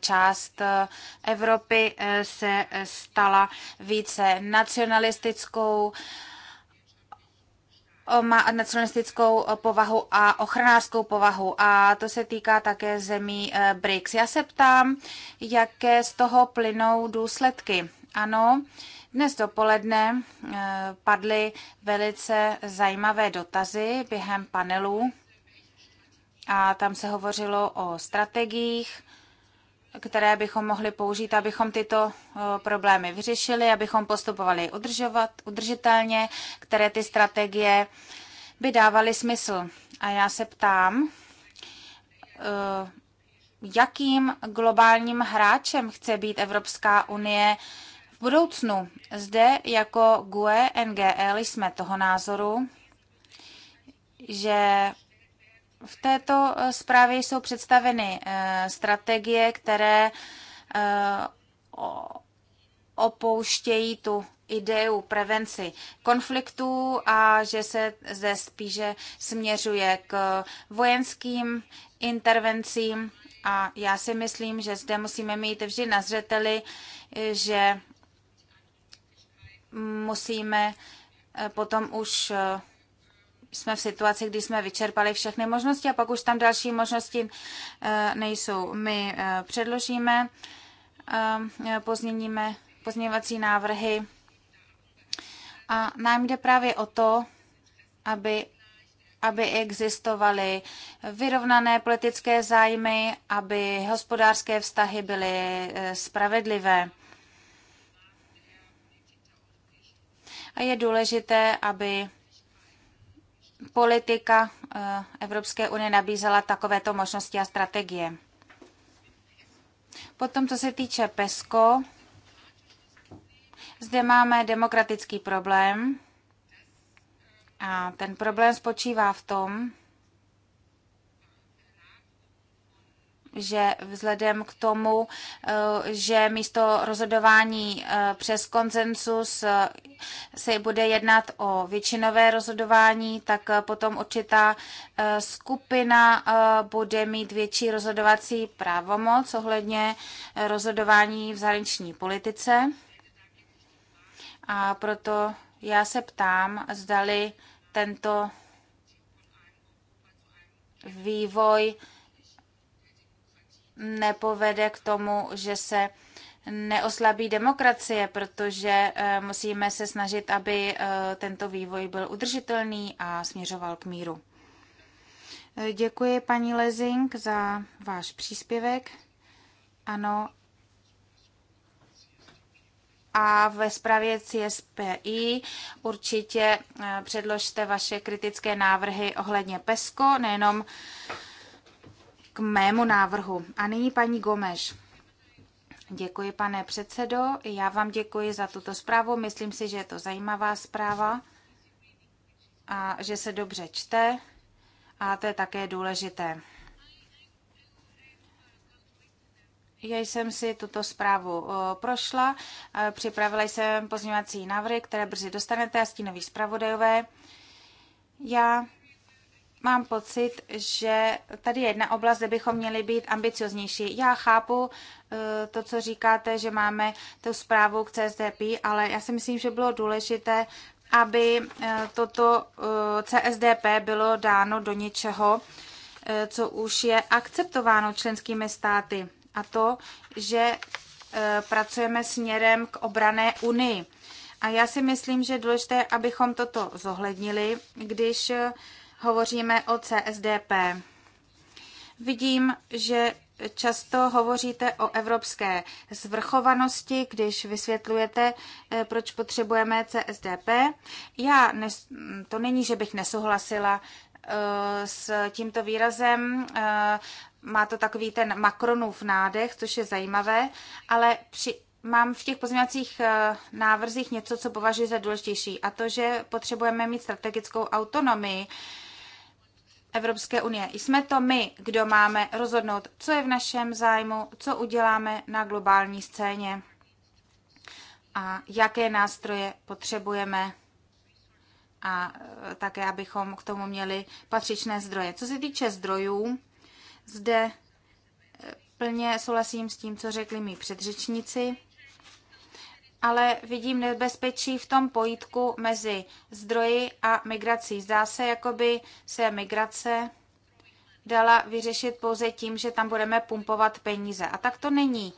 část Evropy se stala více nacionalistickou má nacionalistickou povahu a ochranářskou povahu a to se týká také zemí eh, BRICS. Já se ptám, jaké z toho plynou důsledky. Ano, dnes dopoledne eh, padly velice zajímavé dotazy během panelů a tam se hovořilo o strategiích které bychom mohli použít, abychom tyto eh, problémy vyřešili, abychom postupovali udržovat, udržitelně, které ty strategie by dávaly smysl. A já se ptám, eh, jakým globálním hráčem chce být Evropská unie v budoucnu. Zde jako GUE NGL jsme toho názoru, že v této eh, zprávě jsou představeny eh, strategie, které eh, opouštějí tu ideu prevenci konfliktů a že se zde spíše směřuje k vojenským intervencím. A já si myslím, že zde musíme mít vždy na zřeteli, že musíme potom už jsme v situaci, kdy jsme vyčerpali všechny možnosti a pak už tam další možnosti eh, nejsou. My eh, předložíme, eh, pozměníme pozměňovací návrhy a nám jde právě o to, aby aby existovaly vyrovnané politické zájmy, aby hospodářské vztahy byly spravedlivé. A je důležité, aby politika eh, Evropské unie nabízela takovéto možnosti a strategie. Potom, co se týče PESCO, zde máme demokratický problém. A ten problém spočívá v tom, že vzhledem k tomu, eh, že místo rozhodování eh, přes konsensus eh, se bude jednat o většinové rozhodování, tak potom určitá skupina bude mít větší rozhodovací právomoc ohledně rozhodování v zahraniční politice. A proto já se ptám, zdali tento vývoj nepovede k tomu, že se neoslabí demokracie, protože eh, musíme se snažit, aby eh, tento vývoj byl udržitelný a směřoval k míru. Eh, děkuji paní Lezing za váš příspěvek. Ano. A ve zprávě CSPI určitě předložte vaše kritické návrhy ohledně PESCO, nejenom k mému návrhu. A nyní paní Gomeš. Děkuji, pane předsedo. Já vám děkuji za tuto zprávu. Myslím si, že je to zajímavá zpráva a že se dobře čte. A to je také důležité. Já jsem si tuto zprávu eh, prošla. Eh, připravila jsem pozměňovací návrhy, které brzy dostanete a stínoví zpravodajové. Já mám pocit, že tady je jedna oblast, kde bychom měli být ambicioznější. Já chápu eh, to, co říkáte, že máme tu zprávu k CSDP, ale já si myslím, že bylo důležité, aby eh, toto eh, CSDP bylo dáno do něčeho, co už je akceptováno členskými státy. A to, že pracujeme směrem k obrané unii. A já si myslím, že je důležité, abychom toto zohlednili, když hovoříme o CSDP. Vidím, že často hovoříte o evropské zvrchovanosti, když vysvětlujete, eh, proč potřebujeme CSDP. Já, nes, to není, že bych nesouhlasila eh, s tímto výrazem, eh, má to takový ten Macronův nádech, což je zajímavé, ale při, mám v těch pozměňovacích návrzích něco, co považuji za důležitější, a to, že potřebujeme mít strategickou autonomii Evropské unie. Jsme to my, kdo máme rozhodnout, co je v našem zájmu, co uděláme na globální scéně a jaké nástroje potřebujeme a e, také, abychom k tomu měli patřičné zdroje. Co se týče zdrojů, zde e, plně souhlasím s tím, co řekli mý předřečníci ale vidím nebezpečí v tom pojítku mezi zdroji a migrací. Zdá se, jako by se migrace dala vyřešit pouze tím, že tam budeme pumpovat peníze. A tak to není.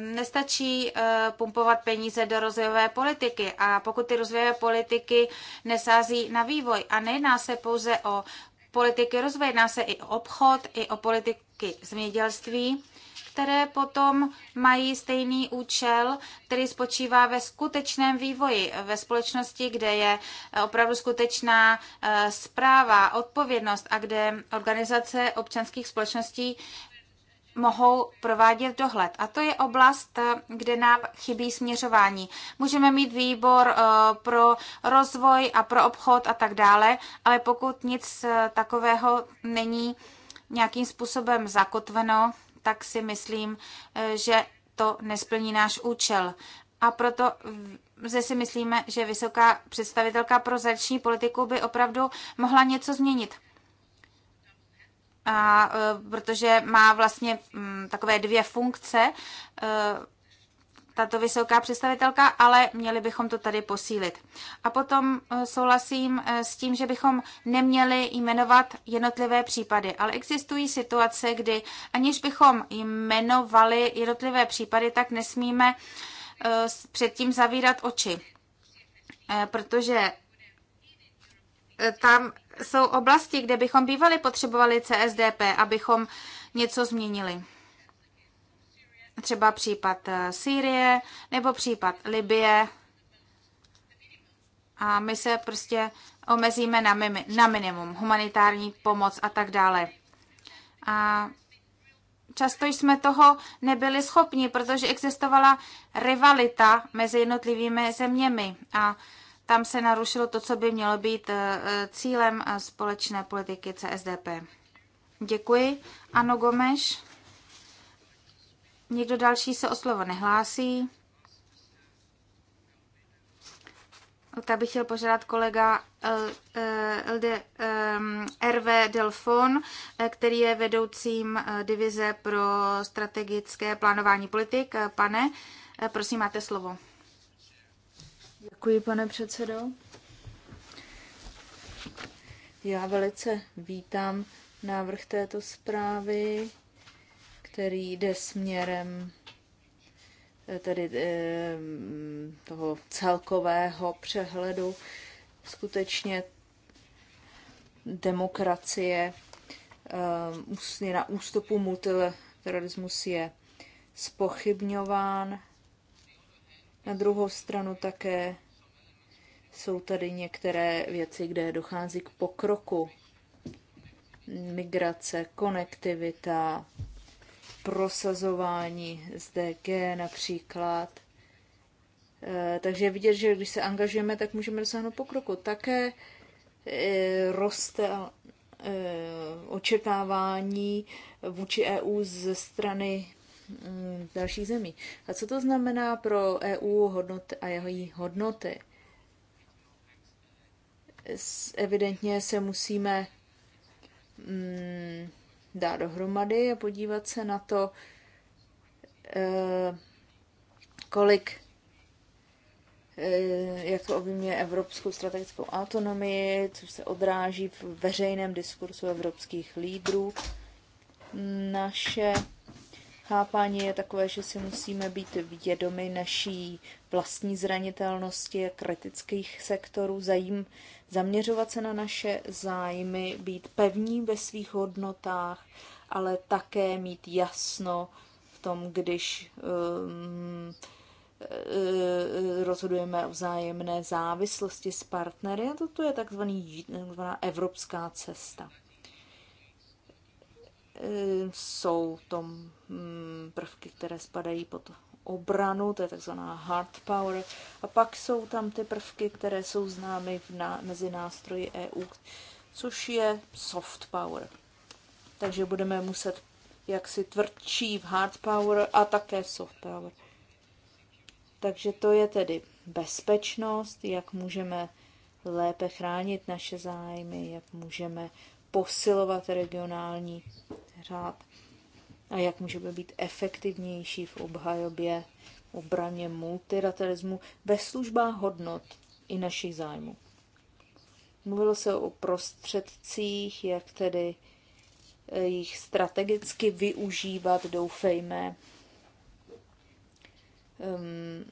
Nestačí eh, pumpovat peníze do rozvojové politiky a pokud ty rozvojové politiky nesází na vývoj a nejedná se pouze o politiky rozvoje, jedná se i o obchod, i o politiky zemědělství, které potom mají stejný účel, který spočívá ve skutečném vývoji, ve společnosti, kde je eh, opravdu skutečná zpráva, eh, odpovědnost a kde organizace občanských společností mohou provádět dohled. A to je oblast, eh, kde nám chybí směřování. Můžeme mít výbor pro rozvoj a pro obchod a tak dále, ale pokud nic takového není nějakým způsobem zakotveno, tak si myslím, eh, že to nesplní náš účel. A proto že si myslíme, že vysoká představitelka pro zahraniční politiku by opravdu mohla něco změnit. A eh, protože má vlastně mm, takové dvě funkce, eh, tato vysoká představitelka, ale měli bychom to tady posílit. A potom eh, souhlasím eh, s tím, že bychom neměli jmenovat jednotlivé případy, ale existují situace, kdy aniž bychom jmenovali jednotlivé případy, tak nesmíme eh, předtím zavírat oči, protože tam jsou oblasti, kde bychom bývali potřebovali CSDP, abychom něco změnili třeba případ eh, Sýrie nebo případ Libie. A my se prostě omezíme na, mimi, na minimum, humanitární pomoc a tak dále. A často jsme toho nebyli schopni, protože existovala rivalita mezi jednotlivými zeměmi a tam se narušilo to, co by mělo být eh, eh, cílem společné politiky CSDP. Děkuji. Ano Gomeš. Někdo další se o slovo nehlásí. Tak bych chtěl požádat kolega eh, eh, LD, ehm, RV Delfon, eh, který je vedoucím divize pro strategické plánování politik. Pane, prosím, máte slovo. Děkuji, pane předsedo. Já velice vítám návrh této zprávy který jde směrem eh, tedy eh, toho celkového přehledu. Skutečně demokracie eh, je na ústupu multilateralismus je spochybňován. Na druhou stranu také jsou tady některé věci, kde dochází k pokroku. Migrace, konektivita, prosazování SDG například. Eh, takže vidět, že když se angažujeme, tak můžeme dosáhnout pokroku. Také eh, roste eh, očekávání vůči EU ze strany mm, dalších zemí. A co to znamená pro EU hodnoty a jeho hodnoty? Evidentně se musíme mm, dá dohromady a podívat se na to, eh, kolik eh, jak to ovlivňuje evropskou strategickou autonomii, což se odráží v veřejném diskursu evropských lídrů. Naše chápání je takové, že si musíme být vědomi naší vlastní zranitelnosti a kritických sektorů, zajím, zaměřovat se na naše zájmy, být pevní ve svých hodnotách, ale také mít jasno v tom, když um, eh, rozhodujeme o vzájemné závislosti s partnery a toto je takzvaný, takzvaná evropská cesta. Jsou tom mm, prvky, které spadají pod obranu, to je takzvaná hard power. A pak jsou tam ty prvky, které jsou známy v ná, mezi nástroji EU, což je soft power. Takže budeme muset jaksi tvrdší v hard power a také v soft power. Takže to je tedy bezpečnost, jak můžeme lépe chránit naše zájmy, jak můžeme posilovat regionální řád a jak můžeme být efektivnější v obhajobě obraně multilateralismu ve službách hodnot i našich zájmů. Mluvilo se o prostředcích, jak tedy eh, jich strategicky využívat, doufejme, ehm,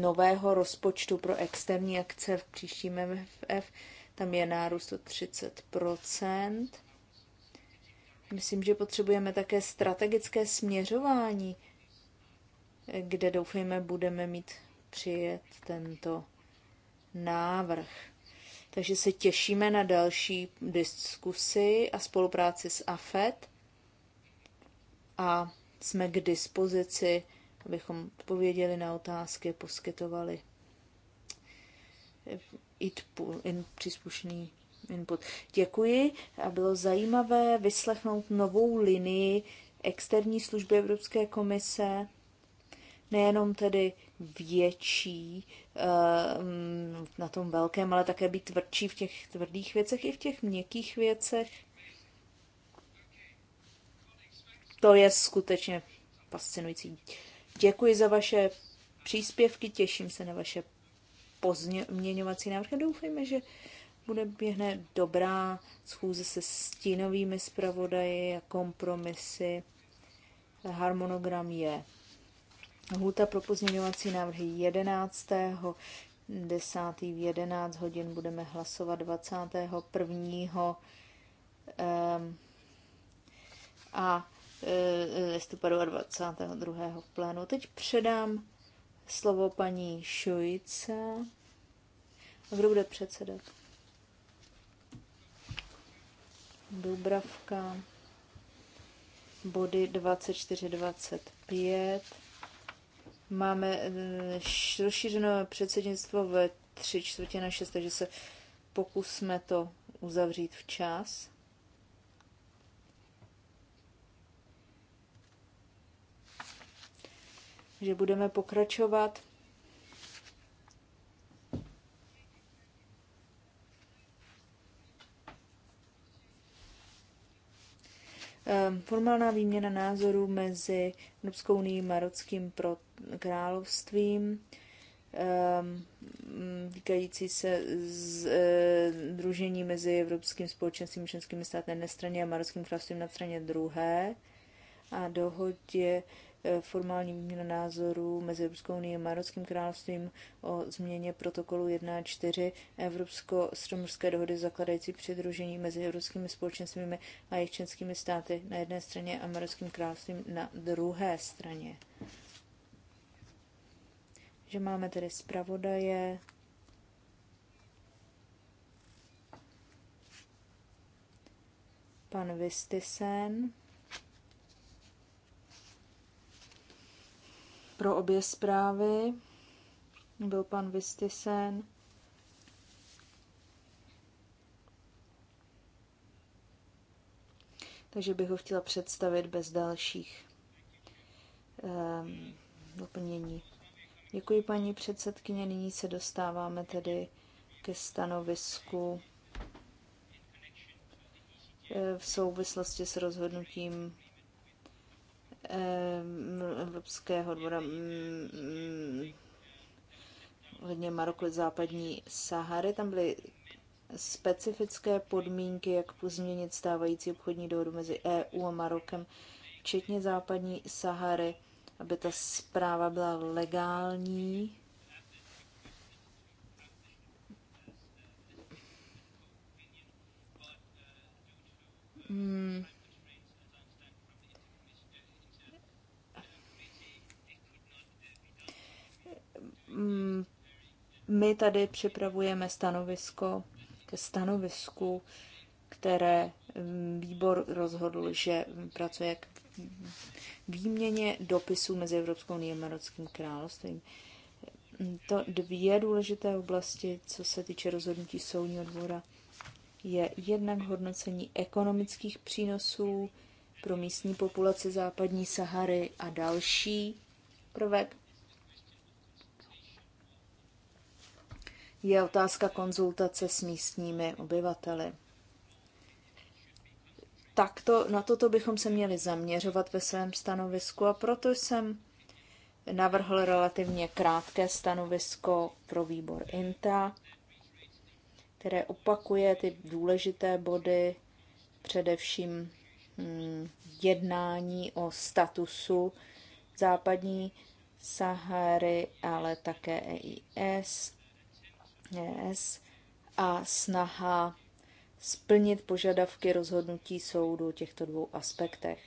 nového rozpočtu pro externí akce v příštím MFF. Tam je nárůst o 30 Myslím, že potřebujeme také strategické směřování, kde doufejme budeme mít přijet tento návrh. Takže se těšíme na další diskusy a spolupráci s AFET a jsme k dispozici, abychom odpověděli na otázky, poskytovali i příslušný input. Děkuji a bylo zajímavé vyslechnout novou linii externí služby Evropské komise, nejenom tedy větší eh, na tom velkém, ale také být tvrdší v těch tvrdých věcech i v těch měkkých věcech. To je skutečně fascinující. Děkuji za vaše příspěvky, těším se na vaše pozměňovací návrhy. Doufejme, že bude běhne dobrá schůze se stínovými zpravodaji a kompromisy. Harmonogram je Hluta pro pozměňovací návrhy 11. 10. v 11 hodin budeme hlasovat 21. Um, ehm, a e, listopadu a 22. v plénu. Teď předám slovo paní Šujce. Kdo bude předsedat? Dubravka, body 24-25. Máme eh, rozšířeno předsednictvo ve tři čtvrtě na šest, takže se pokusme to uzavřít včas. Že budeme pokračovat Ehm, formálná výměna názorů mezi Evropskou unii a Marockým královstvím ehm, týkající se e, družení mezi Evropským společenstvím členskými státy na jedné straně a Marockým královstvím na straně druhé a dohodě Eh, formální výměna názorů mezi Evropskou unii a Marockým královstvím o změně protokolu 1.4 Evropsko-stromorské dohody zakladající přidružení mezi evropskými společenstvími a jejich členskými státy na jedné straně a Marockým královstvím na druhé straně. Že máme tedy zpravodaje, pan Vistisen, pro obě zprávy. Byl pan Vistisen. Takže bych ho chtěla představit bez dalších um, doplnění. Děkuji, paní předsedkyně. Nyní se dostáváme tedy ke stanovisku eh, v souvislosti s rozhodnutím Ehm, evropského dvora mm, mm, hodně Maroku západní Sahary. Tam byly specifické podmínky, jak pozměnit stávající obchodní dohodu mezi EU a Marokem, včetně západní Sahary, aby ta zpráva byla legální. Hmm. Mm, my tady připravujeme stanovisko ke stanovisku, které mm, výbor rozhodl, že pracuje k výměně dopisů mezi Evropskou unii a Marockým královstvím. To dvě důležité oblasti, co se týče rozhodnutí soudního dvora, je jednak hodnocení ekonomických přínosů pro místní populaci západní Sahary a další prvek je otázka konzultace s místními obyvateli. Takto, na toto bychom se měli zaměřovat ve svém stanovisku a proto jsem navrhl relativně krátké stanovisko pro výbor INTA, které opakuje ty důležité body, především hm, jednání o statusu západní Sahary, ale také EIS yes. a snaha splnit požadavky rozhodnutí soudu o těchto dvou aspektech.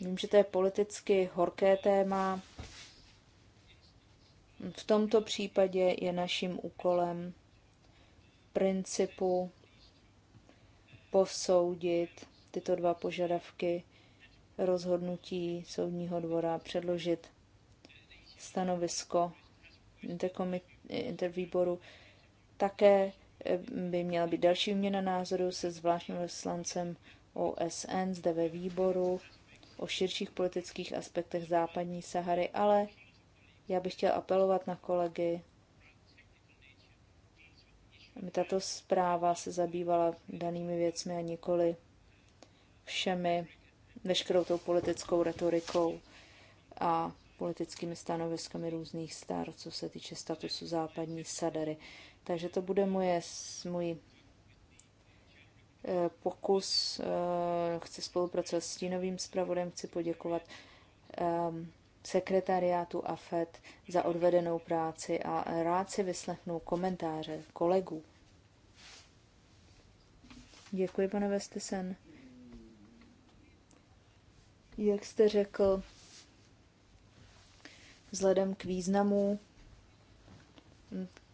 Vím, že to je politicky horké téma. V tomto případě je naším úkolem principu posoudit tyto dva požadavky rozhodnutí soudního dvora, předložit stanovisko intervýboru. Také eh, by měla být další výměna názoru se zvláštním vyslancem OSN zde ve výboru o širších politických aspektech západní Sahary, ale já bych chtěl apelovat na kolegy. aby Tato zpráva se zabývala danými věcmi a nikoli všemi, veškerou tou politickou retorikou a politickými stanoviskami různých star, co se týče statusu západní Sadary. Takže to bude moje, můj eh, pokus. Eh, chci spolupracovat s stínovým zpravodem, chci poděkovat ehm, sekretariátu AFET za odvedenou práci a rád si vyslechnu komentáře kolegů. Děkuji, pane Vestesen. Jak jste řekl, Vzhledem k významu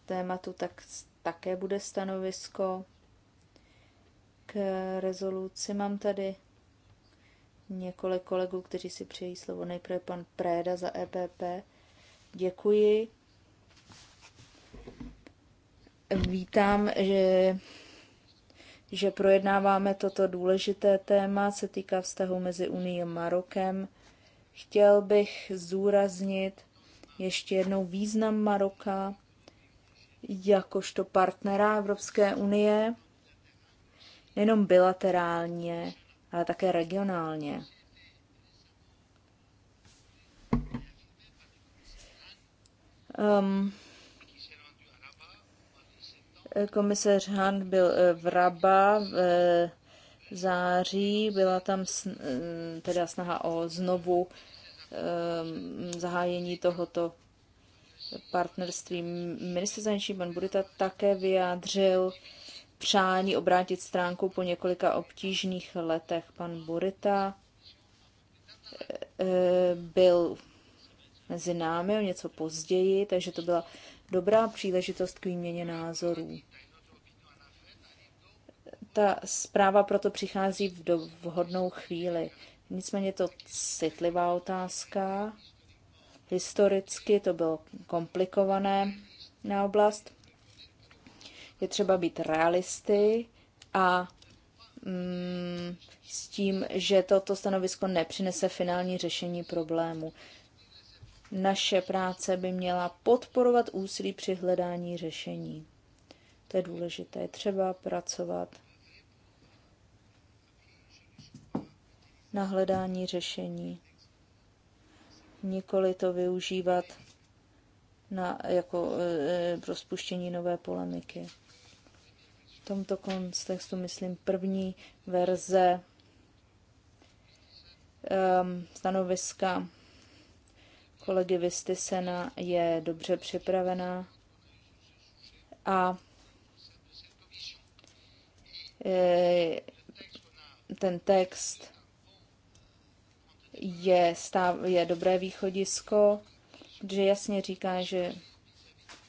tématu tak také bude stanovisko k rezoluci. Mám tady několik kolegů, kteří si přejí slovo. Nejprve pan Préda za EPP. Děkuji. Vítám, že, že projednáváme toto důležité téma, se týká vztahu mezi Unii a Marokem. Chtěl bych zúraznit ještě jednou význam Maroka jakožto partnera Evropské unie, nejenom bilaterálně, ale také regionálně. Um, komisař Han byl eh, v Raba v eh, září, byla tam eh, teda snaha o znovu Ehm, zahájení tohoto partnerství. Minister zahraničí pan Budita také vyjádřil přání obrátit stránku po několika obtížných letech. Pan Burita eh, byl mezi námi o něco později, takže to byla dobrá příležitost k výměně názorů. Ta zpráva proto přichází v vhodnou chvíli. Nicméně je to citlivá otázka. Historicky to bylo komplikované na oblast. Je třeba být realisty a mm, s tím, že toto stanovisko nepřinese finální řešení problému. Naše práce by měla podporovat úsilí při hledání řešení. To je důležité. Je třeba pracovat na hledání řešení. Nikoli to využívat na, jako e, e, pro spuštění nové polemiky. V tomto kontextu myslím první verze e, stanoviska kolegy Vistysena je dobře připravená a e, ten text je, stáv, je dobré východisko, že jasně říká, že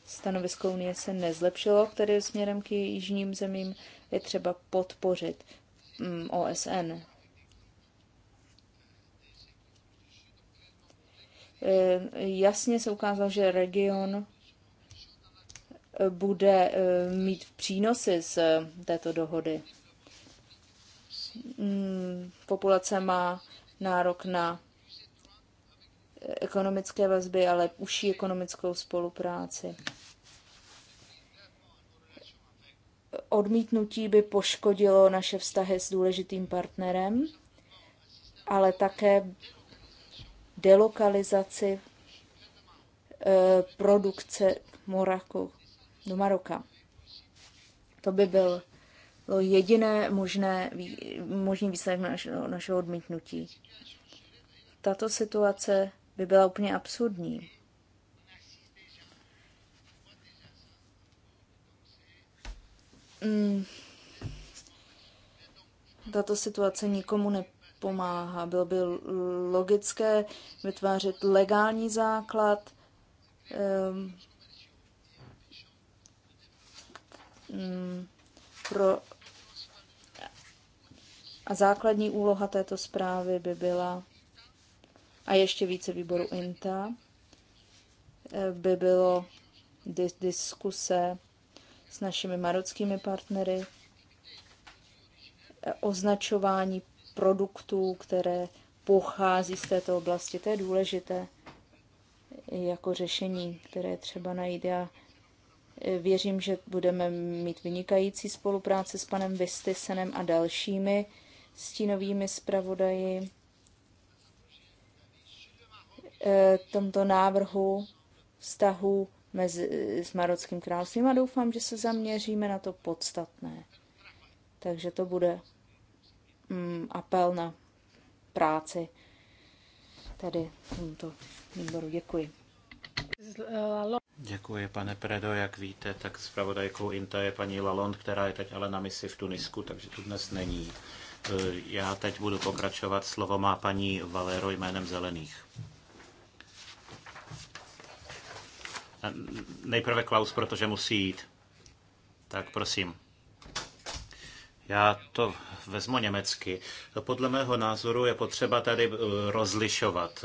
stanovisko Unie se nezlepšilo, které směrem k jižním zemím je třeba podpořit mm, OSN. E, jasně se ukázalo, že region e, bude e, mít přínosy z této dohody. Mm, populace má nárok na eh, ekonomické vazby, ale užší ekonomickou spolupráci. Odmítnutí by poškodilo naše vztahy s důležitým partnerem, ale také delokalizaci eh, produkce Moraku do Maroka. To by byl jediné možné, možný výsledek našeho, našeho odmítnutí. Tato situace by byla úplně absurdní. Mm. Tato situace nikomu nepomáhá. Bylo by logické vytvářet legální základ, um, pro a základní úloha této zprávy by byla, a ještě více výboru INTA, eh, by bylo dis- diskuse s našimi marockými partnery, eh, označování produktů, které pochází z této oblasti. To je důležité jako řešení, které třeba najít. Já eh, věřím, že budeme mít vynikající spolupráci s panem Vistysenem a dalšími stínovými zpravodaji eh, tomto návrhu vztahu mezi, s Marockým královstvím a doufám, že se zaměříme na to podstatné. Takže to bude mm, apel na práci tady v tomto výboru. Děkuji. Děkuji, pane Predo. Jak víte, tak zpravodajkou INTA je paní Lalonde, která je teď ale na misi v Tunisku, takže tu dnes není. Eh, já teď budu pokračovat. Slovo má paní Valero jménem Zelených. Eh, nejprve Klaus, protože musí jít. Tak prosím. Já to vezmu německy. Podle mého názoru je potřeba tady eh, rozlišovat.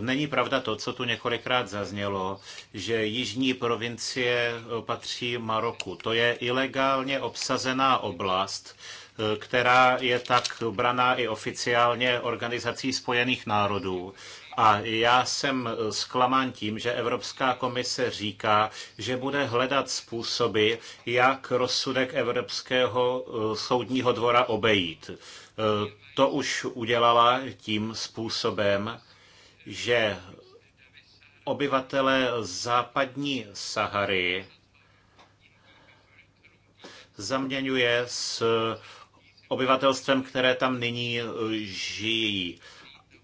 Není pravda to, co tu několikrát zaznělo, že jižní provincie patří Maroku. To je ilegálně obsazená oblast, která je tak braná i oficiálně Organizací spojených národů. A já jsem zklamán tím, že Evropská komise říká, že bude hledat způsoby, jak rozsudek Evropského eh, soudního dvora obejít. Eh, to už udělala tím způsobem, že obyvatele západní Sahary zaměňuje s obyvatelstvem, které tam nyní e, žijí.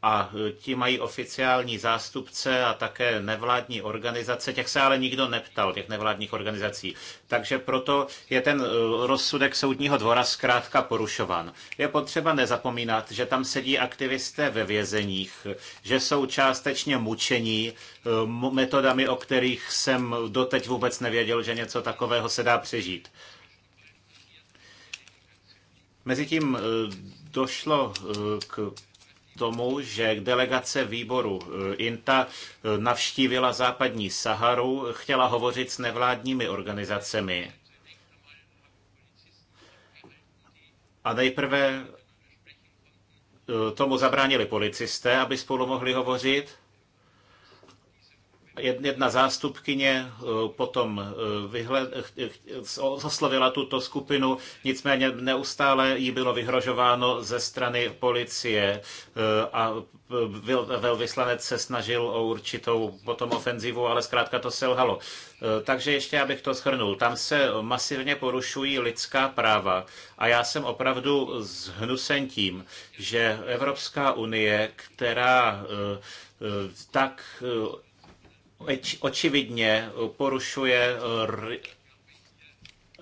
A e, ti mají oficiální zástupce a také nevládní organizace. Těch se ale nikdo neptal, těch nevládních organizací. Takže proto je ten e, rozsudek soudního dvora zkrátka porušovan. Je potřeba nezapomínat, že tam sedí aktivisté ve vězeních, že jsou částečně mučení metodami, o kterých jsem doteď vůbec nevěděl, že něco takového se dá přežít. Mezitím eh, došlo eh, k tomu, že delegace výboru eh, INTA navštívila západní Saharu, chtěla hovořit s nevládními organizacemi. A nejprve tomu zabránili policisté, aby spolu mohli hovořit jedna zástupkyně eh, potom eh, vyhled, tuto skupinu, nicméně neustále jí bylo vyhrožováno ze strany policie eh, a velvyslanec se snažil o určitou potom ofenzivu, ale zkrátka to selhalo. Takže ještě abych to shrnul. Tam se masivně porušují lidská práva a já jsem opravdu zhnusen tím, že Evropská unie, která tak očividně porušuje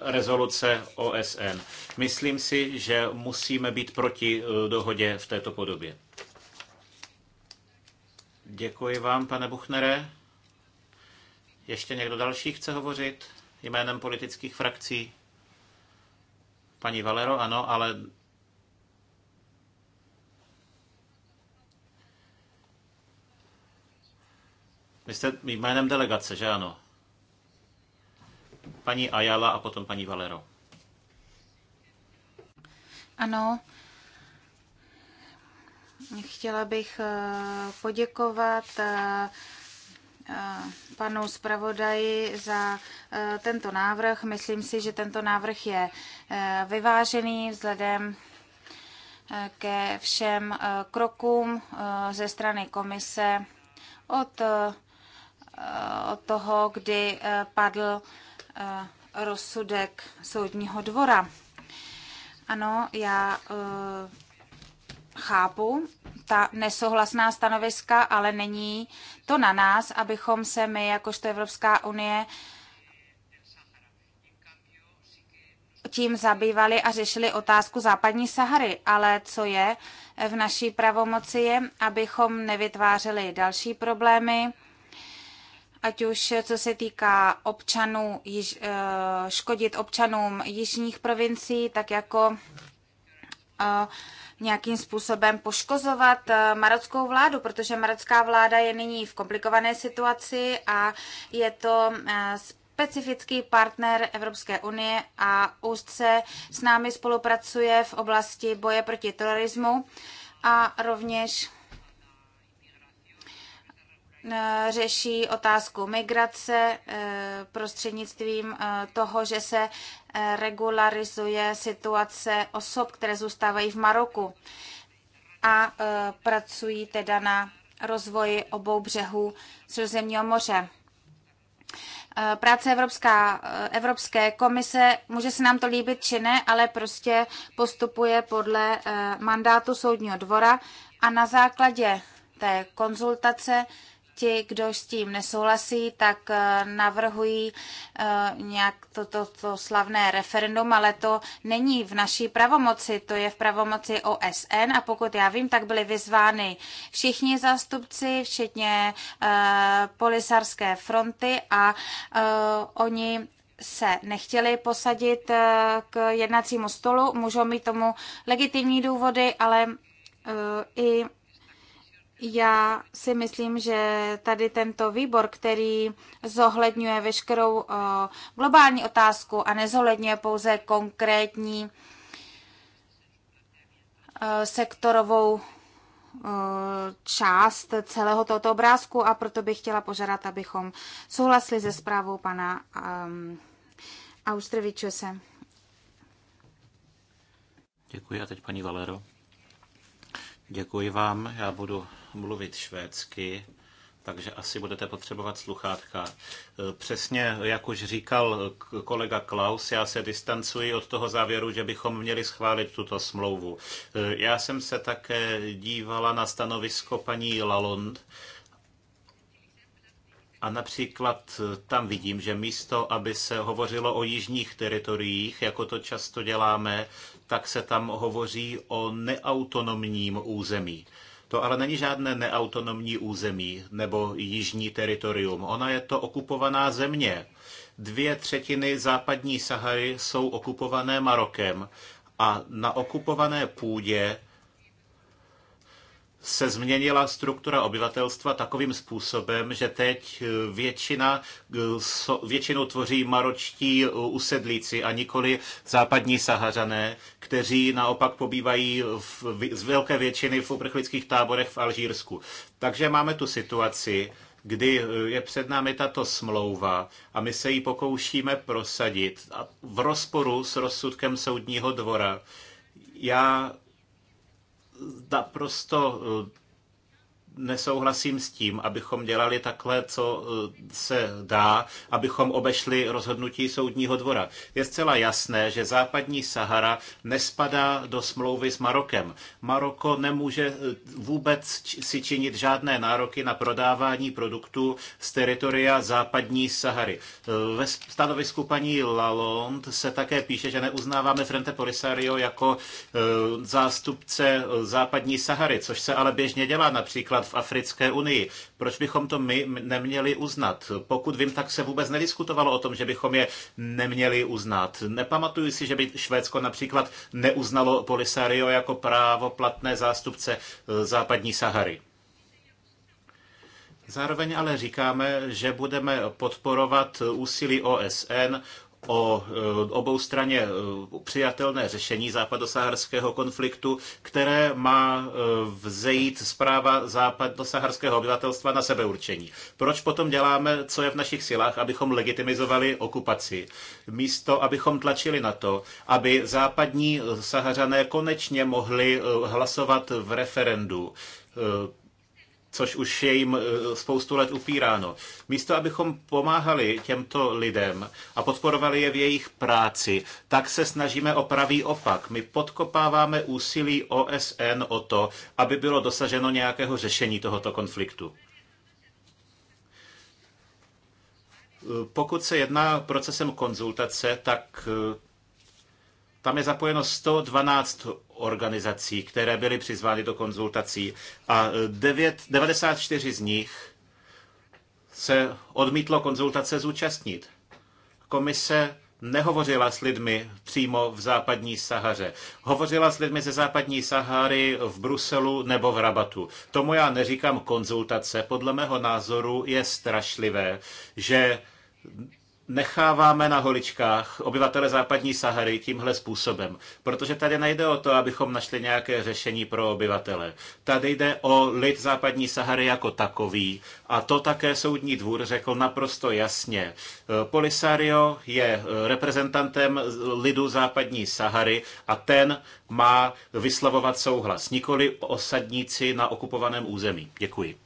rezoluce OSN. Myslím si, že musíme být proti eh, dohodě v této podobě. Děkuji vám, pane Buchnere. Ještě někdo další chce hovořit jménem politických frakcí? Paní Valero, ano, ale Vy jste jménem delegace, že ano? Paní Ayala a potom paní Valero. Ano. Chtěla bych eh, poděkovat eh, eh, panu zpravodaji za tento návrh. Myslím si, že tento návrh je vyvážený vzhledem ke všem krokům ze strany komise od Eh, od toho, kdy eh, padl eh, rozsudek soudního dvora. Ano, já chápu ta nesouhlasná stanoviska, ale není to na nás, abychom se my, jakožto Evropská unie, tím zabývali a řešili otázku západní Sahary, ale co je v naší pravomoci je, abychom nevytvářeli další problémy ať už eh, co se týká občanů, již, eh, škodit občanům jižních provincií, tak jako eh, nějakým způsobem poškozovat marockou vládu, protože marocká vláda je nyní v komplikované situaci a je to specifický partner Evropské unie a úzce s námi spolupracuje v oblasti boje proti terorismu a rovněž Eh, řeší otázku migrace eh, prostřednictvím eh, toho, že se regularizuje situace osob, které zůstávají v Maroku a pracují teda na rozvoji obou břehů Sřezemního moře. Práce Evropská, Evropské komise, může se nám to líbit či ne, ale prostě postupuje podle mandátu soudního dvora a na základě té konzultace ti, kdo s tím nesouhlasí, tak eh, navrhují eh, nějak toto to, to slavné referendum, ale to není v naší pravomoci, to je v pravomoci OSN a pokud já vím, tak byli vyzvány všichni zástupci, včetně eh, polisarské fronty a oni se nechtěli posadit k jednacímu stolu, můžou mít tomu legitimní důvody, ale i já si myslím, že tady tento výbor, který zohledňuje veškerou eh, globální otázku a nezohledňuje pouze konkrétní eh, sektorovou eh, část celého tohoto obrázku a proto bych chtěla požádat, abychom souhlasili se zprávou pana um, ehm, Austrevičuse. Děkuji a teď paní Valero. Děkuji vám, já budu mluvit švédsky, takže asi budete potřebovat sluchátka. E, přesně, jak už říkal kolega Klaus, já se distancuji od toho závěru, že bychom měli schválit tuto smlouvu. E, já jsem se také dívala na stanovisko paní Lalond, a například e, tam vidím, že místo, aby se hovořilo o jižních teritoriích, jako to často děláme, tak se tam hovoří o neautonomním území. To ale není žádné neautonomní území nebo jižní teritorium. Ona je to okupovaná země. Dvě třetiny západní Sahary jsou okupované Marokem a na okupované půdě se změnila struktura obyvatelstva takovým způsobem, že teď eh, většina, eh, většinou tvoří maročtí eh, usedlíci a nikoli západní sahařané, kteří naopak pobývají v, z velké většiny v uprchlických táborech v Alžírsku. Takže máme tu situaci, kdy je před námi tato smlouva a my se ji pokoušíme prosadit v rozporu s rozsudkem soudního dvora. Já naprosto eh, nesouhlasím s tím, abychom dělali takhle, co eh, se dá, abychom obešli rozhodnutí soudního dvora. Je zcela jasné, že západní Sahara nespadá do smlouvy s Marokem. Maroko nemůže eh, vůbec si činit žádné nároky na prodávání produktů z teritoria západní Sahary. Eh, ve stanovisku paní Lalonde se také píše, že neuznáváme Frente Polisario jako zástupce západní Sahary, což se ale běžně dělá například v Africké unii. Proč bychom to my neměli uznat? Pokud vím, tak se vůbec nediskutovalo o tom, že bychom je neměli uznat. Nepamatuju si, že by Švédsko například neuznalo Polisario jako právoplatné zástupce e, západní Sahary. Zároveň ale říkáme, že budeme podporovat úsilí OSN o eh, obou straně eh, přijatelné řešení západosaharského konfliktu, které má eh, vzejít zpráva západosaharského obyvatelstva na sebeurčení. Proč potom děláme, co je v našich silách, abychom legitimizovali okupaci, místo abychom tlačili na to, aby západní sahařané konečně mohli hlasovat v referendu což už je jim eh, spoustu let upíráno. Místo, abychom pomáhali těmto lidem a podporovali je v jejich práci, tak se snažíme o pravý opak. My podkopáváme úsilí OSN o to, aby bylo dosaženo nějakého řešení tohoto konfliktu. Eh, pokud se jedná procesem konzultace, tak eh, tam je zapojeno 112 organizací, které byly přizvány do konzultací a 9, 94 z nich se odmítlo konzultace zúčastnit. Komise nehovořila s lidmi přímo v západní Sahaře. Hovořila s lidmi ze západní Sahary v Bruselu nebo v Rabatu. Tomu já neříkám konzultace. Podle mého názoru je strašlivé, že necháváme na holičkách obyvatele západní Sahary tímhle způsobem. Protože tady nejde o to, abychom našli nějaké řešení pro obyvatele. Tady jde o lid západní Sahary jako takový. A to také soudní dvůr řekl naprosto jasně. Polisario je reprezentantem lidu západní Sahary a ten má vyslovovat souhlas, nikoli osadníci na okupovaném území. Děkuji.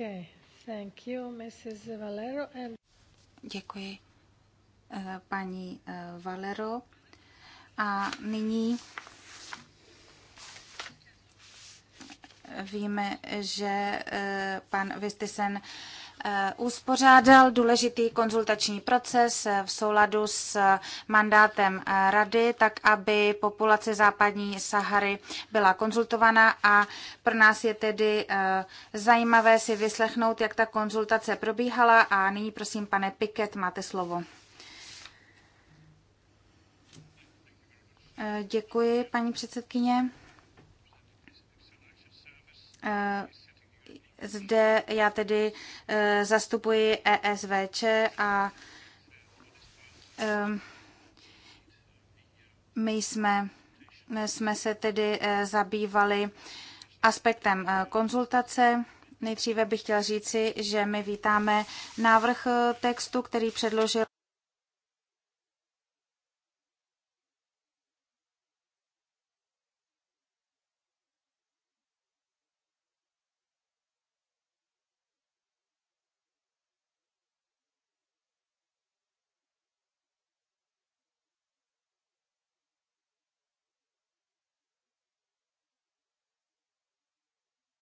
Okay. Thank you, Mrs. Valero. And... Děkuji, eh, paní eh, Valero. A nyní víme, že eh, pan Vistisen Eh, uspořádal důležitý konzultační proces eh, v souladu s eh, mandátem rady, tak aby populace západní Sahary byla konzultovaná a pro nás je tedy zajímavé si vyslechnout, jak ta konzultace probíhala a nyní prosím, pane Piket, máte slovo. Děkuji, paní předsedkyně zde já tedy eh, zastupuji ESVČ a ehm, my jsme, my jsme se tedy eh, zabývali aspektem eh, konzultace. Nejdříve bych chtěla říci, že my vítáme návrh textu, který předložil